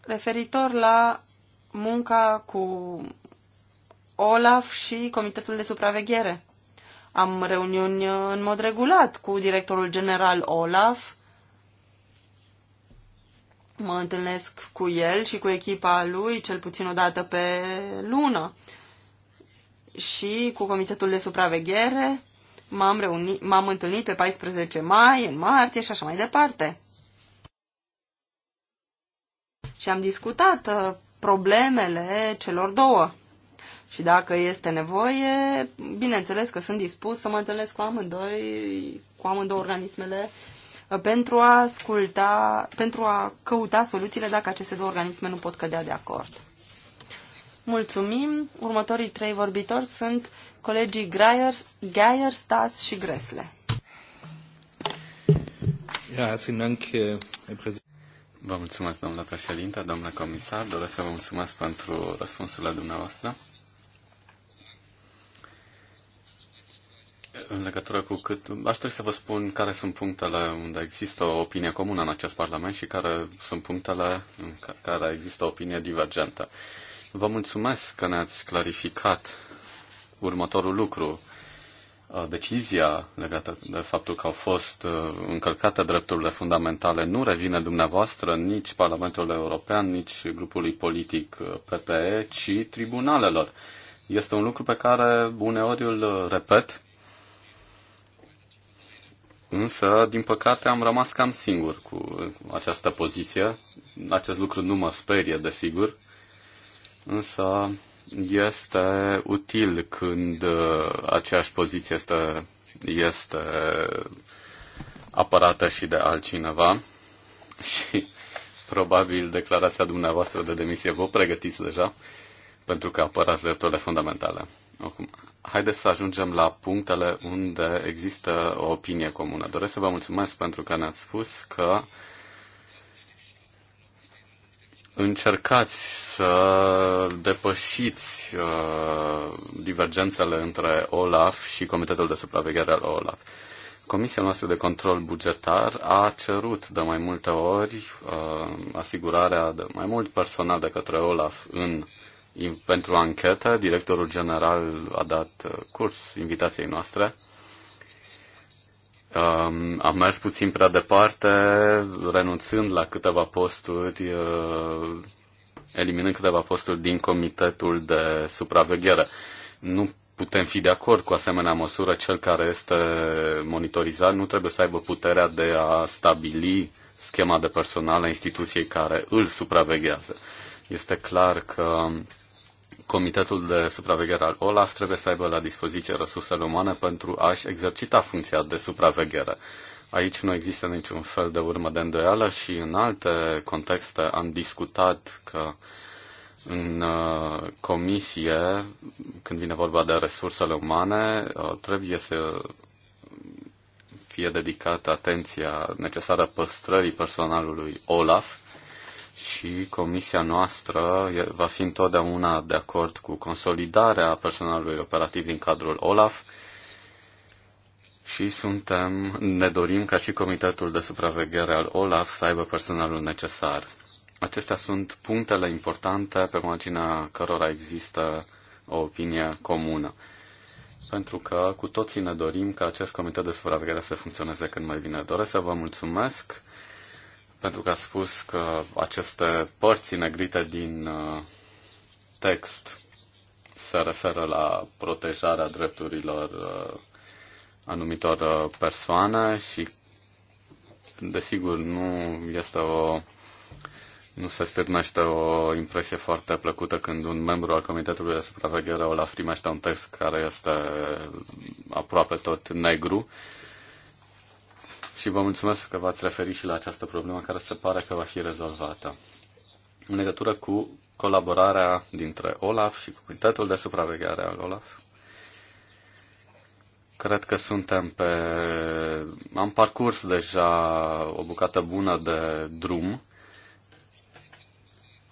referitor la munca cu Olaf și Comitetul de Supraveghere. Am reuniuni uh, în mod regulat cu directorul general Olaf Mă întâlnesc cu el și cu echipa lui cel puțin o dată pe lună și cu Comitetul de Supraveghere m-am, m-am întâlnit pe 14 mai, în martie și așa mai departe. Și am discutat uh, problemele celor două. Și dacă este nevoie, bineînțeles că sunt dispus să mă întâlnesc cu amândoi, cu amândouă organismele pentru a asculta, pentru a căuta soluțiile dacă aceste două organisme nu pot cădea de acord. Mulțumim. Următorii trei vorbitori sunt colegii Greier, Geier, Stas și Gresle.
Eh,
vă mulțumesc, doamna președinte, doamna comisar. Doresc să vă mulțumesc pentru răspunsurile dumneavoastră. în legătură cu cât... Aș trebui să vă spun care sunt punctele unde există o opinie comună în acest Parlament și care sunt punctele în care există o opinie divergentă. Vă mulțumesc că ne-ați clarificat următorul lucru. Decizia legată de faptul că au fost încălcate drepturile fundamentale nu revine dumneavoastră, nici Parlamentul European, nici grupului politic PPE, ci tribunalelor. Este un lucru pe care uneori îl repet Însă, din păcate, am rămas cam singur cu această poziție. Acest lucru nu mă sperie, desigur, însă este util când uh, aceeași poziție este, este apărată și de altcineva <laughs> și probabil declarația dumneavoastră de demisie vă pregătiți deja pentru că apărați drepturile fundamentale. Acum, haideți să ajungem la punctele unde există o opinie comună. Doresc să vă mulțumesc pentru că ne-ați spus că încercați să depășiți uh, divergențele între OLAF și Comitetul de Supraveghere al OLAF. Comisia noastră de control bugetar a cerut de mai multe ori uh, asigurarea de mai mult personal de către OLAF în pentru anchetă. Directorul general a dat uh, curs invitației noastre. Um, am mers puțin prea departe, renunțând la câteva posturi, uh, eliminând câteva posturi din comitetul de supraveghere. Nu putem fi de acord cu asemenea măsură, cel care este monitorizat nu trebuie să aibă puterea de a stabili schema de personal a instituției care îl supraveghează. Este clar că Comitetul de supraveghere al OLAF trebuie să aibă la dispoziție resursele umane pentru a-și exercita funcția de supraveghere. Aici nu există niciun fel de urmă de îndoială și în alte contexte am discutat că în uh, comisie, când vine vorba de resursele umane, uh, trebuie să fie dedicată atenția necesară păstrării personalului OLAF și comisia noastră va fi întotdeauna de acord cu consolidarea personalului operativ din cadrul OLAF și suntem, ne dorim ca și Comitetul de Supraveghere al OLAF să aibă personalul necesar. Acestea sunt punctele importante pe marginea cărora există o opinie comună. Pentru că cu toții ne dorim ca acest comitet de supraveghere să funcționeze cât mai bine. Doresc să vă mulțumesc pentru că a spus că aceste părți negrite din uh, text se referă la protejarea drepturilor uh, anumitor uh, persoane și desigur nu este o nu se stârnește o impresie foarte plăcută când un membru al Comitetului de Supraveghere o lafrimește un text care este aproape tot negru și vă mulțumesc că v-ați referit și la această problemă care se pare că va fi rezolvată. În legătură cu colaborarea dintre OLAF și Comitetul de Supraveghere al OLAF, Cred că suntem pe... Am parcurs deja o bucată bună de drum.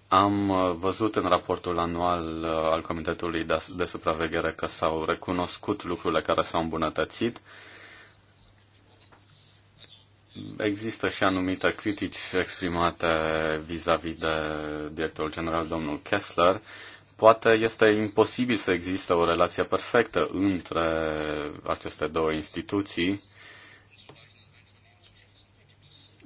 Am uh, văzut în raportul anual uh, al Comitetului de Supraveghere că s-au recunoscut lucrurile care s-au îmbunătățit Există și anumite critici exprimate vis-a-vis -vis de directorul general, domnul Kessler. Poate este imposibil să existe o relație perfectă între aceste două instituții,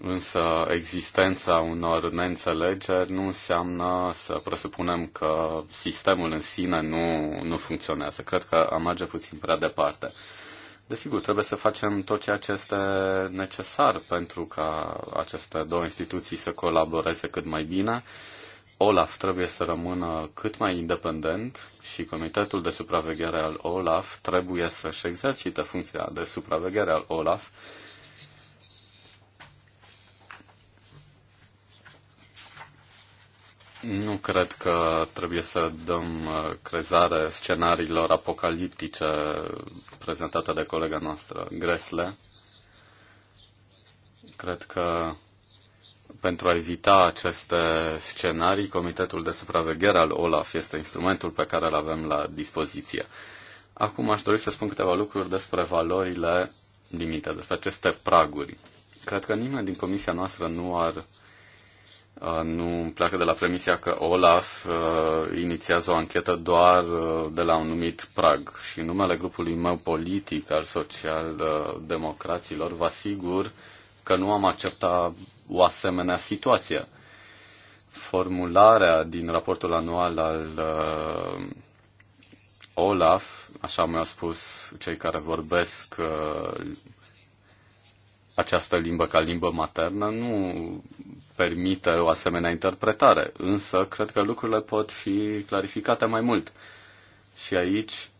însă existența unor neînțelegeri nu înseamnă să presupunem că sistemul în sine nu, nu funcționează. Cred că am merge puțin prea departe. Desigur, trebuie să facem tot ceea ce este necesar pentru ca aceste două instituții să colaboreze cât mai bine. Olaf trebuie să rămână cât mai independent și Comitetul de Supraveghere al Olaf trebuie să-și exercite funcția de supraveghere al Olaf Nu cred că trebuie să dăm uh, crezare scenariilor apocaliptice prezentate de colega noastră, Gresle. Cred că pentru a evita aceste scenarii, Comitetul de Supraveghere al OLAF este instrumentul pe care îl avem la dispoziție. Acum aș dori să spun câteva lucruri despre valorile limite, despre aceste praguri. Cred că nimeni din comisia noastră nu ar uh, Uh, nu îmi pleacă de la premisia că Olaf uh, inițiază o anchetă doar uh, de la un numit prag și numele grupului meu politic al social-democraților vă asigur că nu am acceptat o asemenea situație. Formularea din raportul anual al uh, Olaf, așa mi-au spus cei care vorbesc uh, această limbă ca limbă maternă, nu permite o asemenea interpretare, însă cred că lucrurile pot fi clarificate mai mult. Și aici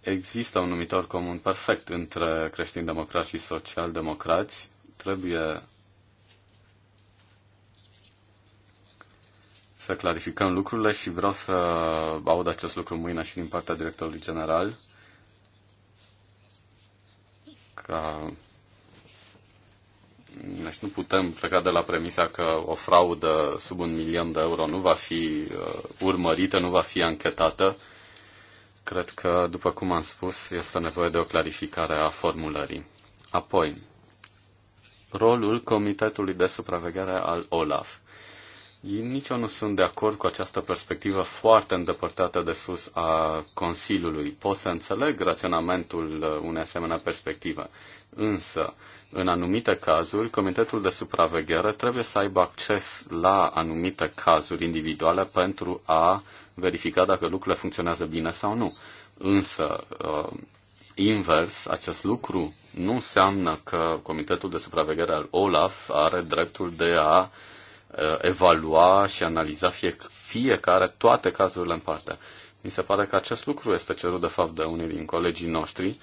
există un numitor comun perfect între creștini-democrați și social-democrați. Trebuie să clarificăm lucrurile și vreau să aud acest lucru mâine și din partea directorului general ca deci nu putem pleca de la premisa că o fraudă sub un milion de euro nu va fi uh, urmărită, nu va fi anchetată. Cred că, după cum am spus, este nevoie de o clarificare a formulării. Apoi, rolul Comitetului de Supraveghere al OLAF. Nici eu nu sunt de acord cu această perspectivă foarte îndepărtată de sus a Consiliului. Pot să înțeleg raționamentul unei asemenea perspective, însă în anumite cazuri, Comitetul de Supraveghere trebuie să aibă acces la anumite cazuri individuale pentru a verifica dacă lucrurile funcționează bine sau nu. Însă, uh, invers, acest lucru nu înseamnă că Comitetul de Supraveghere al OLAF are dreptul de a uh, evalua și analiza fie, fiecare, toate cazurile în parte. Mi se pare că acest lucru este cerut de fapt de unii din colegii noștri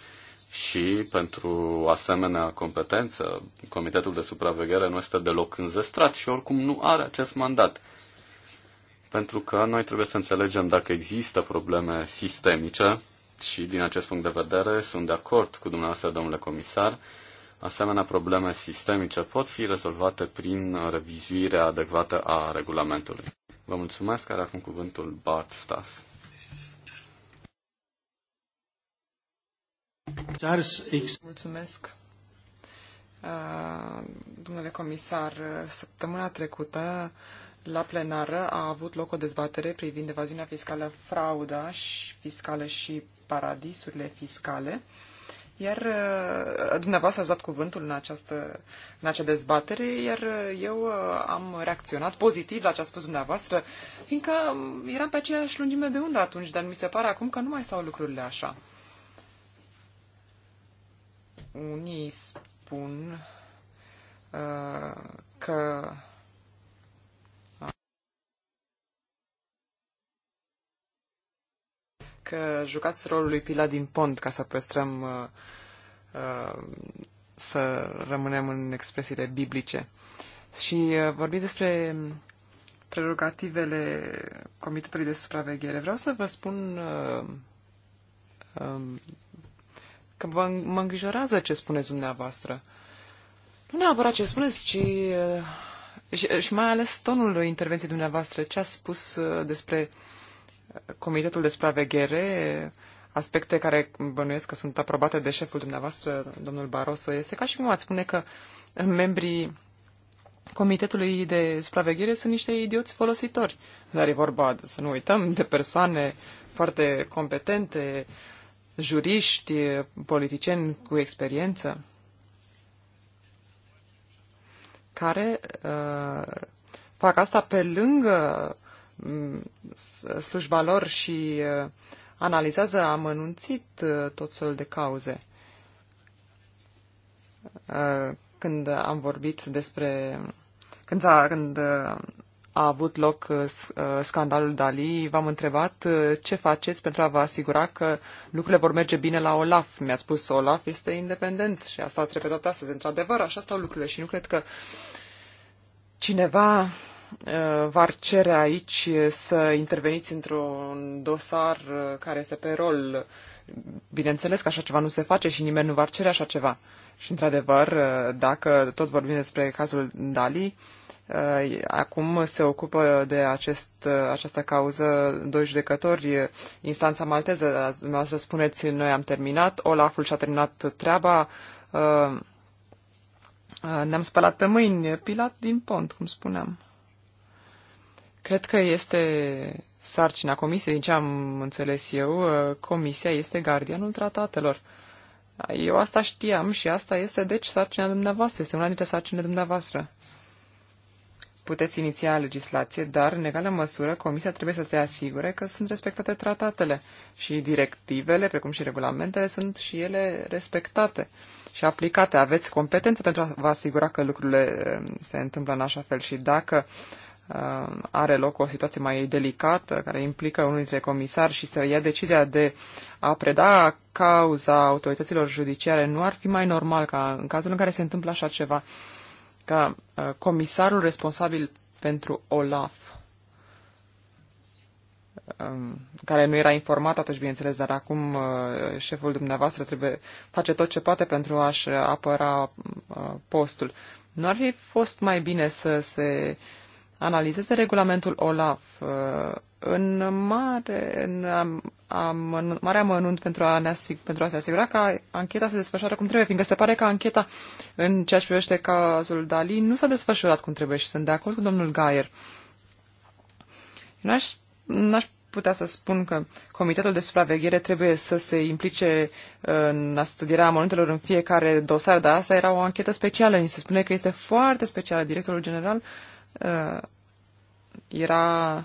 și pentru asemenea competență, Comitetul de Supraveghere nu este deloc înzestrat și oricum nu are acest mandat. Pentru că noi trebuie să înțelegem dacă există probleme sistemice și din acest punct de vedere sunt de acord cu dumneavoastră, domnule comisar, asemenea probleme sistemice pot fi rezolvate prin revizuirea adecvată a regulamentului. Vă mulțumesc, are acum cuvântul Bart Stas.
Mulțumesc. Uh, domnule comisar, săptămâna trecută la plenară a avut loc o dezbatere privind evaziunea fiscală, frauda și fiscală și paradisurile fiscale. Iar uh, dumneavoastră ați luat cuvântul în, această, în acea dezbatere, iar eu uh, am reacționat pozitiv la ce a spus dumneavoastră, fiindcă um, eram pe aceeași lungime de undă atunci, dar mi se pare acum că nu mai stau lucrurile așa. Unii spun uh, că că jucați rolul lui Pilat din Pont ca să păstrăm uh, uh, să rămânem în expresiile biblice. Și uh, vorbiți despre prerogativele Comitetului de Supraveghere. Vreau să vă spun uh, uh, că vă, mă îngrijorează ce spuneți dumneavoastră. Nu neapărat ce spuneți, ci uh, și, și mai ales tonul intervenției dumneavoastră, ce a spus uh, despre uh, Comitetul de Supraveghere, aspecte care bănuiesc că sunt aprobate de șeful dumneavoastră, domnul Barroso, este ca și cum ați spune că membrii Comitetului de Supraveghere sunt niște idioți folositori. Dar e vorba, să nu uităm, de persoane foarte competente, uh, juriști, politicieni cu experiență, care uh, fac asta pe lângă mm, slujba lor și uh, analizează amănunțit uh, tot felul de cauze. Uh, când am vorbit despre. Când, a, când uh, a avut loc uh, uh, scandalul Dali, v-am întrebat uh, ce faceți pentru a vă asigura că lucrurile vor merge bine la Olaf. Mi-a spus Olaf este independent și asta ați repetat astăzi. Într-adevăr, așa stau lucrurile și nu cred că cineva v-ar cere aici să interveniți într-un dosar care este pe rol. Bineînțeles că așa ceva nu se face și nimeni nu v-ar cere așa ceva. Și, într-adevăr, uh, dacă tot vorbim despre cazul Dali, uh, acum se ocupă de acest, uh, această cauză doi judecători, instanța malteză. Dumneavoastră spuneți, noi am terminat, Olaful și-a terminat treaba, ne-am spălat pe mâini, pilat din pont, cum spuneam. Cred că este sarcina comisiei, din ce am înțeles eu, comisia este gardianul tratatelor. Eu asta știam și asta este, deci, sarcina dumneavoastră. Este una dintre sarcinile dumneavoastră. Puteți iniția legislație, dar, în egală măsură, Comisia trebuie să se asigure că sunt respectate tratatele și directivele, precum și regulamentele, sunt și ele respectate și aplicate. Aveți competență pentru a vă asigura că lucrurile eh, se întâmplă în așa fel și dacă uh, Uh, are loc o situație mai delicată care implică unul dintre comisari și să ia decizia de a preda cauza autorităților judiciare, nu ar fi mai normal ca în cazul în care se întâmplă așa ceva, ca uh, comisarul responsabil pentru OLAF, um, care nu era informat atunci, bineînțeles, dar acum uh, șeful dumneavoastră trebuie face tot ce poate pentru a-și apăra postul. Nu ar fi fost mai bine să se uh, analizeze regulamentul OLAF uh, în mare, în am, în mare amănunt pentru a, ne asig- pentru a se asigura că ancheta se desfășoară cum trebuie, fiindcă se pare că ancheta în ceea ce privește cazul Dali nu s-a desfășurat cum trebuie și sunt de acord cu domnul Gaier. N-aș, n-aș putea să spun că Comitetul de Supraveghere trebuie să se implice uh, în studierea amănuntelor în fiecare dosar, dar asta era o anchetă specială. Ni se spune că este foarte specială. Directorul general uh, Uh, era,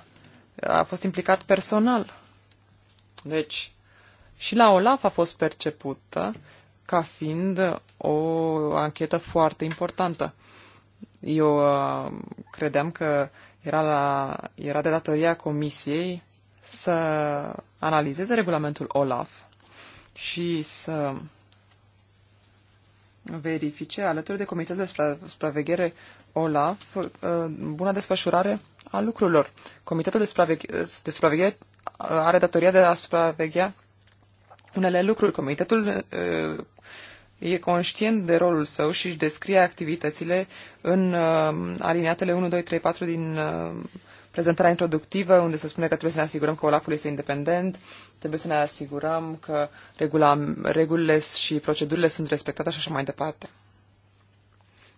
a fost implicat personal. Deci, și la Olaf a fost percepută ca fiind o anchetă foarte importantă. Eu uh, credeam că era, la, era de datoria comisiei să analizeze regulamentul OLAF și să verifice alături de Comitetul de Supraveghere OLAF uh, bună desfășurare a lucrurilor. Comitetul de, supraveghe- de supraveghere are datoria de a supraveghea unele lucruri. Comitetul uh, e conștient de rolul său și își descrie activitățile în aliniatele 1, 2, 3, 4 din uh, prezentarea introductivă, unde se spune că trebuie să ne asigurăm că Olaful este independent, trebuie să ne asigurăm că regula, regulile și procedurile sunt respectate și așa mai departe.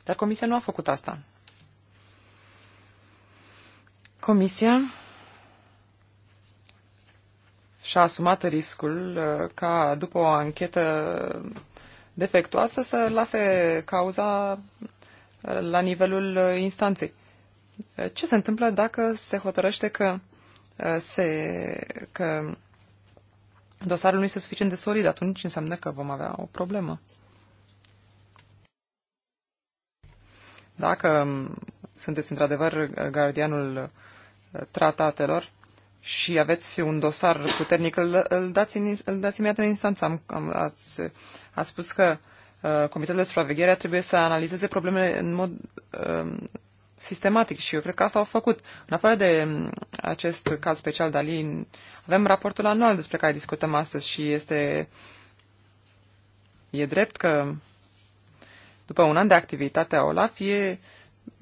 Dar comisia nu a făcut asta. Comisia și-a asumat riscul uh, ca după o anchetă defectuoasă să lase cauza uh, la nivelul uh, instanței. Ce se întâmplă dacă se hotărăște că, se, că dosarul nu este suficient de solid? Atunci înseamnă că vom avea o problemă. Dacă um, sunteți într-adevăr gardianul uh, tratatelor și aveți un dosar puternic, îl, îl, dați, în, îl dați imediat în instanță. Am, am, ați, ați spus că uh, Comitetul de Supraveghere trebuie să analizeze problemele în mod uh, sistematic și eu cred că asta au făcut. În afară de um, acest caz special de avem raportul anual despre care discutăm astăzi și este e drept că după un an de activitate a OLAF, e,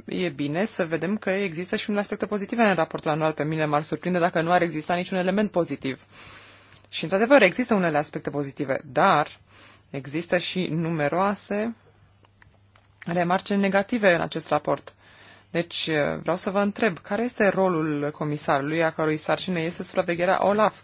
e bine să vedem că există și un aspect pozitiv în raportul anual. Pe mine m-ar surprinde dacă nu ar exista niciun element pozitiv. Și, într-adevăr, există unele aspecte pozitive, dar există și numeroase remarce negative în acest raport. Deci, eh, vreau să vă întreb, care este rolul comisarului a cărui sarcină este supravegherea OLAF?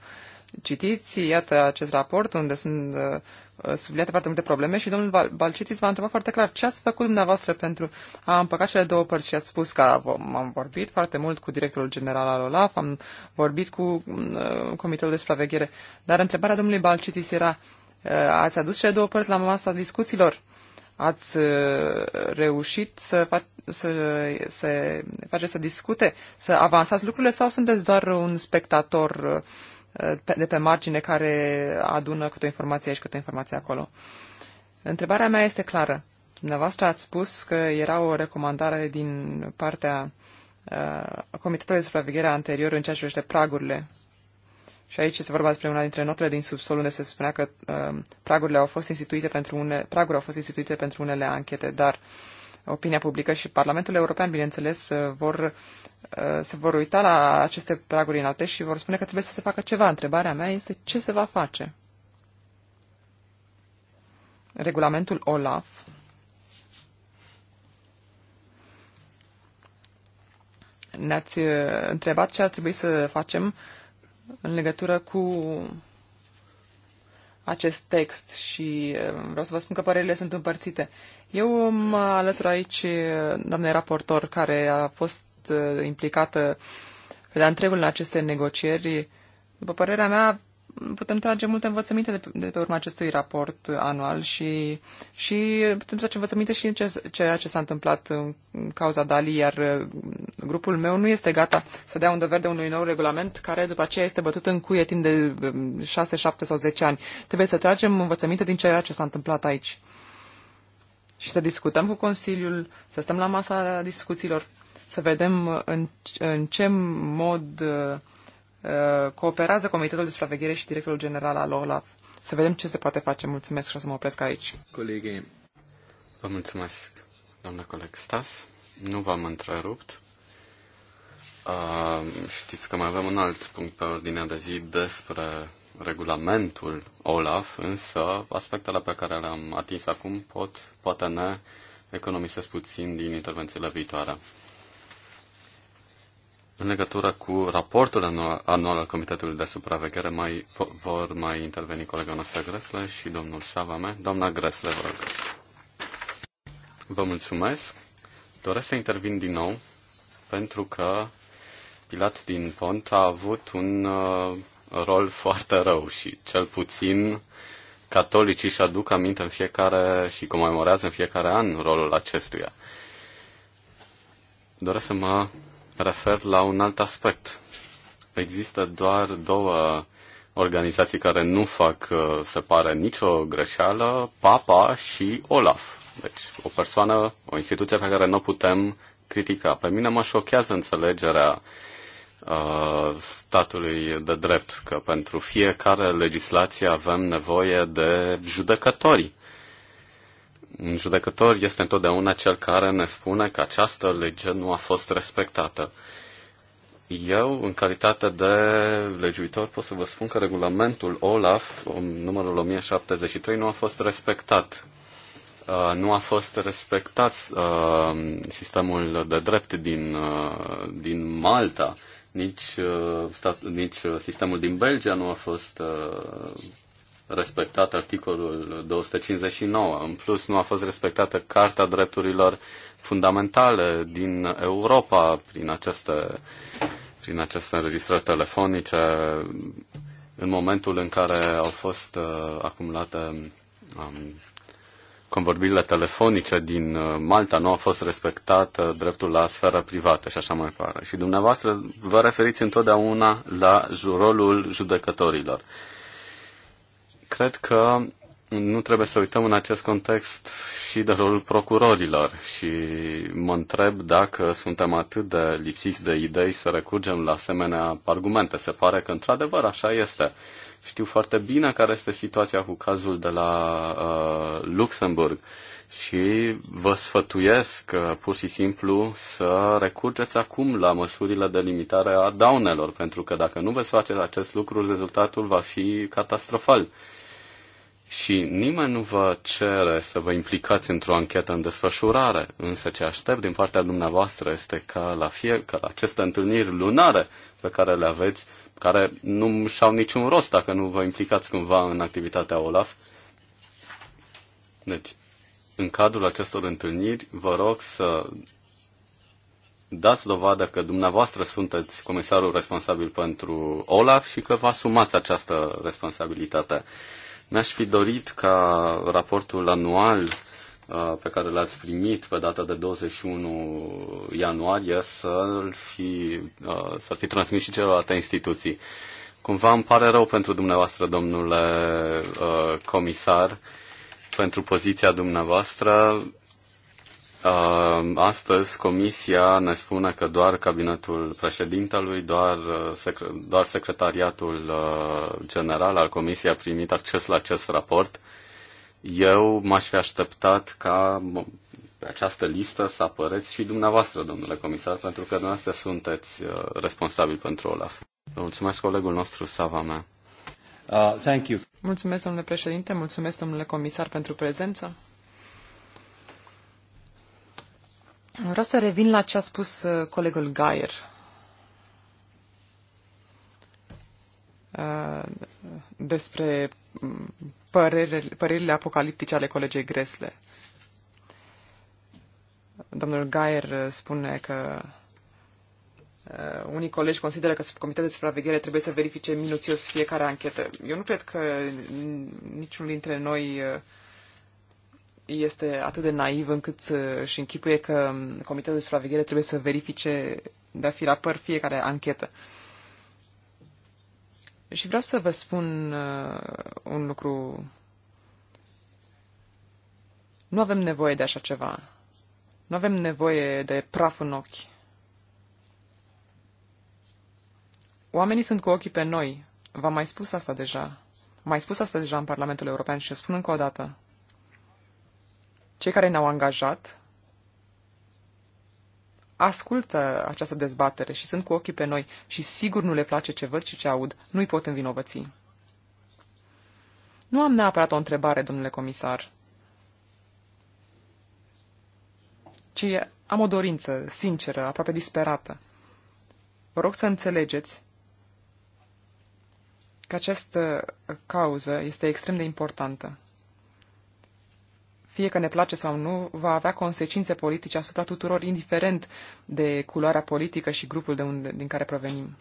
Citiți, iată, acest raport unde sunt eh, Uh, subliniate foarte multe probleme și domnul Balcitis v-a întrebat foarte clar ce ați făcut dumneavoastră pentru a împăca cele două părți și ați spus că am vorbit foarte mult cu directorul general al OLAF, am vorbit cu uh, Comitetul de Supraveghere, dar întrebarea domnului Balcitis era uh, ați adus cele două părți la masa discuțiilor? Ați uh, reușit să, fa- să, să faceți să discute, să avansați lucrurile sau sunteți doar un spectator uh, de pe margine care adună câte o informație aici, câte o informație acolo. Întrebarea mea este clară. Dumneavoastră ați spus că era o recomandare din partea uh, Comitetului de Supraveghere anterior în ceea ce privește pragurile. Și aici se vorba despre una dintre notele din subsol unde se spunea că uh, pragurile au fost instituite pentru une, pragurile au fost instituite pentru unele anchete, dar uh, opinia publică și Parlamentul European, bineînțeles, uh, vor, uh, se vor uita la aceste praguri înalte și vor spune că trebuie să se facă ceva. Întrebarea mea este ce se va face? Regulamentul OLAF ne-ați uh, întrebat ce ar trebui să facem în legătură cu acest text și vreau să vă spun că părerile sunt împărțite. Eu mă alătur aici doamnei raportor care a fost uh, implicată pe de-a întregul în aceste negocieri. După părerea mea, putem trage multe învățăminte de pe, de pe urma acestui raport anual și, și putem trage învățăminte și în ce, ceea ce s-a întâmplat în cauza Dali, iar uh, grupul meu nu este gata să dea un undă de unui nou regulament care după aceea este bătut în cuie timp de 6, um, 7 sau 10 ani. Trebuie să tragem învățăminte din ceea ce s-a întâmplat aici și să discutăm cu Consiliul, să stăm la masa discuțiilor, să vedem uh, în, în ce mod uh, uh, cooperează Comitetul de Supraveghere și Directorul General al OLAF. Să vedem ce se poate face. Mulțumesc și o să mă opresc aici.
Colegii, vă mulțumesc, doamna coleg Stas. Nu v-am întrerupt. Uh, știți că mai avem un alt punct pe ordinea de zi despre regulamentul OLAF, însă aspectele pe care le-am atins acum pot, poate ne economisesc puțin din intervențiile viitoare. În legătură cu raportul anual al Comitetului de Supraveghere, mai, vor mai interveni colega noastră Gresle și domnul Savame. Doamna Gresle, vă rog. Vă mulțumesc. Doresc să intervin din nou pentru că Pilat din Pont a avut un uh, rol foarte rău și cel puțin catolicii își aduc aminte în fiecare și comemorează în fiecare an rolul acestuia. Doresc să mă refer la un alt aspect. Există doar două organizații care nu fac, uh, se pare, nicio greșeală, Papa și Olaf. Deci, o persoană, o instituție pe care nu putem critica. Pe mine mă șochează înțelegerea Uh, statului de drept, că pentru fiecare legislație avem nevoie de judecători. Un judecător este întotdeauna cel care ne spune că această lege nu a fost respectată. Eu, în calitate de legiuitor, pot să vă spun că regulamentul OLAF, um, numărul 1073, nu a fost respectat. Uh, nu a fost respectat uh, sistemul de drept din, din Malta nici, uh, stat, nici uh, sistemul din Belgia nu a fost uh, respectat articolul 259. În plus, nu a fost respectată Carta Drepturilor Fundamentale din Europa prin aceste, prin aceste înregistrări telefonice în momentul în care au fost uh, acumulate um, convorbirile telefonice din uh, Malta nu a fost respectat dreptul la sfera privată și așa mai departe. Și dumneavoastră vă referiți întotdeauna la rolul judecătorilor. Cred că nu trebuie să uităm în acest context și de rolul procurorilor și mă întreb dacă suntem atât de lipsiți de idei să recurgem la asemenea argumente. Se pare că într-adevăr așa este. Știu foarte bine care este situația cu cazul de la uh, Luxemburg și vă sfătuiesc uh, pur și simplu să recurgeți acum la măsurile de limitare a daunelor, pentru că dacă nu veți face acest lucru, rezultatul va fi catastrofal. Și nimeni nu vă cere să vă implicați într-o anchetă în desfășurare, însă ce aștept din partea dumneavoastră este ca la, fie, ca la aceste întâlniri lunare pe care le aveți care nu își au niciun rost dacă nu vă implicați cumva în activitatea OLAF. Deci, în cadrul acestor întâlniri, vă rog să dați dovadă că dumneavoastră sunteți comisarul responsabil pentru OLAF și că vă asumați această responsabilitate. Mi-aș fi dorit ca raportul anual Uh, pe care l-ați primit pe data de 21 ianuarie să-l fi, uh, să fi transmis și celorlalte instituții. Cumva îmi pare rău pentru dumneavoastră, domnule uh, comisar, pentru poziția dumneavoastră. Astăzi comisia ne spune că doar cabinetul președintelui, doar, doar secretariatul general al comisiei a primit acces la acest raport. Eu m-aș fi așteptat ca pe această listă să apăreți și dumneavoastră, domnule comisar, pentru că dumneavoastră sunteți uh, responsabil pentru OLAF. Vă mulțumesc colegul nostru, Sava mea. Uh,
thank you.
Mulțumesc, domnule președinte, mulțumesc, domnule comisar, pentru prezență. Vreau să revin la ce a spus uh, colegul Gaier. Uh, despre părerile, părerile apocaliptice ale colegei Gresle. Domnul Gaier uh, spune că Uh, unii colegi consideră că Comitetul de Supraveghere trebuie să verifice minuțios fiecare anchetă. Eu nu cred că niciunul dintre noi uh, este atât de naiv încât uh, și închipuie că um, Comitetul de Supraveghere trebuie să verifice de a fi la păr fiecare anchetă. Uh, și vreau să vă spun uh, un lucru. Nu avem nevoie de așa ceva. Nu avem nevoie de praf în ochi. Oamenii sunt cu ochii pe noi. V-am mai spus asta deja. Am mai spus asta deja în Parlamentul European și o spun încă o dată. Cei care ne-au angajat ascultă această dezbatere și sunt cu ochii pe noi și sigur nu le place ce văd și ce aud, nu-i pot învinovăți. Nu am neapărat o întrebare, domnule comisar, ci am o dorință sinceră, aproape disperată. Vă rog să înțelegeți că această cauză este extrem de importantă fie că ne place sau nu, va avea consecințe politice asupra tuturor, indiferent de culoarea politică și grupul de unde, din care provenim.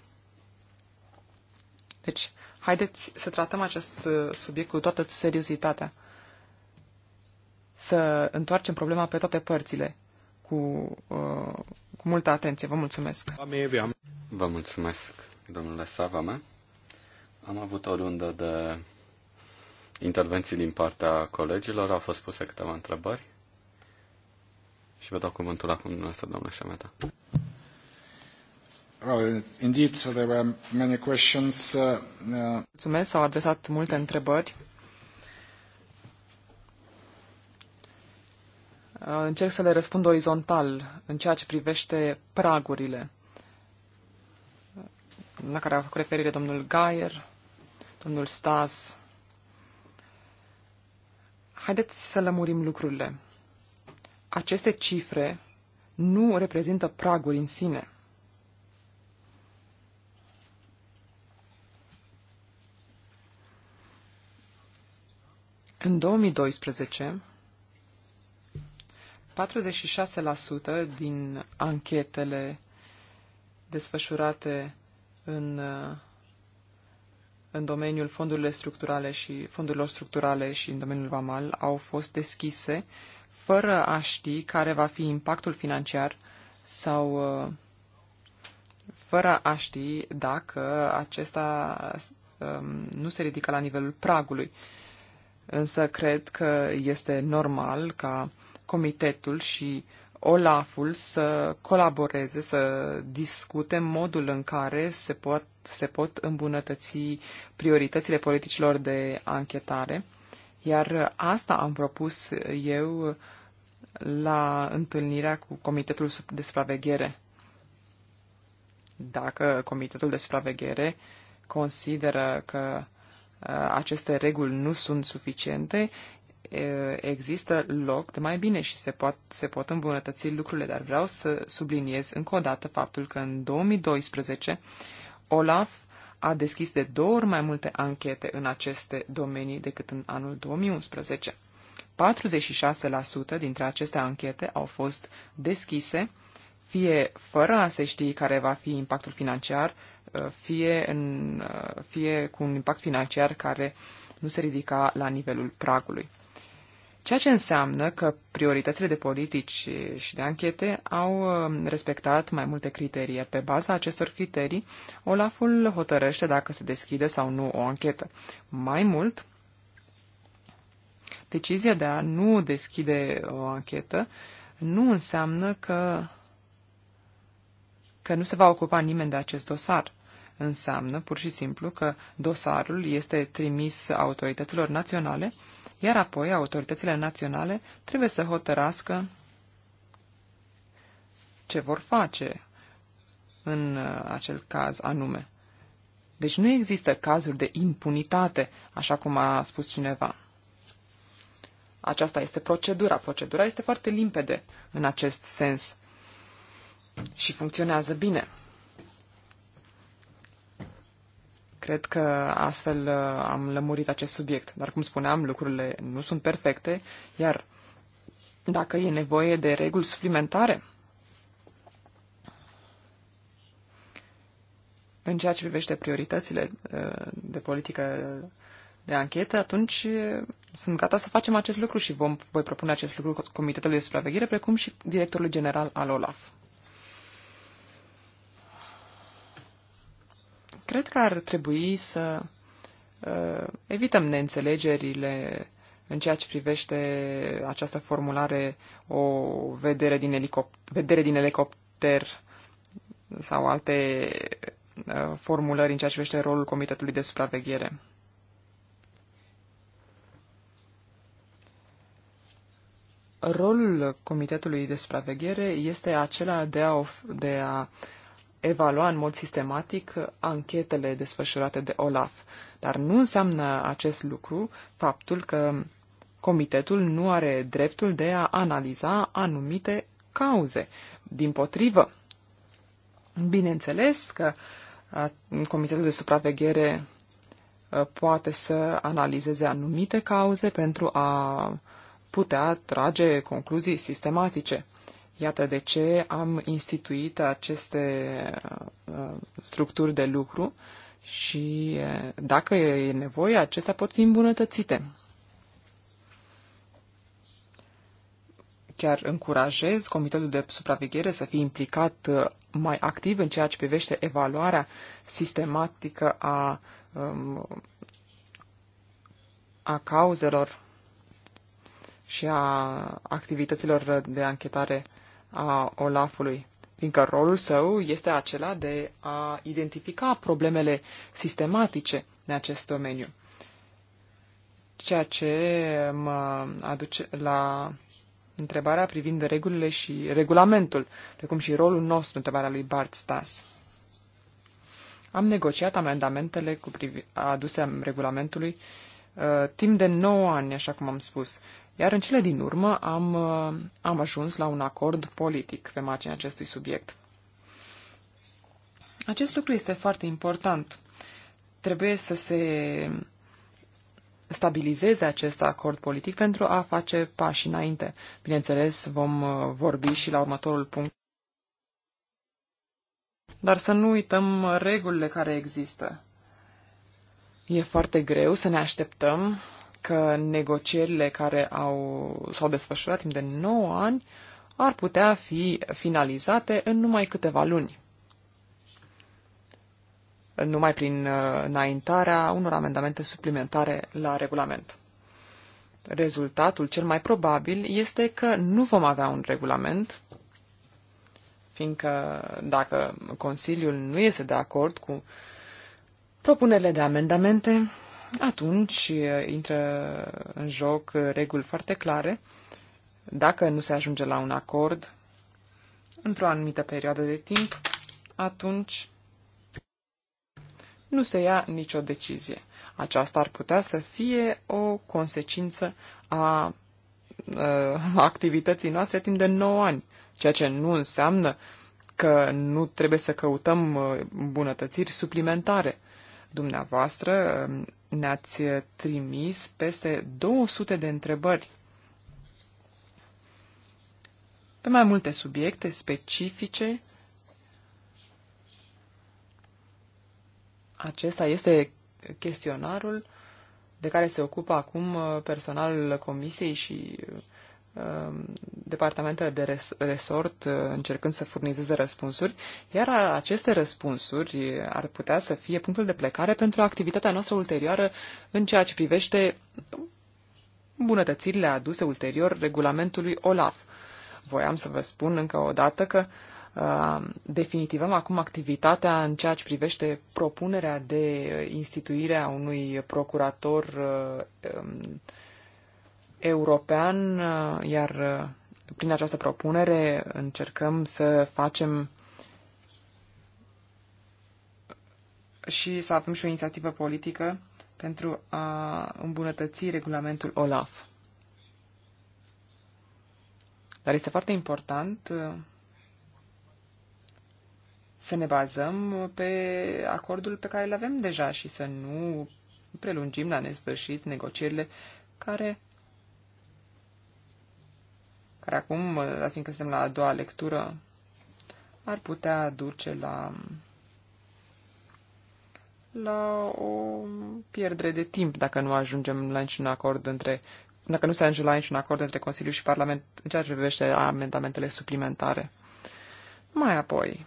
Deci, haideți să tratăm acest uh, subiect cu toată seriozitatea. Să întoarcem problema pe toate părțile, cu, uh, cu multă atenție. Vă mulțumesc!
Vă mulțumesc, domnule Savame. Am avut o rundă de intervenții din partea colegilor. Au fost puse câteva întrebări. Și vă dau cuvântul acum dumneavoastră, doamnă Șameta.
Well, indeed, there were many questions. Uh, uh, Mulțumesc,
s-au adresat multe întrebări. Uh, încerc să le răspund orizontal în ceea ce privește pragurile la care a făcut referire domnul Gaier, domnul Stas, Haideți să lămurim lucrurile. Aceste cifre nu reprezintă praguri în sine. În 2012, 46% din anchetele desfășurate în uh, în domeniul fondurilor structurale și fondurilor structurale și în domeniul vamal au fost deschise fără a ști care va fi impactul financiar sau uh, fără a ști dacă acesta um, nu se ridică la nivelul pragului. Însă cred că este normal ca comitetul și uh, Olaful să colaboreze, să discute modul în care se pot, se pot îmbunătăți prioritățile politicilor de anchetare. Iar asta am propus eu la întâlnirea cu Comitetul de Supraveghere. Dacă Comitetul de Supraveghere consideră că uh, aceste reguli nu sunt suficiente, există loc de mai bine și se pot, se pot îmbunătăți lucrurile, dar vreau să subliniez încă o dată faptul că în 2012 Olaf a deschis de două ori mai multe anchete în aceste domenii decât în anul 2011. 46% dintre aceste anchete au fost deschise, fie fără a se ști care va fi impactul financiar, uh, fie, în, uh, fie cu un impact financiar care nu se ridica la nivelul pragului. Ceea ce înseamnă că prioritățile de politici și de anchete au um, respectat mai multe criterii. Pe baza acestor criterii, Olaful hotărăște dacă se deschide sau nu o anchetă. Mai mult, decizia de a nu deschide o anchetă nu înseamnă că, că nu se va ocupa nimeni de acest dosar înseamnă pur și simplu că dosarul este trimis autorităților naționale iar apoi autoritățile naționale trebuie să hotărască ce vor face în uh, acel caz anume. Deci nu există cazuri de impunitate, așa cum a spus cineva. Aceasta este procedura. Procedura este foarte limpede în acest sens și funcționează bine. Cred că astfel uh, am lămurit acest subiect. Dar, cum spuneam, lucrurile nu sunt perfecte, iar dacă e nevoie de reguli suplimentare în ceea ce privește prioritățile uh, de politică de anchetă, atunci uh, sunt gata să facem acest lucru și vom, voi propune acest lucru Comitetului de Supraveghere, precum și directorului general al OLAF. Cred că ar trebui să uh, evităm neînțelegerile în ceea ce privește această formulare o vedere din, elicop- vedere din elicopter sau alte uh, formulări în ceea ce privește rolul Comitetului de Supraveghere. rolul Comitetului de Supraveghere este acela de a, of- de a evalua în mod sistematic anchetele desfășurate de OLAF. Dar nu înseamnă acest lucru faptul că comitetul nu are dreptul de a analiza anumite cauze. Din potrivă, bineînțeles că comitetul de supraveghere poate să analizeze anumite cauze pentru a putea trage concluzii sistematice. Iată de ce am instituit aceste uh, structuri de lucru și uh, dacă e nevoie, acestea pot fi îmbunătățite. Chiar încurajez Comitetul de Supraveghere să fie implicat uh, mai activ în ceea ce privește evaluarea sistematică a, um, a cauzelor și a activităților de anchetare a Olafului, fiindcă rolul său este acela de a identifica problemele sistematice în acest domeniu. Ceea ce mă aduce la întrebarea privind regulile și regulamentul, precum și rolul nostru, întrebarea lui Bart Stas. Am negociat amendamentele cu privi- aduse regulamentului uh, timp de 9 ani, așa cum am spus, iar în cele din urmă am, uh, am ajuns la un acord politic pe marginea acestui subiect. Acest lucru este foarte important. Trebuie să se stabilizeze acest acord politic pentru a face pași înainte. Bineînțeles, vom uh, vorbi și la următorul punct. Dar să nu uităm regulile care există. E foarte greu să ne așteptăm că negocierile care au, s-au desfășurat timp de 9 ani ar putea fi finalizate în numai câteva luni. Numai prin uh, înaintarea unor amendamente suplimentare la regulament. Rezultatul cel mai probabil este că nu vom avea un regulament, fiindcă dacă Consiliul nu este de acord cu propunerile de amendamente, atunci intră în joc reguli foarte clare. Dacă nu se ajunge la un acord într-o anumită perioadă de timp, atunci nu se ia nicio decizie. Aceasta ar putea să fie o consecință a, a activității noastre timp de 9 ani, ceea ce nu înseamnă că nu trebuie să căutăm bunătățiri suplimentare. Dumneavoastră um, ne-ați trimis peste 200 de întrebări pe mai multe subiecte specifice. Acesta este chestionarul de care se ocupă acum uh, personalul comisiei și uh, Um, departamentele de resort uh, încercând să furnizeze răspunsuri, iar aceste răspunsuri ar putea să fie punctul de plecare pentru activitatea noastră ulterioară în ceea ce privește bunătățirile aduse ulterior regulamentului OLAF. Voiam să vă spun încă o dată că uh, definitivăm acum activitatea în ceea ce privește propunerea de instituire a unui procurator uh, um, european, uh, iar uh, prin această propunere încercăm să facem și să avem și o inițiativă politică pentru a îmbunătăți regulamentul OLAF. Dar este foarte important uh, să ne bazăm pe acordul pe care îl avem deja și să nu prelungim la nesfârșit negocierile care care acum, la fiindcă suntem la a doua lectură, ar putea duce la la o pierdere de timp dacă nu ajungem la niciun acord între dacă nu se ajunge la niciun acord între Consiliu și Parlament în ceea ce privește amendamentele suplimentare. Mai apoi,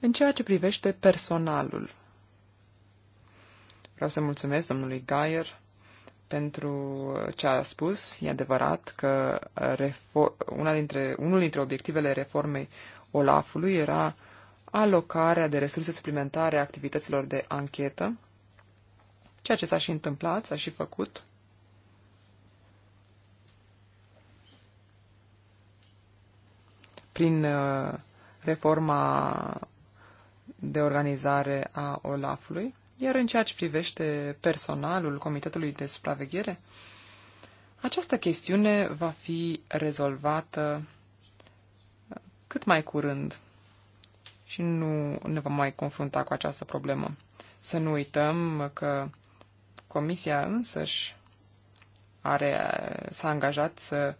în ceea ce privește personalul, vreau să mulțumesc domnului Gaier pentru ce a spus. E adevărat că una dintre, unul dintre obiectivele reformei Olafului era alocarea de resurse suplimentare a activităților de anchetă, ceea ce s-a și întâmplat, s-a și făcut. Prin uh, reforma de organizare a Olafului, iar în ceea ce privește personalul Comitetului de Supraveghere, această chestiune va fi rezolvată uh, cât mai curând și nu ne vom mai confrunta cu această problemă. Să nu uităm că Comisia însăși are, uh, s-a angajat să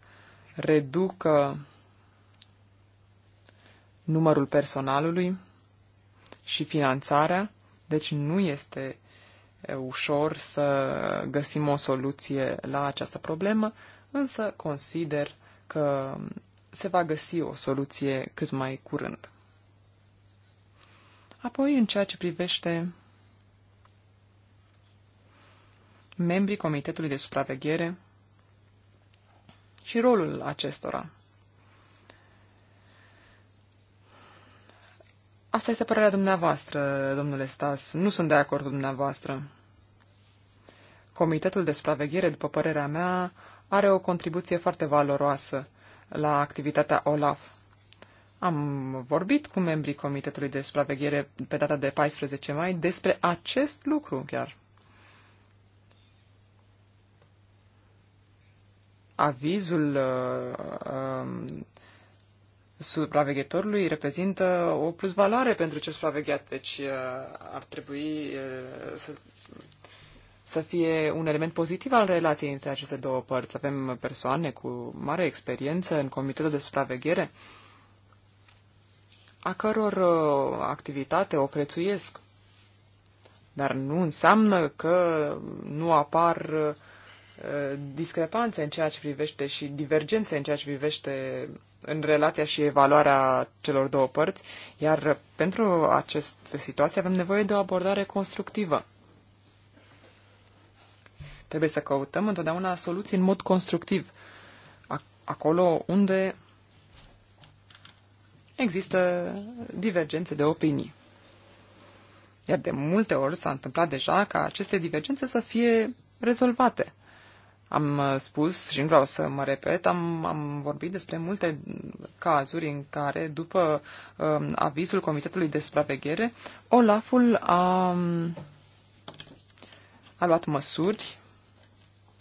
reducă numărul personalului și finanțarea deci nu este ușor să găsim o soluție la această problemă, însă consider că se va găsi o soluție cât mai curând. Apoi, în ceea ce privește membrii Comitetului de Supraveghere și rolul acestora. Asta este părerea dumneavoastră, domnule Stas. Nu sunt de acord cu dumneavoastră. Comitetul de supraveghere, după părerea mea, are o contribuție foarte valoroasă la activitatea OLAF. Am vorbit cu membrii Comitetului de Supraveghere pe data de 14 mai despre acest lucru chiar. Avizul uh, uh, supraveghetorului reprezintă o plusvaloare pentru cel supravegheat, deci uh, ar trebui uh, să, să fie un element pozitiv al relației între aceste două părți. Avem persoane cu mare experiență în comitetul de supraveghere, a căror uh, activitate o prețuiesc, dar nu înseamnă că nu apar discrepanțe în ceea ce privește și divergențe în ceea ce privește în relația și evaluarea celor două părți, iar pentru această situație avem nevoie de o abordare constructivă. Trebuie să căutăm întotdeauna soluții în mod constructiv, acolo unde există divergențe de opinii. Iar de multe ori s-a întâmplat deja ca aceste divergențe să fie rezolvate. Am uh, spus și nu vreau să mă repet, am, am vorbit despre multe cazuri în care, după um, avizul Comitetului de Supraveghere, Olaful a, um, a luat măsuri,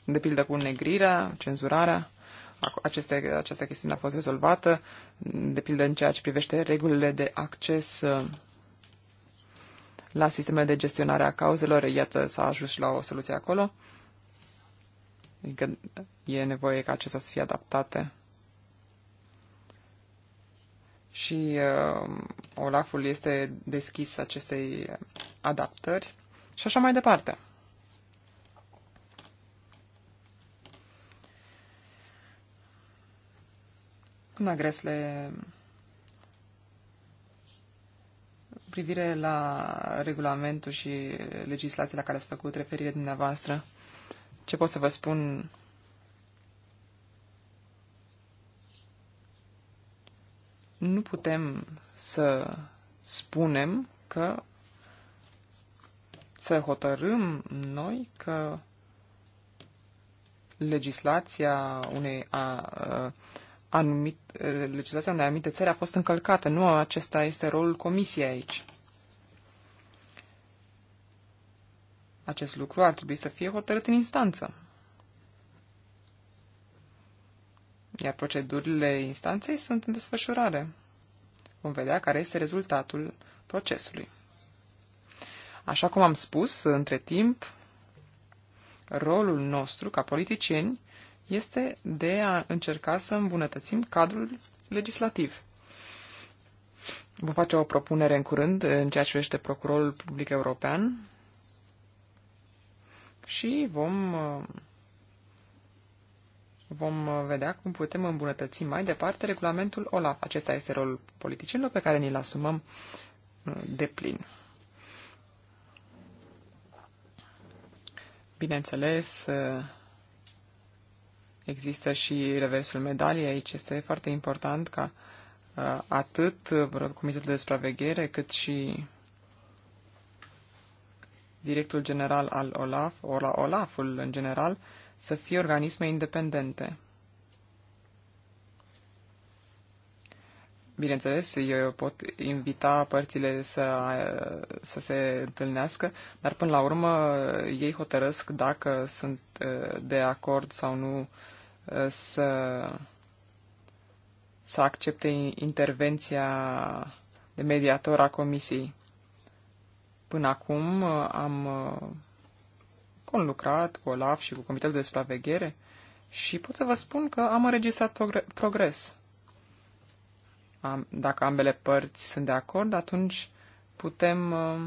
de pildă cu negrirea, cenzurarea, aceste, această chestiune a fost rezolvată, de pildă în ceea ce privește regulile de acces uh, la sistemele de gestionare a cauzelor, iată, s-a ajuns și la o soluție acolo. Adică e nevoie ca acestea să fie adaptate. Și uh, Olaful este deschis acestei adaptări și așa mai departe. Doamna agresle privire la regulamentul și legislația la care ați făcut referire dumneavoastră, ce pot să vă spun nu putem să spunem că să hotărâm noi că legislația unei a, a, anumit, legislația unei anumite țări a fost încălcată. Nu acesta este rolul comisiei aici. Acest lucru ar trebui să fie hotărât în instanță. Iar procedurile instanței sunt în desfășurare. Vom vedea care este rezultatul procesului. Așa cum am spus, între timp, rolul nostru ca politicieni este de a încerca să îmbunătățim cadrul legislativ. Vom face o propunere în curând în ceea ce privește Procurorul Public European și vom, uh, vom vedea cum putem îmbunătăți mai departe regulamentul OLAF. Acesta este rolul politicienilor pe care ni-l asumăm uh, de plin. Bineînțeles, uh, există și reversul medaliei. Aici este foarte important ca atât Comitetul de Supraveghere cât și directul general al OLAF, ora OLAF-ul în general, să fie organisme independente. Bineînțeles, eu pot invita părțile să, să se întâlnească, dar până la urmă ei hotărăsc dacă sunt uh, de acord sau nu uh, să, să accepte intervenția de mediator a comisiei. Până acum uh, am uh, conlucrat cu OLAF și cu Comitetul de Supraveghere și pot să vă spun că am înregistrat progres. Am, dacă ambele părți sunt de acord, atunci putem uh,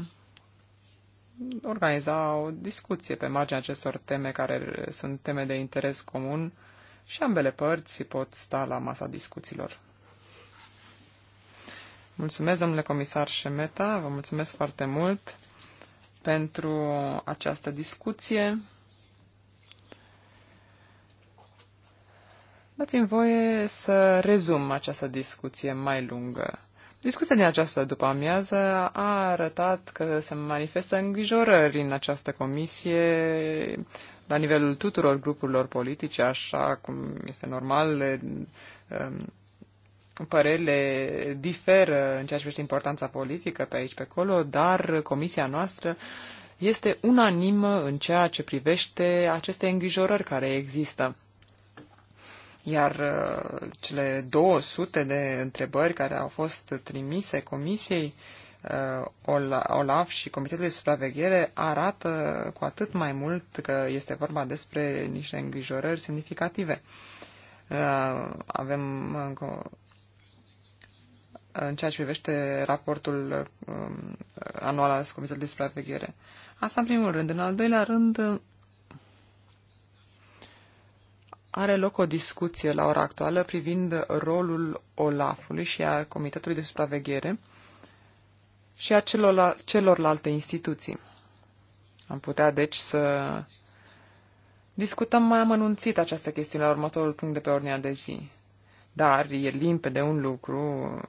organiza o discuție pe marginea acestor teme care sunt teme de interes comun și ambele părți pot sta la masa discuțiilor. Mulțumesc, domnule comisar Șemeta, vă mulțumesc foarte mult pentru această discuție. Dați-mi voie să rezum această discuție mai lungă. Discuția din această după-amiază a arătat că se manifestă îngrijorări în această comisie la nivelul tuturor grupurilor politice, așa cum este normal, um, părerile diferă în ceea ce privește importanța politică pe aici, pe acolo, dar comisia noastră este unanimă în ceea ce privește aceste îngrijorări care există. Iar uh, cele 200 de întrebări care au fost trimise comisiei uh, OLAF și Comitetul de Supraveghere arată cu atât mai mult că este vorba despre niște îngrijorări semnificative. Uh, avem în ceea ce privește raportul um, anual al Comitetului de Supraveghere. Asta în primul rând. În al doilea rând, are loc o discuție la ora actuală privind rolul Olafului și a Comitetului de Supraveghere și a celorlalte instituții. Am putea, deci, să discutăm mai amănunțit această chestiune la următorul punct de pe ordinea de zi. Dar e limpede un lucru,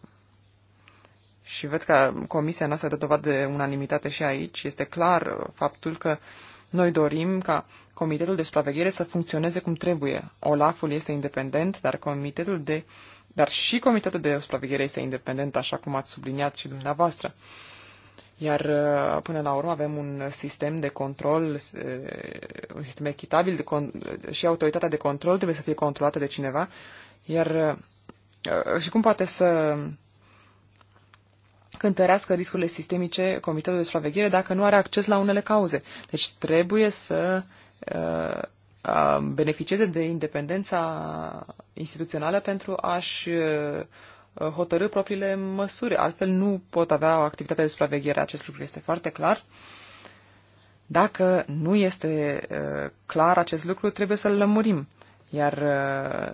și văd că comisia noastră dă dovadă de unanimitate și aici, este clar uh, faptul că noi dorim ca Comitetul de Supraveghere să funcționeze cum trebuie. Olaful este independent, dar Comitetul de dar și Comitetul de Supraveghere este independent, așa cum ați subliniat și dumneavoastră. Iar uh, până la urmă avem un sistem de control, uh, un sistem echitabil de con- și autoritatea de control trebuie să fie controlată de cineva. Iar și cum poate să întărească riscurile sistemice Comitetul de Supraveghere dacă nu are acces la unele cauze. Deci trebuie să uh, beneficieze de independența instituțională pentru a-și uh, hotărâ propriile măsuri. Altfel nu pot avea o activitate de supraveghere. Acest lucru este foarte clar. Dacă nu este uh, clar acest lucru, trebuie să-l lămurim. Iar uh,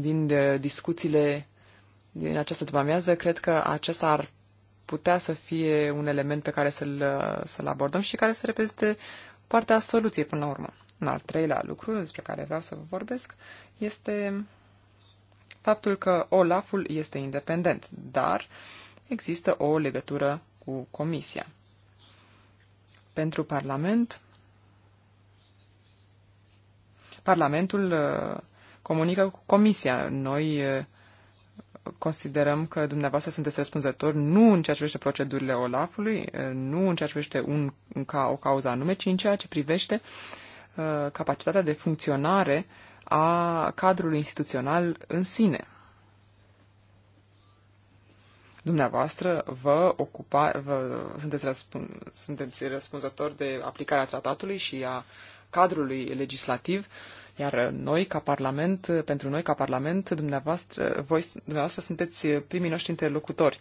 din uh, discuțiile din această după cred că acesta ar putea să fie un element pe care să-l, să-l abordăm și care să reprezinte partea soluției până la urmă. Un al treilea lucru despre care vreau să vă vorbesc este faptul că Olaful este independent, dar există o legătură cu Comisia. Pentru Parlament, Parlamentul uh, comunică cu Comisia. Noi uh, considerăm că dumneavoastră sunteți răspunzători nu în ceea ce privește procedurile OLAF-ului, nu în ceea ce privește un, un ca, o cauză anume, ci în ceea ce privește uh, capacitatea de funcționare a cadrului instituțional în sine. Dumneavoastră vă ocupa, vă, sunteți, răspun, sunteți răspunzători de aplicarea tratatului și a cadrului legislativ uh, iar noi, ca Parlament, pentru noi, ca Parlament, dumneavoastră, voi, dumneavoastră sunteți primii noștri interlocutori,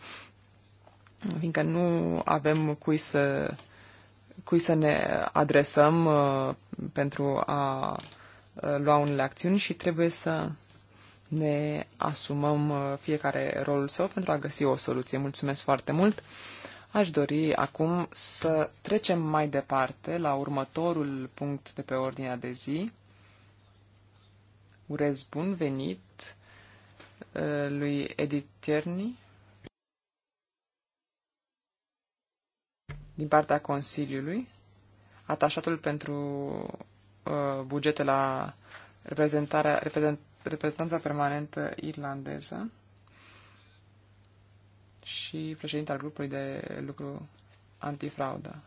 fiindcă nu avem cui să, cui să ne adresăm uh, pentru a uh, lua unele acțiuni și trebuie să ne asumăm uh, fiecare rolul său pentru a găsi o soluție. Mulțumesc foarte mult! Aș dori acum să trecem mai departe la următorul punct de pe ordinea de zi, urez bun venit uh, lui Edith Cerny din partea Consiliului, atașatul pentru uh, bugete la reprezentarea, reprezent, reprezentanța permanentă irlandeză și președinte al grupului de lucru antifraudă.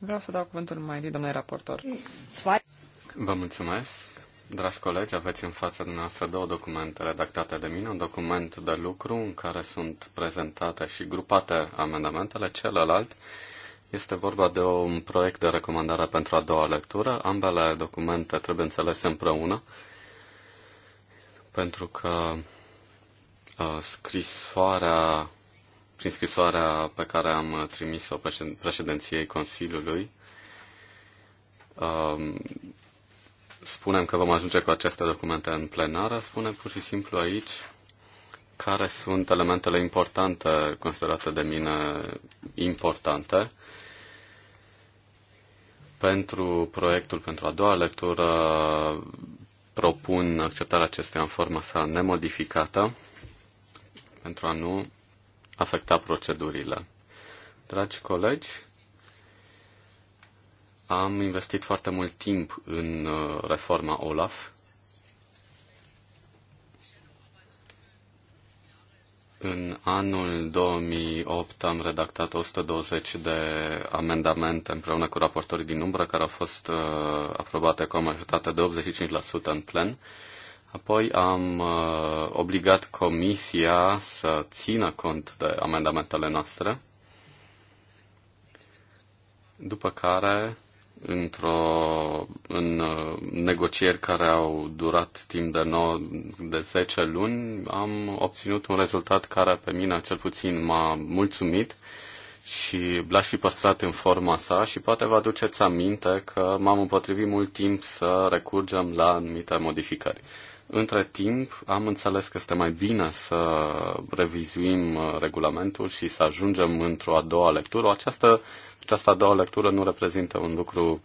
Vreau să dau cuvântul mai întâi, domnule raportor.
Vă mulțumesc. Dragi colegi, aveți în fața dumneavoastră două documente redactate de mine, un document de lucru în care sunt prezentate și grupate amendamentele, celălalt este vorba de un proiect de recomandare pentru a doua lectură. Ambele documente trebuie înțelese împreună, pentru că uh, scrisoarea prin scrisoarea pe care am trimis-o președinției Consiliului, um, spunem că vom ajunge cu aceste documente în plenară, spune pur și simplu aici care sunt elementele importante considerate de mine importante pentru proiectul pentru a doua lectură propun acceptarea acesteia în forma sa nemodificată pentru a nu afecta procedurile. Dragi colegi, am investit foarte mult timp în uh, reforma OLAF. În anul 2008 am redactat 120 de amendamente împreună cu raportorii din umbră care au fost uh, aprobate cu o majoritate de 85% în plen. Apoi am uh, obligat Comisia să țină cont de amendamentele noastre, după care, într-o, în uh, negocieri care au durat timp de, nou de 10 luni, am obținut un rezultat care pe mine cel puțin m-a mulțumit și l-aș fi păstrat în forma sa și poate vă aduceți aminte că m-am împotrivit mult timp să recurgem la anumite modificări. Între timp, am înțeles că este mai bine să revizuim uh, regulamentul și să ajungem într-o a doua lectură. Această, această a doua lectură nu reprezintă un lucru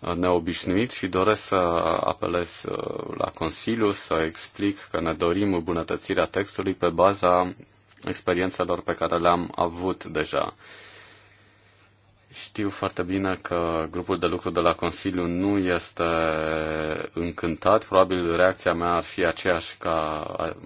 uh, neobișnuit și doresc să apelez uh, la Consiliu să explic că ne dorim îmbunătățirea textului pe baza experiențelor pe care le-am avut deja. Știu foarte bine că grupul de lucru de la Consiliu nu este încântat. Probabil reacția mea ar fi aceeași ca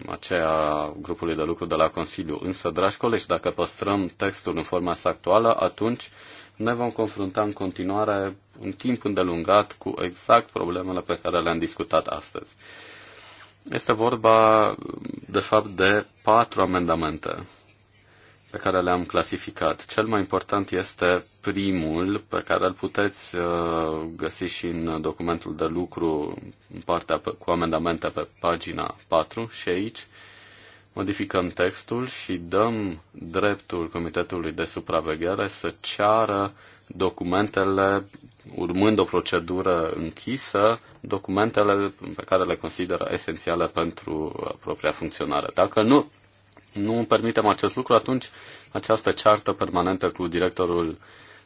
aceea grupului de lucru de la Consiliu. Însă, dragi colegi, dacă păstrăm textul în forma sa actuală, atunci ne vom confrunta în continuare un timp îndelungat cu exact problemele pe care le-am discutat astăzi. Este vorba, de fapt, de patru amendamente pe care le-am clasificat. Cel mai important este primul, pe care îl puteți uh, găsi și în documentul de lucru, în partea cu amendamente pe pagina 4 și aici modificăm textul și dăm dreptul Comitetului de Supraveghere să ceară documentele, urmând o procedură închisă, documentele pe care le consideră esențiale pentru propria funcționare. Dacă nu nu permitem acest lucru, atunci această ceartă permanentă cu directorul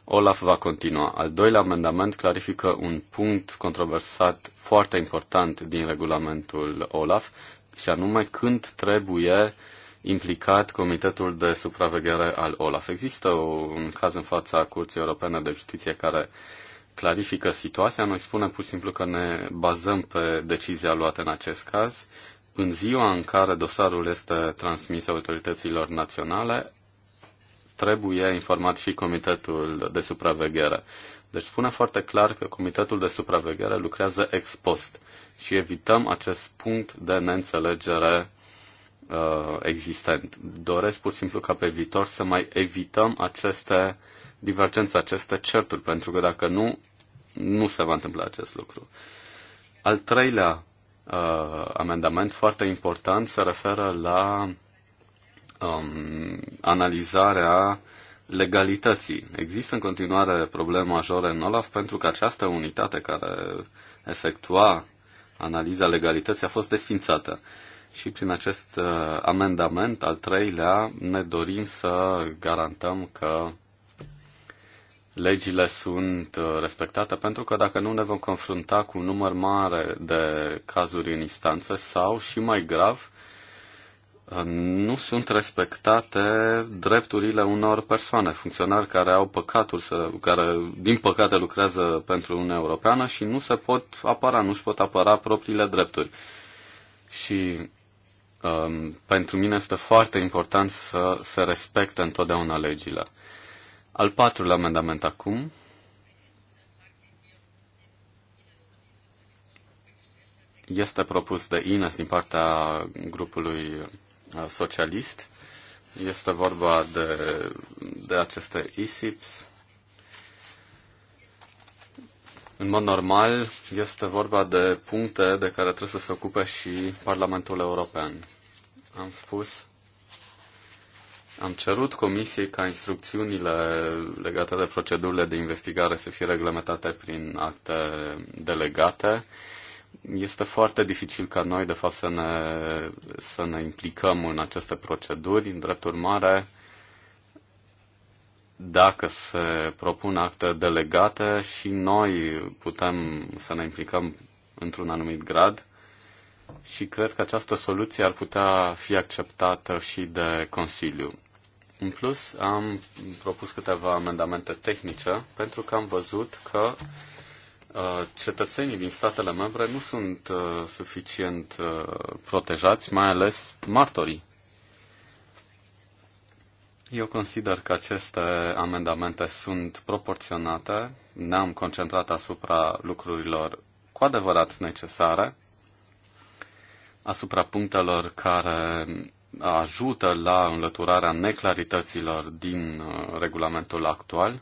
Olaf va continua. Al doilea amendament clarifică un punct controversat foarte important din regulamentul Olaf, și anume când trebuie implicat Comitetul de Supraveghere al OLAF. Există un caz în fața Curții Europene de Justiție care clarifică situația. Noi spunem pur și simplu că ne bazăm pe decizia luată în acest caz în ziua în care dosarul este transmis autorităților naționale, trebuie informat și Comitetul de Supraveghere. Deci spune foarte clar că Comitetul de Supraveghere lucrează ex post și evităm acest punct de neînțelegere uh, existent. Doresc pur și simplu ca pe viitor să mai evităm aceste divergențe, aceste certuri, pentru că dacă nu, nu se va întâmpla acest lucru. Al treilea uh, amendament foarte important se referă la um, analizarea legalității. Există în continuare probleme majore în OLAF pentru că această unitate care efectua analiza legalității a fost desfințată. Și prin acest uh, amendament, al treilea, ne dorim să garantăm că legile sunt uh, respectate, pentru că dacă nu ne vom confrunta cu un număr mare de cazuri în instanță sau, și mai grav, uh, nu sunt respectate drepturile unor persoane, funcționari care au păcatul, să, care din păcate lucrează pentru Uniunea Europeană și nu se pot apăra, nu își pot apăra propriile drepturi. Și um, pentru mine este foarte important să se respecte întotdeauna legile. Al patrulea amendament acum. Este propus de Ines din partea grupului uh, socialist. Este vorba de, de aceste ISIPs. În mod normal, este vorba de puncte de care trebuie să se ocupe și Parlamentul European. Am spus am cerut comisiei ca instrucțiunile legate de procedurile de investigare să fie reglementate prin acte delegate. Este foarte dificil ca noi, de fapt, să ne, să ne implicăm în aceste proceduri. În drept urmare, dacă se propun acte delegate și noi putem să ne implicăm într-un anumit grad și cred că această soluție ar putea fi acceptată și de Consiliu. În plus, am propus câteva amendamente tehnice pentru că am văzut că uh, cetățenii din statele membre nu sunt uh, suficient uh, protejați, mai ales martorii. Eu consider că aceste amendamente sunt proporționate, ne-am concentrat asupra lucrurilor cu adevărat necesare, asupra punctelor care ajută la înlăturarea neclarităților din uh, regulamentul actual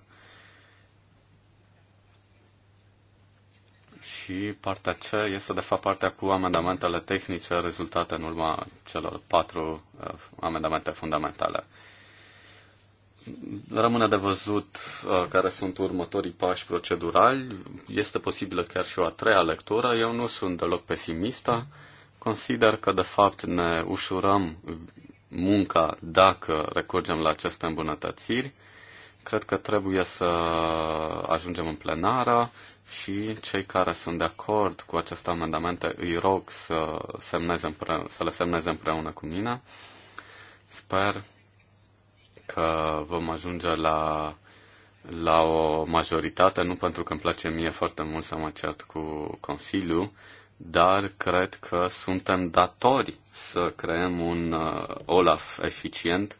și partea C este de fapt partea cu amendamentele tehnice rezultate în urma celor patru uh, amendamente fundamentale. Rămâne de văzut uh, care sunt următorii pași procedurali. Este posibilă chiar și o a treia lectură. Eu nu sunt deloc pesimistă. mm Consider că, de fapt, ne ușurăm munca dacă recurgem la aceste îmbunătățiri. Cred că trebuie să ajungem în plenară și cei care sunt de acord cu aceste amendamente îi rog să, semneze împreună, să le semneze împreună cu mine. Sper că vom ajunge la, la o majoritate, nu pentru că îmi place mie foarte mult să mă cert cu Consiliul, dar cred că suntem datori să creăm un uh, OLAF eficient,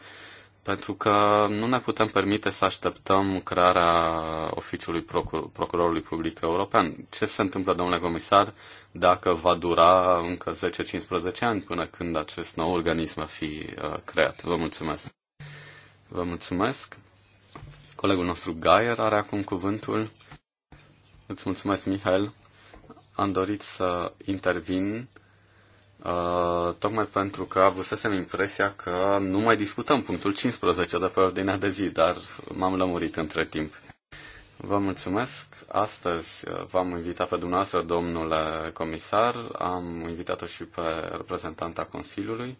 pentru că nu ne putem permite să așteptăm crearea oficiului Procur- Procurorului Public European. Ce se întâmplă, domnule comisar, dacă va dura încă 10-15 ani până când acest nou organism va fi uh, creat? Vă mulțumesc! Vă mulțumesc! Colegul nostru Gaier are acum cuvântul. Îți mulțumesc, Mihail am dorit să intervin Uh, tocmai pentru că avusesem impresia că nu mai discutăm punctul 15 de pe ordinea de zi, dar m-am lămurit între timp. Vă mulțumesc. Astăzi uh, v-am invitat pe dumneavoastră, domnule comisar. Am invitat-o și pe reprezentanta Consiliului.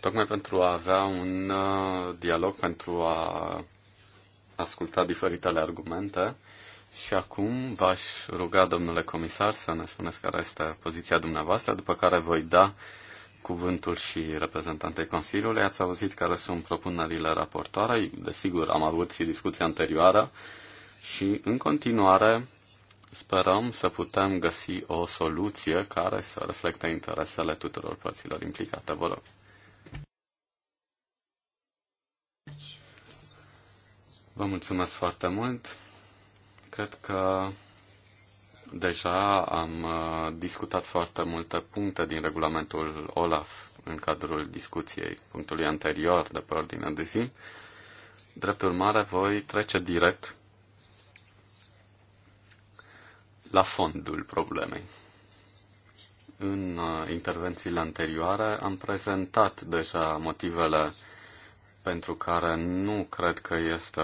Tocmai pentru a avea un uh, dialog, pentru a asculta diferitele argumente. Și acum v-aș ruga, domnule comisar, să ne spuneți care este poziția dumneavoastră, după care voi da cuvântul și reprezentantei Consiliului. Ați auzit care sunt propunerile raportoarei. Desigur, am avut și discuția anterioară și, în continuare, sperăm să putem găsi o soluție care să reflecte interesele tuturor părților implicate. Vă rog. Vă mulțumesc foarte mult. Cred că deja am uh, discutat foarte multe puncte din regulamentul OLAF în cadrul discuției punctului anterior de pe ordinea de zi. Drept urmare, voi trece direct la fondul problemei. În uh, intervențiile anterioare am prezentat deja motivele pentru care nu cred că este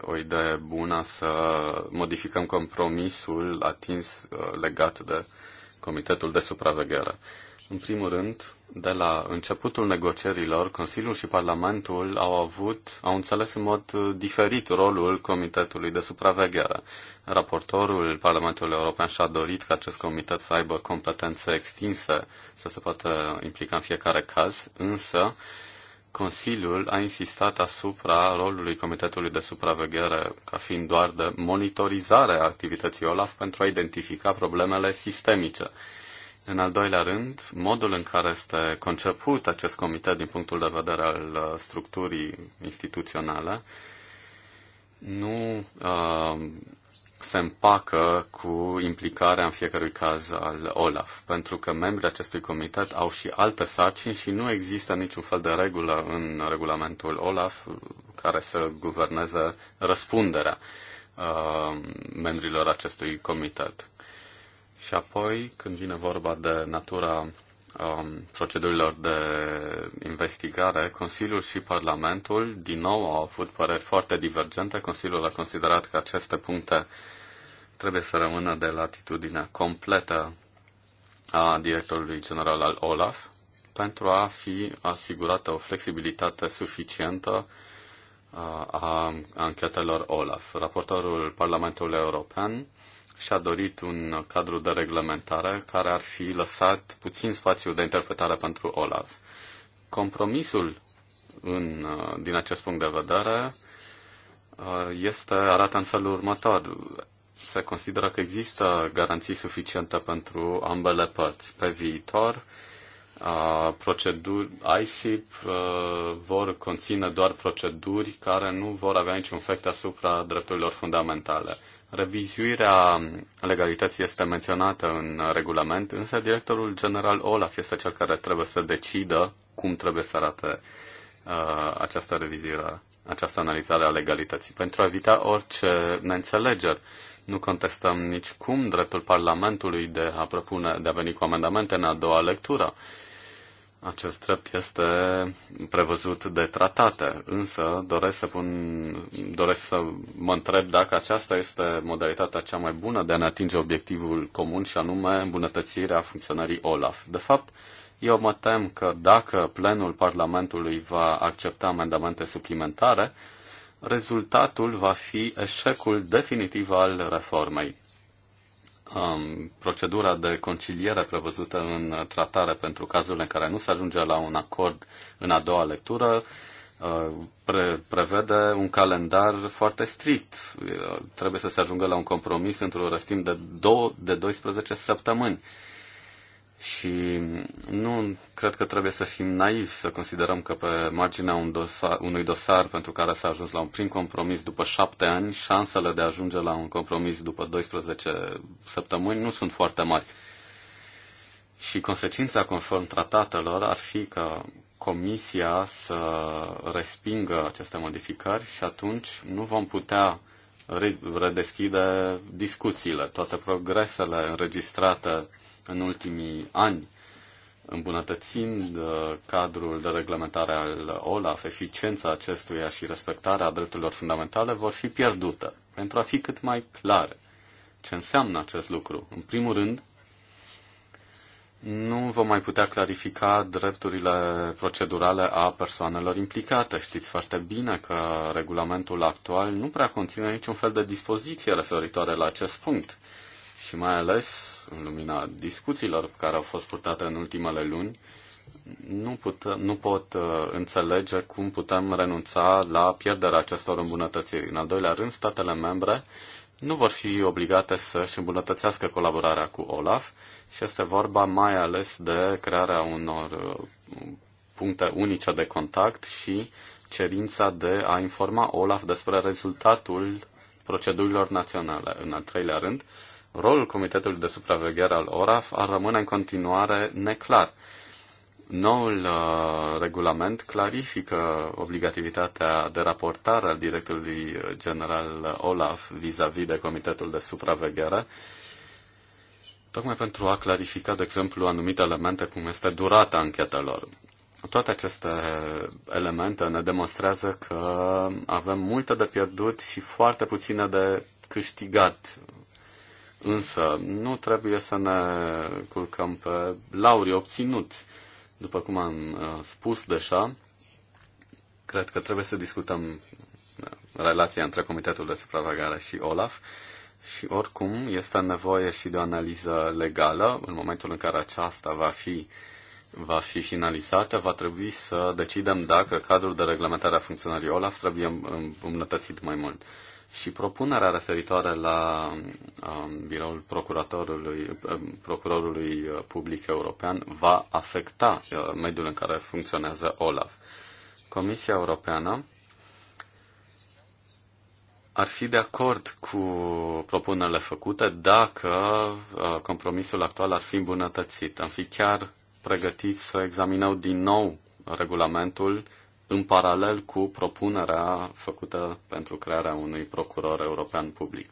o idee bună să modificăm compromisul atins uh, legat de Comitetul de Supraveghere. În primul rând, de la începutul negocierilor, Consiliul și Parlamentul au avut, au înțeles în mod uh, diferit rolul Comitetului de Supraveghere. Raportorul Parlamentului European și-a dorit ca acest comitet să aibă competențe extinse, să se poată implica în fiecare caz, însă Consiliul a insistat asupra rolului Comitetului de Supraveghere ca fiind doar de monitorizare a activității OLAF pentru a identifica problemele sistemice. În al doilea rând, modul în care este conceput acest comitet din punctul de vedere al uh, structurii instituționale nu uh, se împacă cu implicarea în fiecărui caz al OLAF, pentru că membrii acestui comitet au și alte sarcini și nu există niciun fel de regulă în regulamentul OLAF care să guverneze răspunderea uh, membrilor acestui comitet. Și apoi, când vine vorba de natura um, procedurilor de investigare, Consiliul și Parlamentul, din nou, au avut păreri foarte divergente. Consiliul a considerat că aceste puncte trebuie să rămână de latitudinea completă a directorului general al OLAF pentru a fi asigurată o flexibilitate suficientă a anchetelor OLAF. Raportorul Parlamentului European și-a dorit un cadru de reglementare care ar fi lăsat puțin spațiu de interpretare pentru OLAF. Compromisul în, din acest punct de vedere este, arată în felul următor se consideră că există garanții suficiente pentru ambele părți. Pe viitor, proceduri ISIP vor conține doar proceduri care nu vor avea niciun efect asupra drepturilor fundamentale. Revizuirea legalității este menționată în regulament, însă directorul general Olaf este cel care trebuie să decidă cum trebuie să arate uh, această revizuire, această analizare a legalității, pentru a evita orice neînțelegeri. Uh, nu contestăm nici cum dreptul Parlamentului de a propune, de a veni cu amendamente în a doua lectură. Acest drept este prevăzut de tratate, însă doresc să, pun, doresc să mă întreb dacă aceasta este modalitatea cea mai bună de a ne atinge obiectivul comun și anume îmbunătățirea funcționării OLAF. De fapt, eu mă tem că dacă plenul Parlamentului va accepta amendamente suplimentare, rezultatul va fi eșecul definitiv al reformei. Procedura de conciliere prevăzută în tratare pentru cazurile în care nu se ajunge la un acord în a doua lectură uh, pre- prevede un calendar foarte strict. Uh, trebuie să se ajungă la un compromis într-un răstim de, două, de 12 săptămâni. Și nu cred că trebuie să fim naivi să considerăm că pe marginea un dosar, unui dosar pentru care s-a ajuns la un prim compromis după șapte ani, șansele de a ajunge la un compromis după 12 săptămâni nu sunt foarte mari. Și consecința conform tratatelor ar fi că Comisia să respingă aceste modificări și atunci nu vom putea redeschide discuțiile. Toate progresele înregistrate în ultimii ani, îmbunătățind uh, cadrul de reglementare al OLAF, eficiența acestuia și respectarea drepturilor fundamentale vor fi pierdute. Pentru a fi cât mai clare ce înseamnă acest lucru, în primul rând, nu vom mai putea clarifica drepturile procedurale a persoanelor implicate. Știți foarte bine că regulamentul actual nu prea conține niciun fel de dispoziție referitoare la acest punct și mai ales în lumina discuțiilor care au fost purtate în ultimele luni, nu, pute, nu pot uh, înțelege cum putem renunța la pierderea acestor îmbunătățiri. În al doilea rând, statele membre nu vor fi obligate să-și îmbunătățească colaborarea cu OLAF și este vorba mai ales de crearea unor uh, puncte unice de contact și cerința de a informa OLAF despre rezultatul procedurilor naționale. În al treilea rând, uh, rolul Comitetului de Supraveghere al ORAF ar rămâne în continuare neclar. Noul uh, regulament clarifică obligativitatea de raportare al directorului general Olaf vis-a-vis -vis de Comitetul de Supraveghere, tocmai pentru a clarifica, de exemplu, anumite elemente, cum este durata anchetelor. Toate aceste elemente ne demonstrează că avem multe de pierdut și foarte puține de câștigat Însă nu trebuie să ne culcăm pe lauri obținut După cum am uh, spus deja, cred că trebuie să discutăm uh, relația între Comitetul de Supravegare și OLAF și oricum este nevoie și de o analiză legală. În momentul în care aceasta va fi, va fi finalizată, va trebui să decidem dacă cadrul de reglementare a funcționării OLAF trebuie îmbunătățit mai mult și propunerea referitoare la um, biroul procuratorului, um, procurorului uh, public european va afecta uh, mediul în care funcționează OLAF. Comisia Europeană ar fi de acord cu propunerile făcute dacă uh, compromisul actual ar fi îmbunătățit. Am fi chiar pregătiți să examinăm din nou regulamentul în paralel cu propunerea făcută pentru crearea unui procuror european public.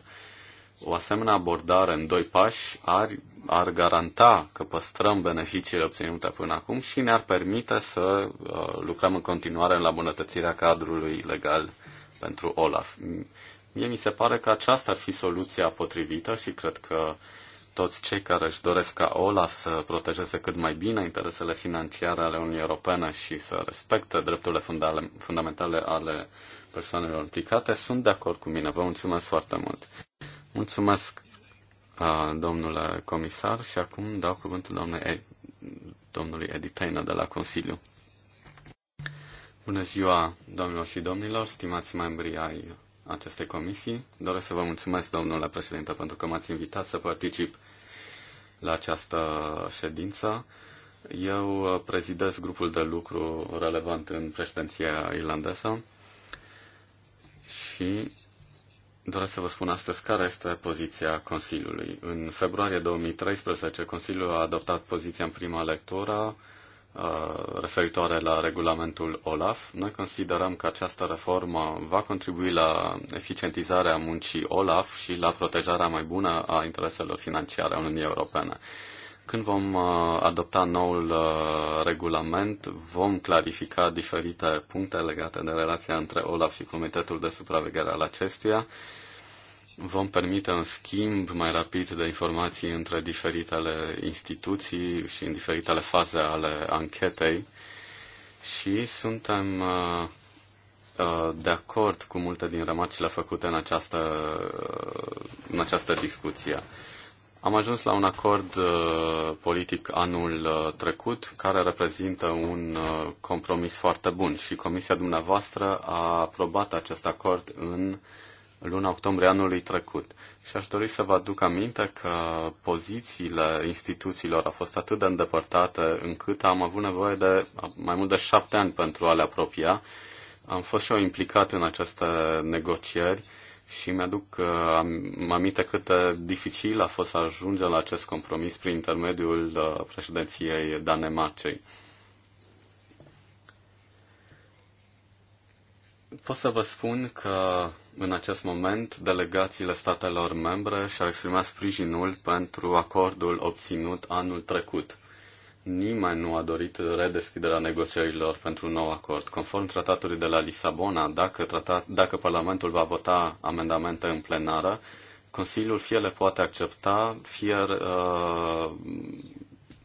O asemenea abordare în doi pași ar, ar garanta că păstrăm beneficiile obținute până acum și ne-ar permite să uh, lucrăm în continuare la bunătățirea cadrului legal pentru OLAF. Mie mi se pare că aceasta ar fi soluția potrivită și cred că uh, toți cei care își doresc ca OLAF să protejeze cât mai bine interesele financiare ale Uniunii Europene și să respecte drepturile fundamentale ale persoanelor implicate, sunt de acord cu mine. Vă mulțumesc foarte mult. Mulțumesc, uh, domnule comisar, și acum dau cuvântul doamnei, domnului Editeina de la Consiliu. Bună ziua, domnilor și domnilor, stimați membri ai acestei comisii. Doresc să vă mulțumesc, domnule președinte, pentru că m-ați invitat să particip la această ședință. Eu prezidez grupul de lucru relevant în președinția irlandeză și doresc să vă spun astăzi care este poziția Consiliului. În februarie 2013, Consiliul a adoptat poziția în prima lectură Uh, referitoare la regulamentul OLAF. Noi considerăm că această reformă va contribui la eficientizarea muncii OLAF și la protejarea mai bună a intereselor financiare a Uniunii Europene. Când vom uh, adopta noul uh, regulament, vom clarifica diferite puncte legate de relația între OLAF și Comitetul de Supraveghere al acestuia Vom permite un schimb mai rapid de informații între diferitele instituții și în diferitele faze ale anchetei și suntem uh, uh, de acord cu multe din remarcile făcute în această, uh, în această discuție. Am ajuns la un acord politic anul trecut care reprezintă un compromis foarte bun și Comisia dumneavoastră a aprobat acest acord în luna octombrie anului trecut. Și aș dori să vă aduc aminte că pozițiile instituțiilor au fost atât de îndepărtate încât am avut nevoie de mai mult de șapte ani pentru a le apropia. Am fost și eu implicat în aceste negocieri și mi-aduc uh, am, aminte cât de dificil a fost să ajungem la acest compromis prin intermediul uh, președinției Danemarcei. Pot să vă spun că în acest moment, delegațiile statelor membre și-au exprimat sprijinul pentru acordul obținut anul trecut. Nimeni nu a dorit redeschiderea negocierilor pentru un nou acord. Conform tratatului de la Lisabona, dacă, tratat, dacă Parlamentul va vota amendamente în plenară, Consiliul fie le poate accepta, fie uh,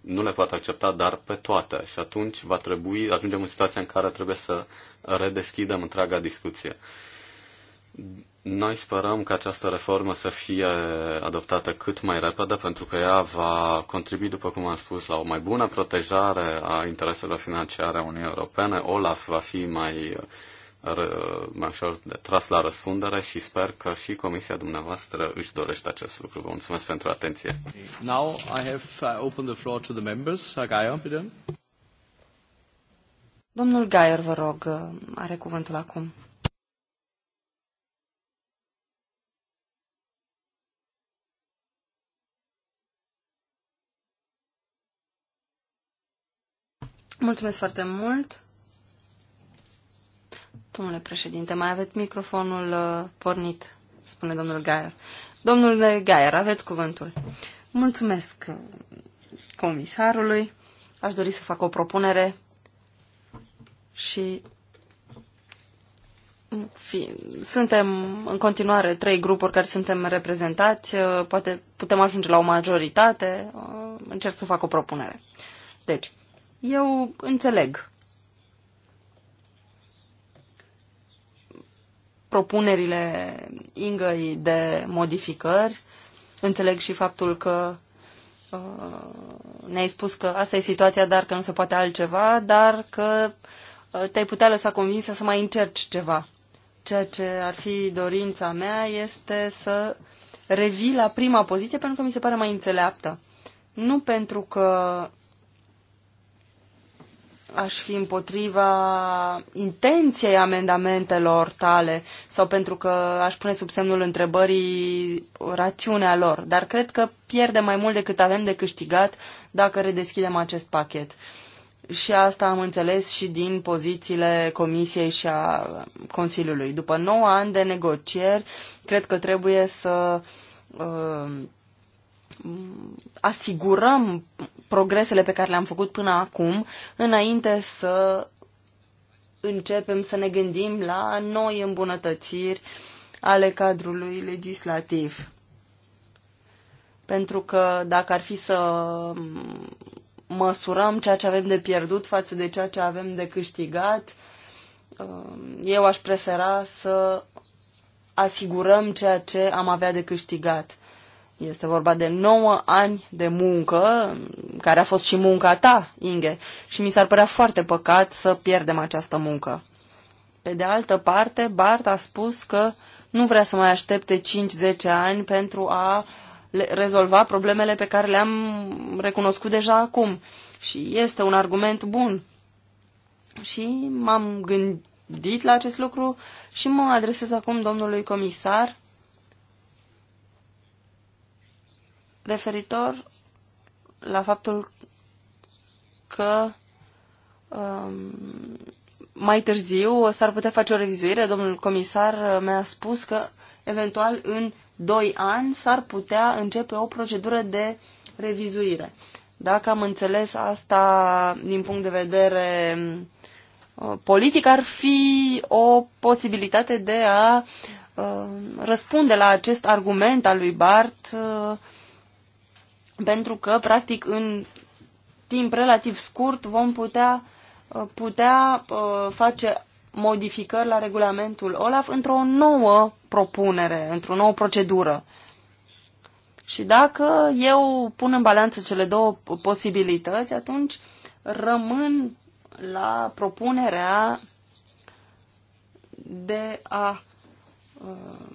nu le poate accepta, dar pe toate. Și atunci va trebui, ajungem în situația în care trebuie să redeschidem întreaga discuție. Uh, noi sperăm că această reformă să fie adoptată cât mai repede, pentru că ea va contribui, după cum am spus, la o mai bună protejare a intereselor financiare a Uniunii Europene. Olaf va fi mai, mai ușor de tras la răspundere și sper că și Comisia dumneavoastră își dorește acest lucru. Vă mulțumesc pentru atenție.
Now I have uh, opened the floor to the members.
Domnul Gaier, vă rog, uh, are cuvântul acum. Mulțumesc foarte mult. Domnule președinte, mai aveți microfonul uh, pornit, spune domnul Gaier. Domnule Gaier, aveți cuvântul. Mulțumesc uh, comisarului. Aș dori să fac o propunere și fi, suntem în continuare trei grupuri care suntem reprezentați, uh, poate putem ajunge la o majoritate, încerc să fac o propunere. Deci, eu înțeleg propunerile Ingăi de modificări, înțeleg și faptul că uh, ne-ai spus că asta e situația, dar că nu se poate altceva, dar că uh, te-ai putea lăsa convinsă să mai încerci ceva. Ceea ce ar fi dorința mea este să revii la prima poziție pentru că mi se pare mai înțeleaptă. Nu pentru că aș fi împotriva intenției amendamentelor tale sau pentru că aș pune sub semnul întrebării rațiunea lor, dar cred că pierde mai mult decât avem de câștigat dacă redeschidem acest pachet. Și asta am înțeles și din pozițiile Comisiei și a Consiliului. După 9 ani de negocieri, cred că trebuie să uh, asigurăm progresele pe care le-am făcut până acum, înainte să începem să ne gândim la noi îmbunătățiri ale cadrului legislativ. Pentru că dacă ar fi să măsurăm ceea ce avem de pierdut față de ceea ce avem de câștigat, uh, eu aș prefera să asigurăm ceea ce am avea de câștigat. Este vorba de 9 ani de muncă, care a fost și munca ta, Inge, și mi s-ar părea foarte păcat să pierdem această muncă. Pe de altă parte, Bart a spus că nu vrea să mai aștepte 5-10 ani pentru a rezolva problemele pe care le-am recunoscut deja acum. Și este un argument bun. Și m-am gândit la acest lucru și mă adresez acum domnului comisar referitor la faptul că um, mai târziu s-ar putea face o revizuire. Domnul comisar mi-a spus că eventual în 2 ani s-ar putea începe o procedură de revizuire. Dacă am înțeles asta din punct de vedere uh, politic, ar fi o posibilitate de a uh, răspunde la acest argument al lui Bart uh, pentru că, practic, în timp relativ scurt vom putea, uh, putea uh, face modificări la regulamentul OLAF într-o nouă propunere, într-o nouă procedură. Și dacă eu pun în balanță cele două posibilități, atunci rămân la propunerea de a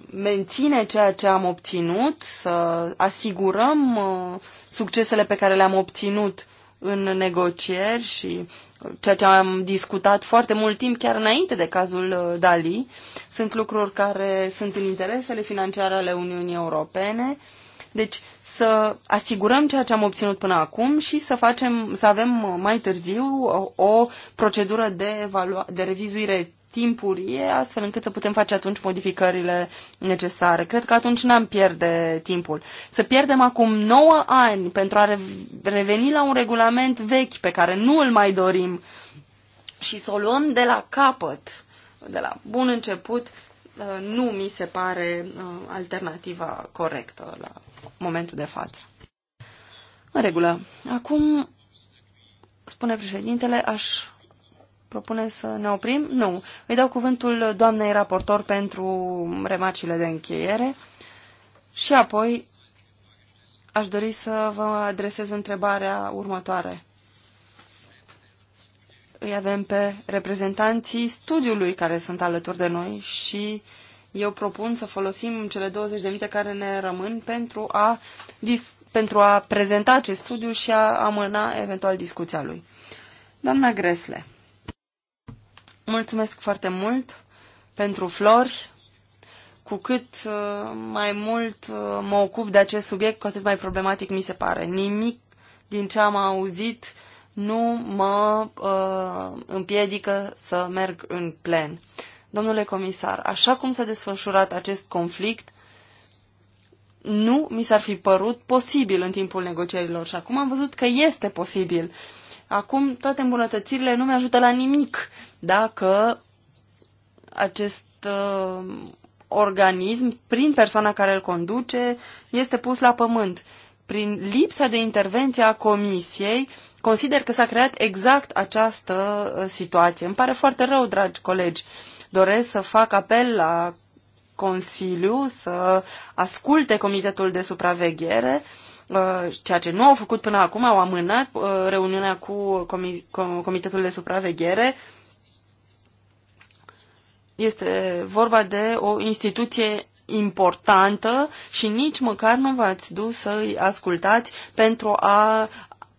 menține ceea ce am obținut, să asigurăm uh, succesele pe care le-am obținut în negocieri și uh, ceea ce am discutat foarte mult timp chiar înainte de cazul uh, Dali. Sunt lucruri care sunt în interesele financiare ale Uniunii Europene. Deci să asigurăm ceea ce am obținut până acum și să facem, să avem mai târziu o, o procedură de, evalua- de revizuire timpurie, astfel încât să putem face atunci modificările necesare. Cred că atunci n-am pierde timpul. Să pierdem acum 9 ani pentru a reveni la un regulament vechi pe care nu îl mai dorim și să o luăm de la capăt, de la bun început, uh, nu mi se pare uh, alternativa corectă la momentul de față. În regulă. Acum, spune președintele, aș propune să ne oprim? Nu. Îi dau cuvântul doamnei raportor pentru remarcile de încheiere și apoi aș dori să vă adresez întrebarea următoare. Îi avem pe reprezentanții studiului care sunt alături de noi și eu propun să folosim cele 20 de minute care ne rămân pentru a, dis- pentru a prezenta acest studiu și a amâna eventual discuția lui. Doamna Gresle. Mulțumesc foarte mult pentru flori. Cu cât uh, mai mult uh, mă ocup de acest subiect, cu atât mai problematic mi se pare. Nimic din ce am auzit nu mă uh, împiedică să merg în plen. Domnule comisar, așa cum s-a desfășurat acest conflict, nu mi s-ar fi părut posibil în timpul negocierilor și acum am văzut că este posibil. Acum toate îmbunătățirile nu mi ajută la nimic dacă acest uh, organism, prin persoana care îl conduce, este pus la pământ. Prin lipsa de intervenție a comisiei, consider că s-a creat exact această uh, situație. Îmi pare foarte rău, dragi colegi. Doresc să fac apel la Consiliu să asculte Comitetul de Supraveghere, uh, ceea ce nu au făcut până acum, au amânat uh, reuniunea cu Comitetul de Supraveghere este vorba de o instituție importantă și nici măcar nu v-ați dus să-i ascultați pentru a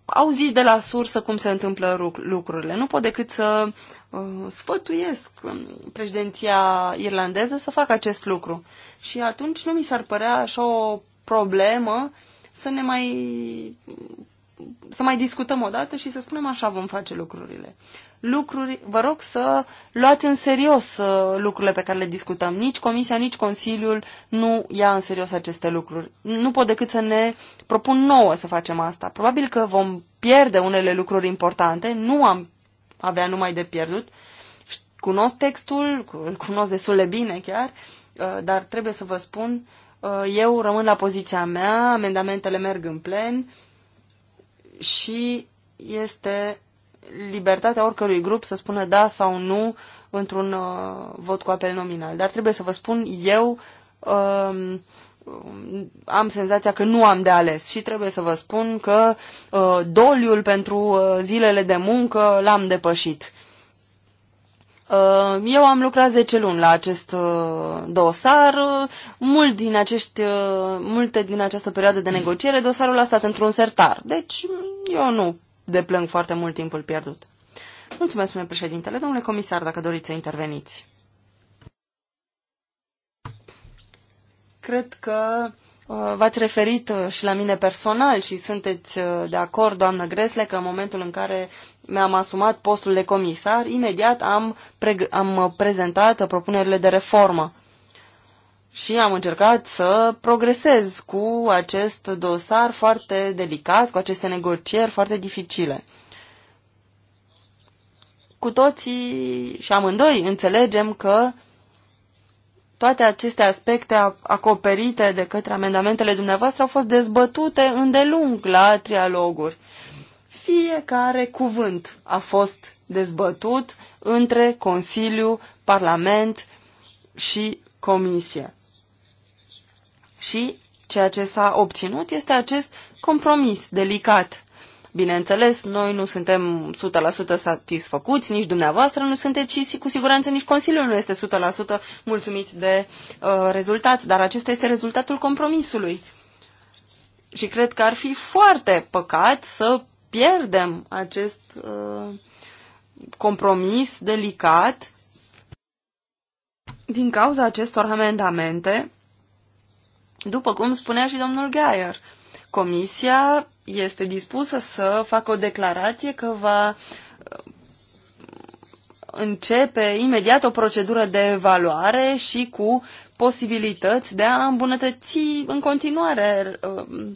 auzi de la sursă cum se întâmplă lucrurile. Nu pot decât să uh, sfătuiesc um, președinția irlandeză să facă acest lucru. Și atunci nu mi s-ar părea așa o problemă să ne mai să mai discutăm o dată și să spunem așa vom face lucrurile lucruri, vă rog să luați în serios uh, lucrurile pe care le discutăm. Nici Comisia, nici Consiliul nu ia în serios aceste lucruri. Nu pot decât să ne propun nouă să facem asta. Probabil că vom pierde unele lucruri importante, nu am avea numai de pierdut. Cunosc textul, îl cunosc destul de bine chiar, uh, dar trebuie să vă spun, uh, eu rămân la poziția mea, amendamentele merg în plen și este libertatea oricărui grup să spună da sau nu într-un uh, vot cu apel nominal. Dar trebuie să vă spun, eu uh, am senzația că nu am de ales și trebuie să vă spun că uh, doliul pentru uh, zilele de muncă l-am depășit. Uh, eu am lucrat 10 luni la acest uh, dosar. Uh, mult din acești, multe din această perioadă de negociere, dosarul a stat într-un sertar. Deci eu nu deplâng foarte mult timpul pierdut. Mulțumesc, spune președintele. Domnule comisar, dacă doriți să interveniți. Cred că uh, V-ați referit uh, și la mine personal și sunteți uh, de acord, doamnă Gresle, că în momentul în care mi-am asumat postul de comisar, imediat am, preg- am prezentat propunerile de reformă și am încercat să progresez cu acest dosar foarte delicat, cu aceste negocieri foarte dificile. Cu toții și amândoi înțelegem că toate aceste aspecte acoperite de către amendamentele dumneavoastră au fost dezbătute îndelung la trialoguri. Fiecare cuvânt a fost dezbătut între Consiliu, Parlament și Comisie. Și ceea ce s-a obținut este acest compromis delicat. Bineînțeles, noi nu suntem 100% satisfăcuți, nici dumneavoastră nu sunteți și cu siguranță nici Consiliul nu este 100% mulțumit de uh, rezultat, dar acesta este rezultatul compromisului. Și cred că ar fi foarte păcat să pierdem acest uh, compromis delicat din cauza acestor amendamente după cum spunea și domnul Geier, Comisia este dispusă să facă o declarație că va uh, începe imediat o procedură de evaluare și cu posibilități de a îmbunătăți în continuare uh,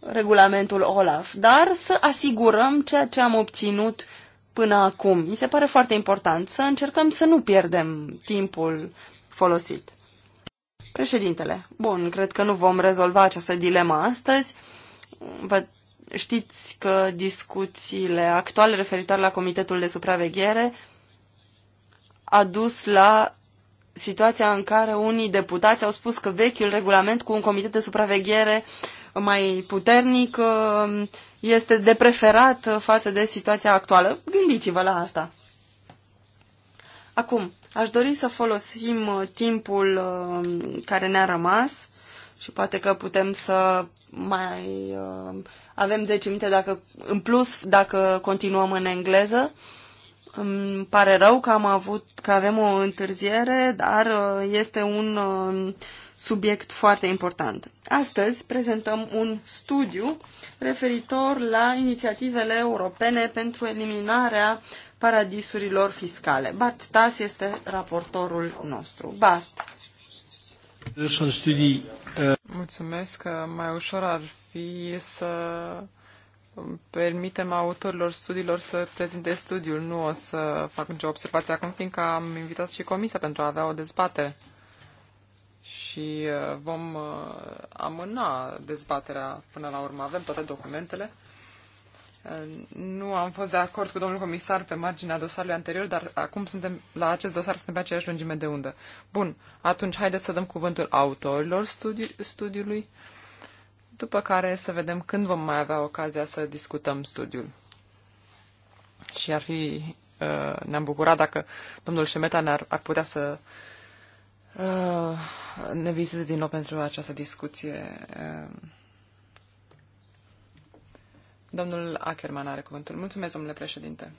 regulamentul OLAF, dar să asigurăm ceea ce am obținut până acum. Mi se pare foarte important să încercăm să nu pierdem timpul folosit. Președintele, bun, cred că nu vom rezolva această dilemă astăzi. Vă știți că discuțiile actuale referitoare la Comitetul de Supraveghere a dus la situația în care unii deputați au spus că vechiul regulament cu un comitet de supraveghere mai puternic um, este de preferat față de situația actuală. Gândiți-vă la asta. Acum, Aș dori să folosim uh, timpul uh, care ne-a rămas și poate că putem să mai uh, avem 10 minute dacă, în plus dacă continuăm în engleză. Îmi pare rău că am avut că avem o întârziere, dar este un subiect foarte important. Astăzi prezentăm un studiu referitor la inițiativele europene pentru eliminarea paradisurilor fiscale. Bart Stas este raportorul nostru. Bart.
Mulțumesc că mai ușor ar fi să permitem autorilor studiilor să prezinte studiul. Nu o să fac nicio observație acum, fiindcă am invitat și comisia pentru a avea o dezbatere. Și uh, vom uh, amâna dezbaterea până la urmă. Avem toate documentele nu am fost de acord cu domnul comisar pe marginea dosarului anterior, dar acum suntem la acest dosar, suntem pe aceeași lungime de undă. Bun, atunci haideți să dăm cuvântul autorilor studi- studiului, după care să vedem când vom mai avea ocazia să discutăm studiul. Și ar fi, uh, ne-am bucurat dacă domnul Șemeta ne-ar ar putea să uh, ne viseze din nou pentru această discuție uh, Domnul Ackerman are cuvântul. Mulțumesc, domnule președinte.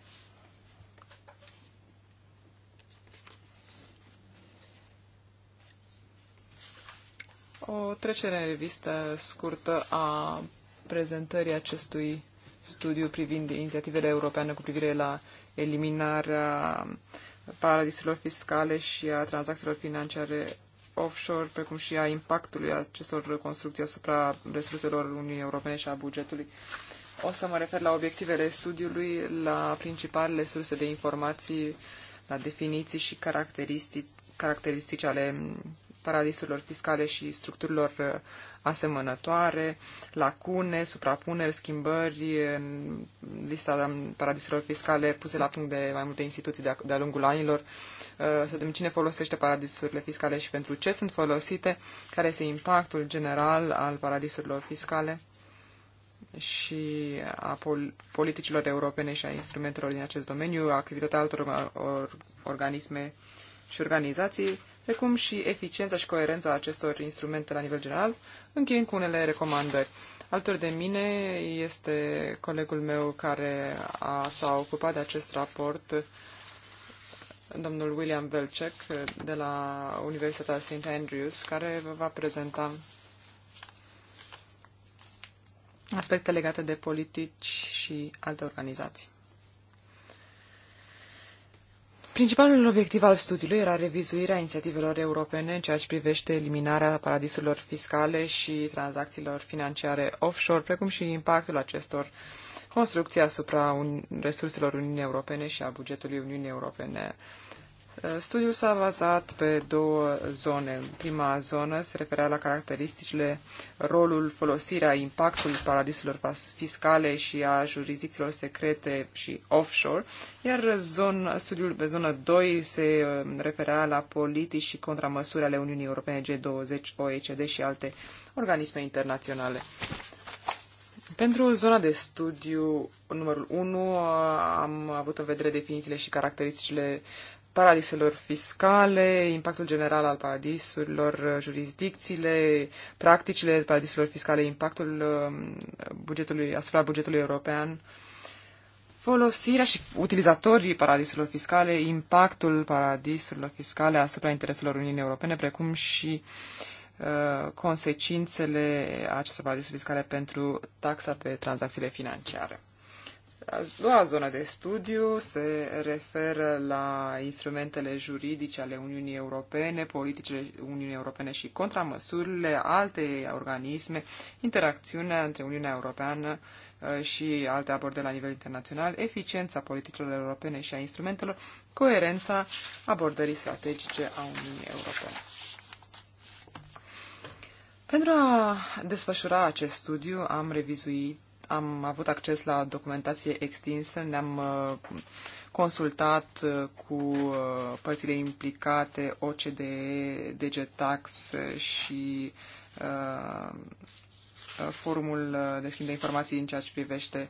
O trecere în revistă scurtă a prezentării acestui studiu privind inițiativele europeane cu privire la eliminarea paradisurilor fiscale și a tranzacțiilor financiare offshore, precum și a impactului acestor construcții asupra resurselor Uniunii Europene și a bugetului. O să mă refer la obiectivele studiului, la principalele surse de informații, la definiții și caracteristici, caracteristici ale paradisurilor fiscale și structurilor uh, asemănătoare, lacune, suprapuneri, schimbări în lista paradisurilor fiscale puse la punct de mai multe instituții de-a lungul anilor, uh, să vedem cine folosește paradisurile fiscale și pentru ce sunt folosite, care este impactul general al paradisurilor fiscale și a pol- politicilor europene și a instrumentelor din acest domeniu, activitatea altor or- organisme și organizații, precum și eficiența și coerența acestor instrumente la nivel general, încheiem cu unele recomandări. Altor de mine este colegul meu care a, s-a ocupat de acest raport, domnul William Belcek de la Universitatea St. Andrews, care vă va prezenta aspecte legate de politici și alte organizații. Principalul obiectiv al studiului era revizuirea inițiativelor europene în ceea ce privește eliminarea paradisurilor fiscale și tranzacțiilor financiare offshore, precum și impactul acestor construcții asupra un, resurselor Uniunii Europene și a bugetului Uniunii Europene Uh, studiul s-a bazat pe două zone. Prima zonă se referea la caracteristicile, rolul, folosirea, impactul paradisurilor fiscale și a jurisdicțiilor secrete și offshore, iar zon, studiul pe zonă 2 se uh, referea la politici și contramăsuri ale Uniunii Europene G20, OECD și alte organisme internaționale. Pentru zona de studiu numărul 1 uh, am avut în vedere definițiile și caracteristicile uh, paradiselor fiscale, impactul general al paradisurilor, uh, jurisdicțiile, practicile paradisurilor fiscale, impactul um, bugetului, asupra bugetului european, folosirea și utilizatorii paradisurilor fiscale, impactul paradisurilor fiscale asupra intereselor Uniunii Europene, precum și uh, consecințele acestor paradisuri fiscale pentru taxa pe tranzacțiile financiare. A doua zonă de studiu se referă la instrumentele juridice ale Uniunii Europene, politicile Uniunii Europene și contramăsurile, alte organisme, interacțiunea între Uniunea Europeană uh, și alte abordări la nivel internațional, eficiența politicilor europene și a instrumentelor, coerența abordării strategice a Uniunii Europene. Pentru a desfășura acest studiu am revizuit am avut acces la documentație extinsă, ne-am uh, consultat uh, cu uh, părțile implicate, OCDE, DGTax și uh, Forumul de schimb de informații în ceea ce privește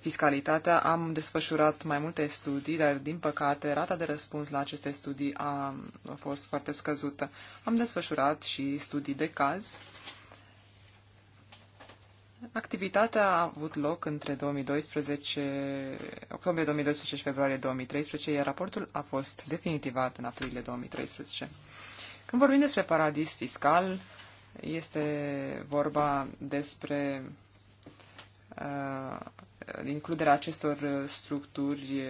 fiscalitatea. Am desfășurat mai multe studii, dar din păcate rata de răspuns la aceste studii a fost foarte scăzută. Am desfășurat și studii de caz Activitatea a avut loc între 2012, octombrie 2012 și februarie 2013, iar raportul a fost definitivat în aprilie 2013. Când vorbim despre paradis fiscal, este vorba despre uh, includerea acestor structuri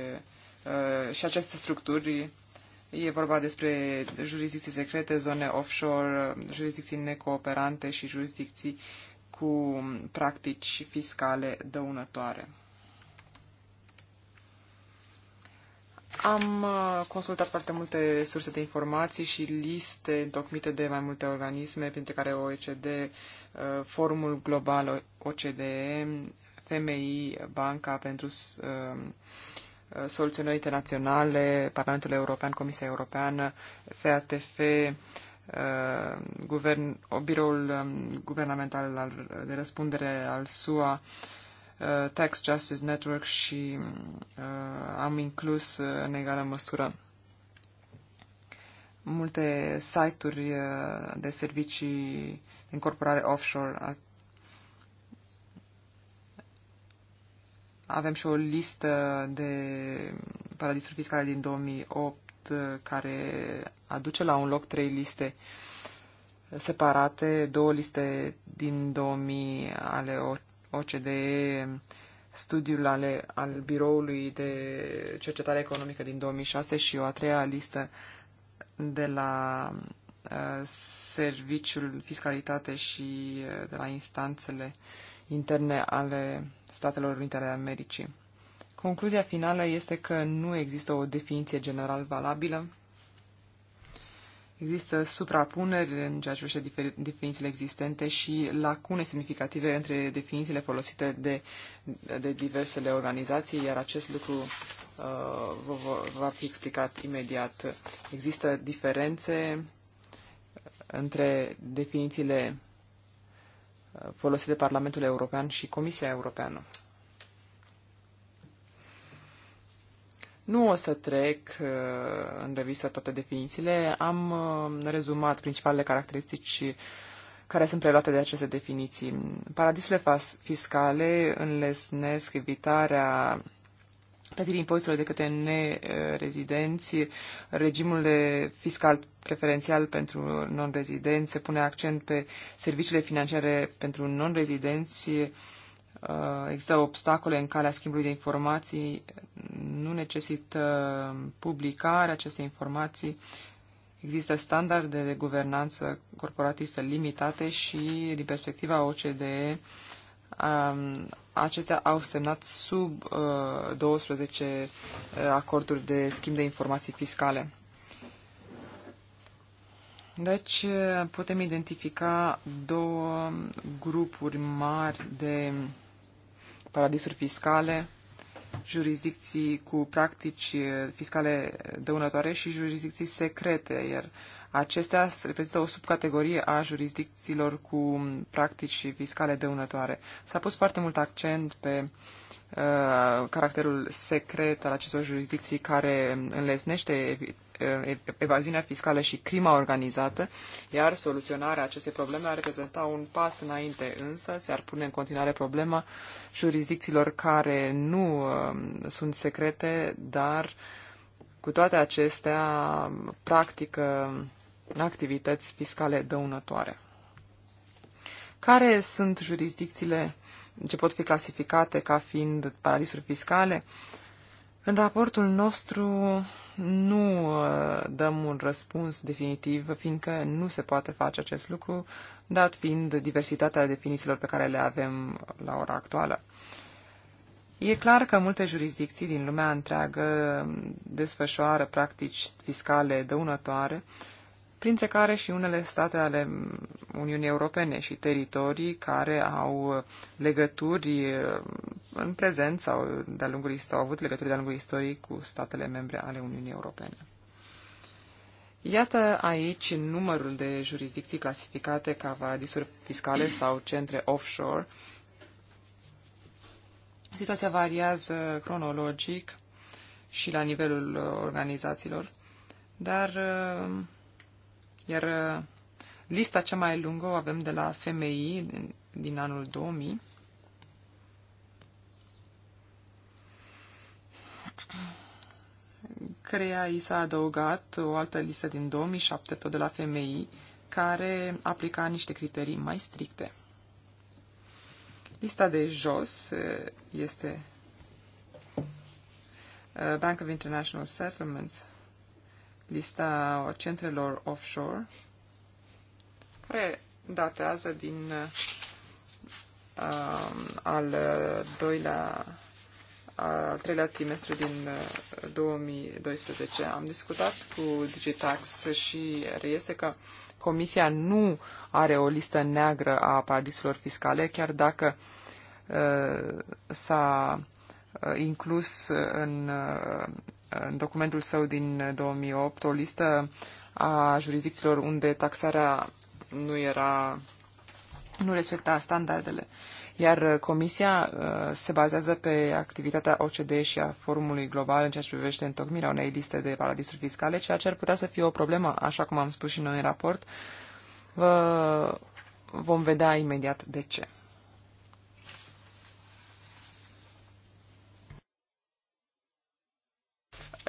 uh, și aceste structuri E vorba despre jurisdicții secrete, zone offshore, jurisdicții necooperante și jurisdicții cu practici fiscale dăunătoare. Am uh, consultat foarte multe surse de informații și liste întocmite de mai multe organisme, printre care OECD, uh, Forumul Global OCDE, FMI, Banca pentru uh, Soluționări Internaționale, Parlamentul European, Comisia Europeană, FATF, Uh, guvern, biroul um, guvernamental al, de răspundere al SUA, uh, Tax Justice Network și uh, am inclus în egală măsură multe site-uri de servicii de incorporare offshore. Avem și o listă de paradisuri fiscale din 2008 Uh, care aduce la un loc trei liste separate, două liste din 2000 ale OCDE, studiul ale, al Biroului de Cercetare Economică din 2006 și o a treia listă de la uh, Serviciul Fiscalitate și uh, de la instanțele interne ale Statelor Unite ale Americii. Concluzia finală este că nu există o definiție general valabilă. Există suprapuneri în ceea ce privește definițiile existente și lacune semnificative între definițiile folosite de, de diversele organizații, iar acest lucru uh, va fi explicat imediat. Există diferențe între definițiile uh, folosite de Parlamentul European și Comisia Europeană. Nu o să trec uh, în revistă toate definițiile. Am uh, rezumat principalele caracteristici care sunt preluate de aceste definiții. Paradisurile fiscale înlesnesc evitarea plătirii impozitelor de către nerezidenți, regimul de fiscal preferențial pentru non-rezidenți se pune accent pe serviciile financiare pentru non-rezidenți, Uh, există obstacole în calea schimbului de informații, nu necesită uh, publicarea acestei informații, există standarde de guvernanță corporatistă limitate și, din perspectiva OCDE, um, acestea au semnat sub 12 uh, acorduri de schimb de informații fiscale. Deci putem identifica două grupuri mari de paradisuri fiscale, jurisdicții cu practici eh, fiscale dăunătoare și jurisdicții secrete, iar acestea reprezintă o subcategorie a jurisdicțiilor cu practici fiscale dăunătoare. S-a pus foarte mult accent pe uh, caracterul secret al acestor jurisdicții care înlesnește evaziunea fiscală și crima organizată, iar soluționarea acestei probleme ar reprezenta un pas înainte, însă se ar pune în continuare problema jurisdicțiilor care nu um, sunt secrete, dar cu toate acestea practică activități fiscale dăunătoare. Care sunt jurisdicțiile ce pot fi clasificate ca fiind paradisuri fiscale? Uh, în raportul nostru nu uh, dăm un răspuns definitiv, fiindcă nu se poate face acest lucru, dat fiind diversitatea definițiilor pe care le avem la ora actuală. E clar că multe jurisdicții din lumea întreagă desfășoară practici fiscale dăunătoare, printre care și unele state ale Uniunii Europene și teritorii care au legături uh, în prezent sau de-a lungul istoriei, au avut legături de-a lungul istoriei cu statele membre ale Uniunii Europene. Iată aici numărul de jurisdicții clasificate ca paradisuri fiscale sau centre offshore. Situația variază cronologic și la nivelul organizațiilor, dar uh, iar uh, lista cea mai lungă o avem de la FMI din anul 2000. Crea i s-a adăugat o altă listă din 2007, tot de la FMI, care aplica niște criterii mai stricte. Lista de jos uh, este uh, Bank of International Settlements, lista centrelor offshore, care datează din uh, al doilea al treilea trimestru din 2012. Uh, Am discutat cu Digitax și reiese că Comisia nu are o listă neagră a paradisurilor fiscale, chiar dacă uh, s-a uh, inclus în uh, în documentul său din 2008 o listă a jurisdicțiilor unde taxarea nu era nu respecta standardele. Iar uh, comisia uh, se bazează pe activitatea OCDE și a forumului global în ceea ce privește întocmirea unei liste de paradisuri fiscale, ceea ce ar putea să fie o problemă, așa cum am spus și noi în raport. Vă vom vedea imediat de ce.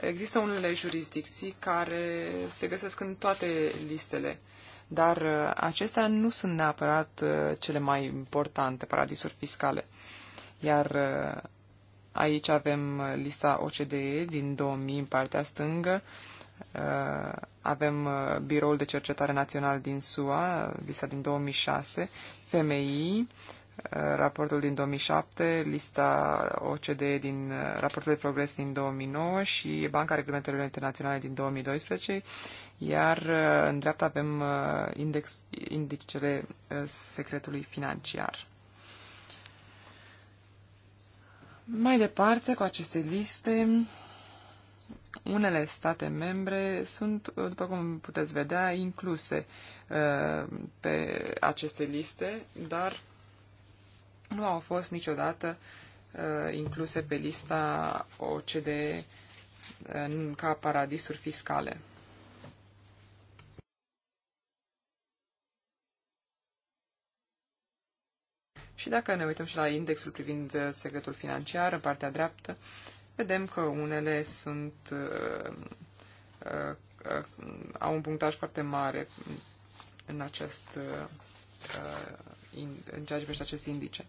Există unele jurisdicții care se găsesc în toate listele, dar uh, acestea nu sunt neapărat uh, cele mai importante paradisuri fiscale. Iar uh, aici avem lista OCDE din 2000 în partea stângă, avem Biroul de Cercetare Național din SUA, lista din 2006, FMI, raportul din 2007, lista OCDE din raportul de progres din 2009 și Banca Reglementărilor Internaționale din 2012, iar uh, în dreapta avem uh, index, indicele uh, secretului financiar. Mai departe, cu aceste liste, unele state membre sunt, după cum puteți vedea, incluse pe aceste liste, dar nu au fost niciodată uh, incluse pe lista OCDE uh, ca paradisuri fiscale. Și dacă ne uităm și la indexul privind uh, secretul financiar, în partea dreaptă, vedem că unele sunt uh, uh, uh, au un punctaj foarte mare în acest uh, uh in, în ceea ce privește acest indice.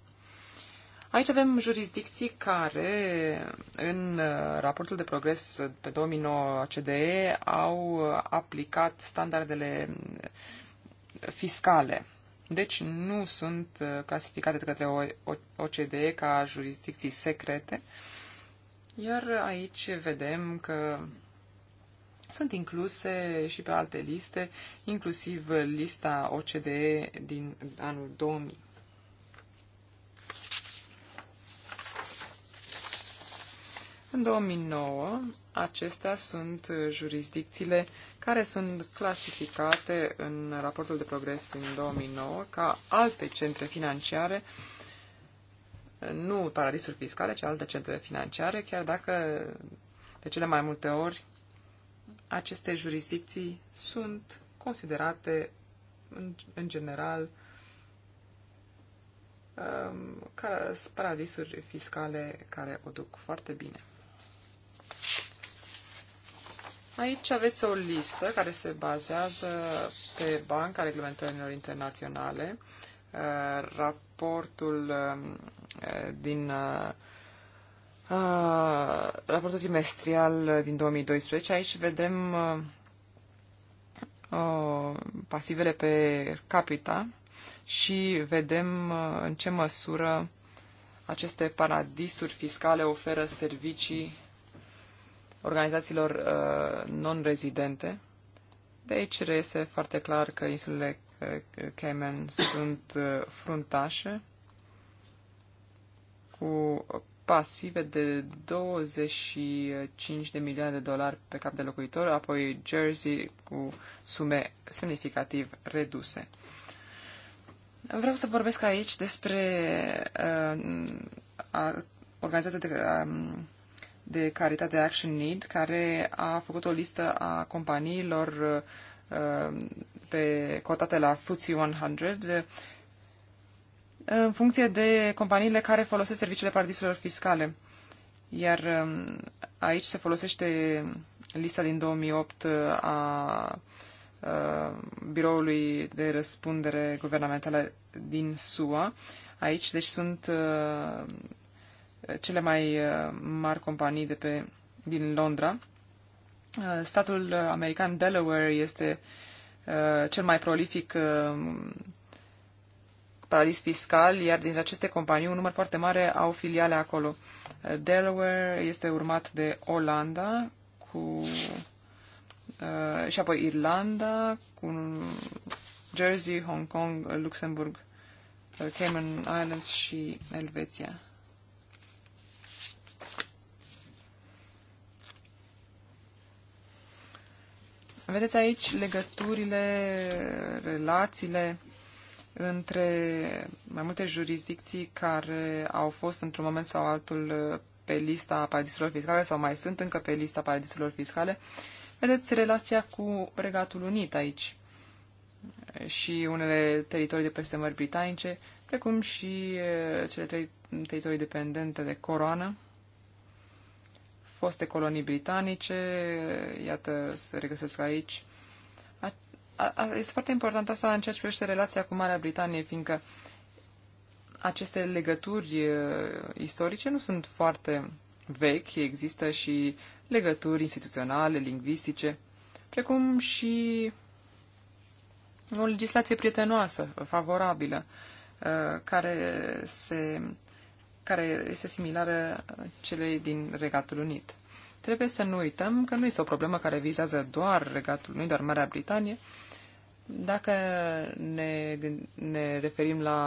Aici avem jurisdicții care, în uh, raportul de progres pe 2009 CDE, au uh, aplicat standardele uh, fiscale. Deci nu sunt clasificate de către OCDE ca jurisdicții secrete. Iar aici vedem că sunt incluse și pe alte liste, inclusiv lista OCDE din anul 2000. În 2009, acestea sunt jurisdicțiile care sunt clasificate în raportul de progres în 2009 ca alte centre financiare, nu paradisuri fiscale, ci alte centre financiare, chiar dacă de cele mai multe ori aceste jurisdicții sunt considerate în, în general um, ca paradisuri fiscale care o duc foarte bine. Aici aveți o listă care se bazează pe Banca Reglementărilor Internaționale, eh, raportul eh, din eh, raportul trimestrial din 2012. Aici vedem pasivele pe capita și vedem în ce măsură aceste paradisuri fiscale oferă servicii organizațiilor uh, non-rezidente. De aici reiese foarte clar că insulele uh, Cayman sunt uh, fruntașe cu pasive de 25 de milioane de dolari pe cap de locuitor, apoi Jersey cu sume semnificativ reduse. Vreau să vorbesc aici despre uh, a, organizația de, um, de caritate Action Need, care a făcut o listă a companiilor uh, pe cotate la FTSE 100 în funcție de companiile care folosesc serviciile paradisurilor fiscale. Iar um, aici se folosește lista din 2008 uh, a uh, Biroului de Răspundere Guvernamentală din SUA. Aici, deci, sunt cele mai uh, mari companii de pe, din Londra. Uh, statul american Delaware este uh, cel mai prolific paradis fiscal, iar dintre aceste companii, un număr foarte mare au filiale acolo. Delaware este urmat de Olanda cu și apoi Irlanda cu Jersey, Hong Kong, Luxemburg, Cayman Islands și Elveția. Vedeți aici legăturile, relațiile între mai multe jurisdicții care au fost într-un moment sau altul pe lista paradisurilor fiscale sau mai sunt încă pe lista paradisurilor fiscale. Vedeți relația cu Regatul Unit aici și unele teritorii de peste mări britanice, precum și eh, cele trei teritorii dependente de coroană, foste colonii britanice, iată, se regăsesc aici. A, a, este foarte important asta în ceea ce privește relația cu Marea Britanie, fiindcă aceste legături istorice nu sunt foarte vechi, există și legături instituționale, lingvistice, precum și o legislație prietenoasă, favorabilă, care se care este similară celei din Regatul Unit. Trebuie să nu uităm că nu este o problemă care vizează doar Regatul Unit, doar Marea Britanie. Dacă ne, ne referim la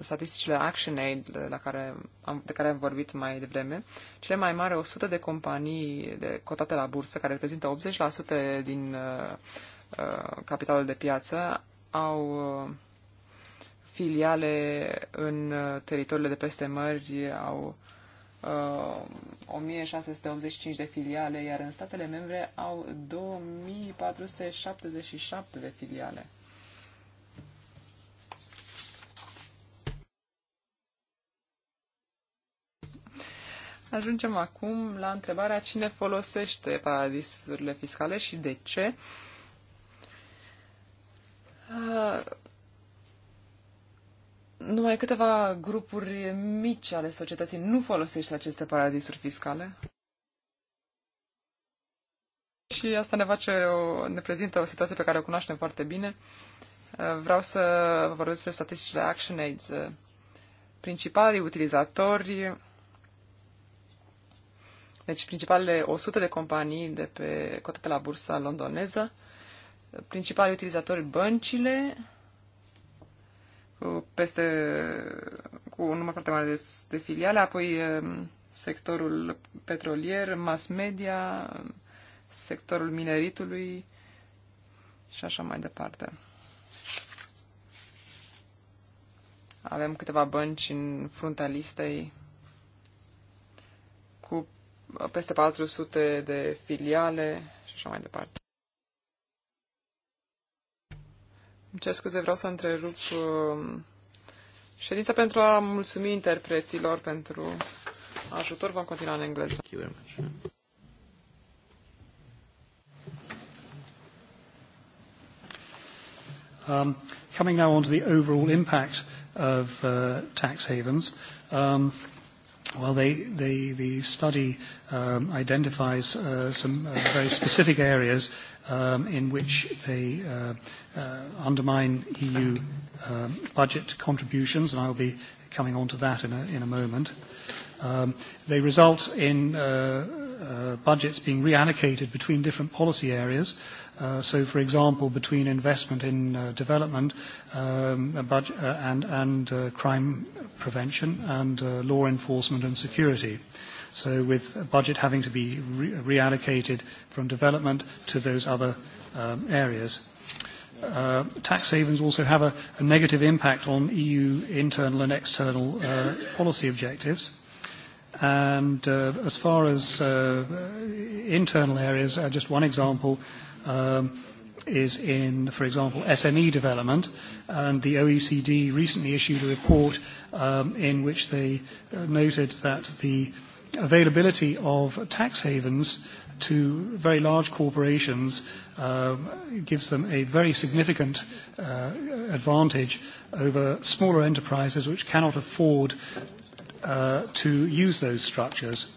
statisticile ActionAid la care am, de care am vorbit mai devreme, cele mai mari 100 de companii de, cotate la bursă, care reprezintă 80% din uh, uh, capitalul de piață, au uh, filiale în uh, teritoriile de peste mări au uh, 1685 de filiale, iar în statele membre au 2477 de filiale. Ajungem acum la întrebarea cine folosește paradisurile fiscale și de ce. Uh, numai câteva grupuri mici ale societății nu folosește aceste paradisuri fiscale. Și asta ne, face o, ne prezintă o situație pe care o cunoaștem foarte bine. Uh, vreau să vă vorbesc despre statisticile ActionAid. Uh, principalii utilizatori, deci principalele 100 de companii de pe cotate la bursa londoneză, principalii utilizatori băncile, peste, cu un număr foarte mare de, de filiale, apoi um, sectorul petrolier, mass media, sectorul mineritului și așa mai departe. Avem câteva bănci în fruntea listei cu peste 400 de filiale și așa mai departe. Ce scuze, vreau să întrerup um, ședința pentru a mulțumi interpreților pentru ajutor. Vom continua în engleză. Thank you very much.
Um, coming now on to the overall impact of uh, tax havens. Um, well, they, they, the study um, identifies uh, some uh, very specific areas um, in which they uh, uh, undermine EU uh, budget contributions, and I will be coming on to that in a, in a moment. Um, they result in uh, uh, budgets being reallocated between different policy areas. Uh, so, for example, between investment in uh, development um, and, budget, uh, and, and uh, crime prevention and uh, law enforcement and security. So with a budget having to be re reallocated from development to those other um, areas. Uh, tax havens also have a, a negative impact on EU internal and external uh, policy objectives. And uh, as far as uh, internal areas, uh, just one example um, is in, for example, SME development. And the OECD recently issued a report um, in which they uh, noted that the availability of tax havens to very large corporations uh, gives them a very significant uh, advantage over smaller enterprises which cannot afford uh, to use those structures.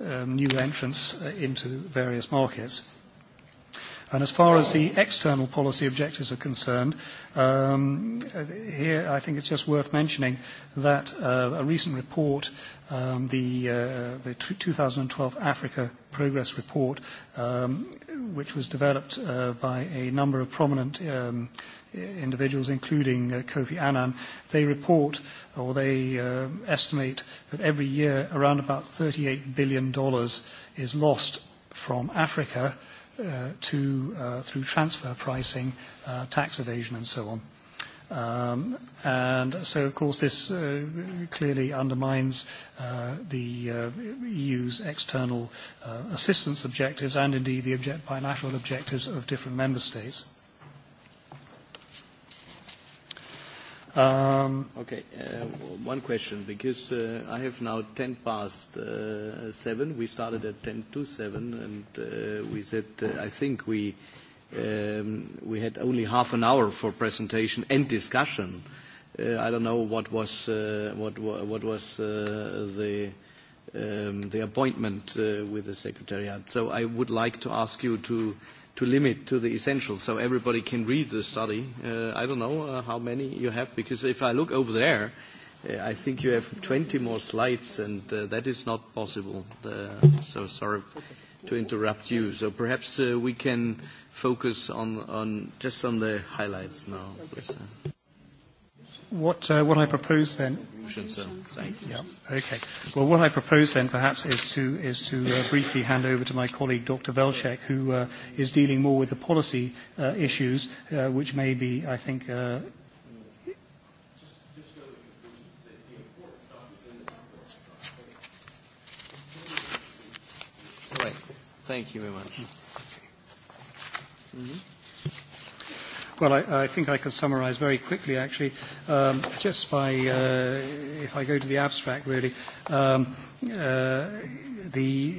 um, new entrants uh, into various markets. And as far as the external policy objectives are concerned, um, here I think it's just worth mentioning that uh, a recent report, um, the, uh, the 2012 Africa Progress Report, um, which was developed uh, by a number of prominent um, individuals, including uh, Kofi Annan, they report or they uh, estimate that every year around about $38 billion is lost from Africa uh, to, uh, through transfer pricing, uh, tax evasion and so on. Um, and so, of course, this uh, clearly undermines uh, the uh, EU's external uh, assistance objectives and indeed the object bilateral objectives of different member states. Um,
okay, uh, one question, because uh, I have now 10 past uh, 7. We started at 10 to 7, and uh, we said, uh, I think we, um, we had only half an hour for presentation and discussion. Uh, I don't know what was, uh, what, what was uh, the, um, the appointment uh, with the Secretariat. So I would like to ask you to to limit to the essentials so everybody can read the study. Uh, I don't know uh, how many you have, because if I look over there, uh, I think you have 20 more slides, and uh, that is not possible. The, so sorry to interrupt you. So perhaps uh, we can focus on, on just on the highlights now.
What, uh, what I propose then options. So, thank you. Yeah. Okay. Well, what I propose then, perhaps, is to is to uh, briefly hand over to my colleague, Dr. Velchek, who uh, is dealing more with the policy uh, issues, uh, which may be, I think. Uh,
Thank you very much. Hmm. Mm-hmm.
Well, I, I think I can summarize very quickly, actually, um, just by, uh, if I go to the abstract, really, um, uh, the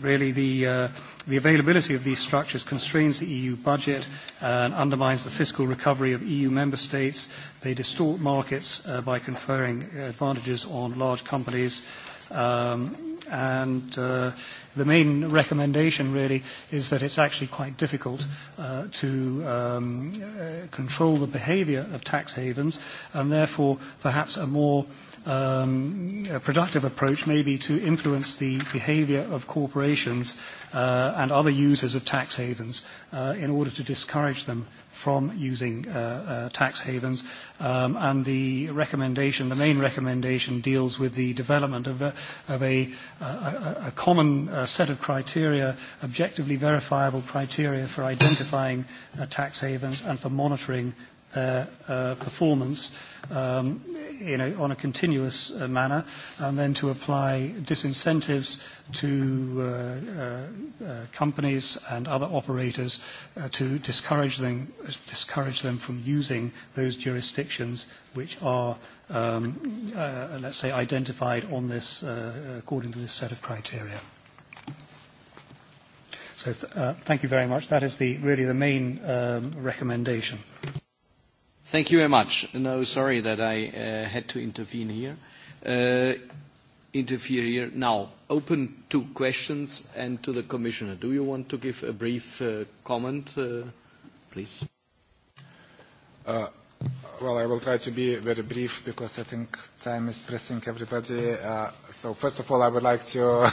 really the, uh, the availability of these structures constrains the EU budget and undermines the fiscal recovery of EU member states. They distort markets uh, by conferring advantages on large companies. Um, and uh, the main recommendation really is that it's actually quite difficult uh, to um, uh, control the behavior of tax havens and therefore perhaps a more um, a productive approach may be to influence the behavior of corporations uh, and other users of tax havens uh, in order to discourage them from using uh, uh, tax havens. Um, and the recommendation, the main recommendation, deals with the development of a, of a, a, a common uh, set of criteria, objectively verifiable criteria for identifying uh, tax havens and for monitoring Uh, uh, performance um, on a continuous uh, manner, and then to apply disincentives to companies and other operators to discourage them, discourage them from using those jurisdictions which are, um, let's say, identified on this, according to this set of criteria. So thank you very much. That is really the main um, recommendation.
Thank you very much. No, sorry that I uh, had to intervene here. Uh, interfere here. Now, open to questions and to the
Commissioner. Do you want to give a brief uh, comment, uh, please? Uh, well, I will try to be very brief because I think time is pressing everybody. Uh, so first of all, I would like to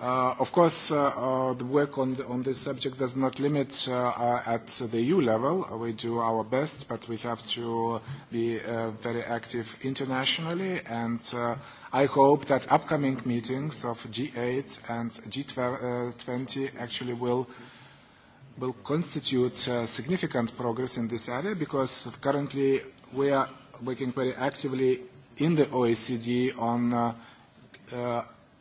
Uh, of course, uh, uh, the work on, the, on this subject does not limit uh, uh at the EU level. Uh, we do our best, but we have to be uh, very active internationally. And uh, I hope that upcoming meetings of G8 and G20 uh, actually will will constitute uh, significant progress in this area because currently we are working very actively in the OECD on uh, uh,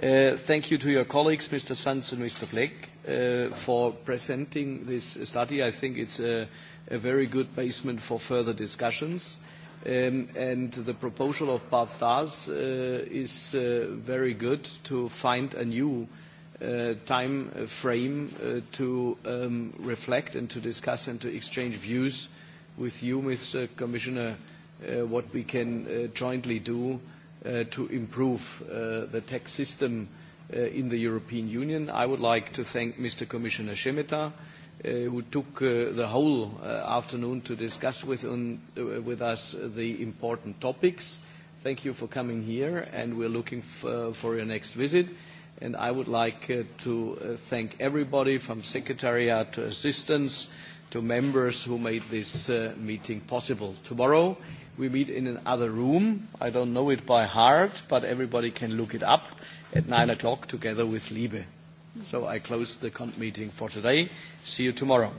Uh, thank you to your colleagues, Mr. Sanz and Mr. Blake, uh, for presenting this study. I think it's a, a very good basement for further discussions. Um, and the proposal of Bart Stars uh, is uh, very good to find a new uh, time uh, frame uh, to um, reflect and to discuss and to exchange views with you, Mr. Commissioner, uh, what we can uh, jointly do uh, uh, to improve uh, the tax system uh, in the European Union. I would like to thank Mr. Commissioner Shemeta, uh, who took uh, the whole uh, afternoon to discuss with, un, uh, with us the important topics. Thank you for coming here, and we're looking uh, for your next visit. And I would like uh, to uh, thank everybody from Secretariat to assistants to members who made this uh, meeting possible. Tomorrow We meet in another room. I don't know it by heart, but everybody can look it up at 9 o'clock together with Liebe. So I close the meeting for today. See you tomorrow.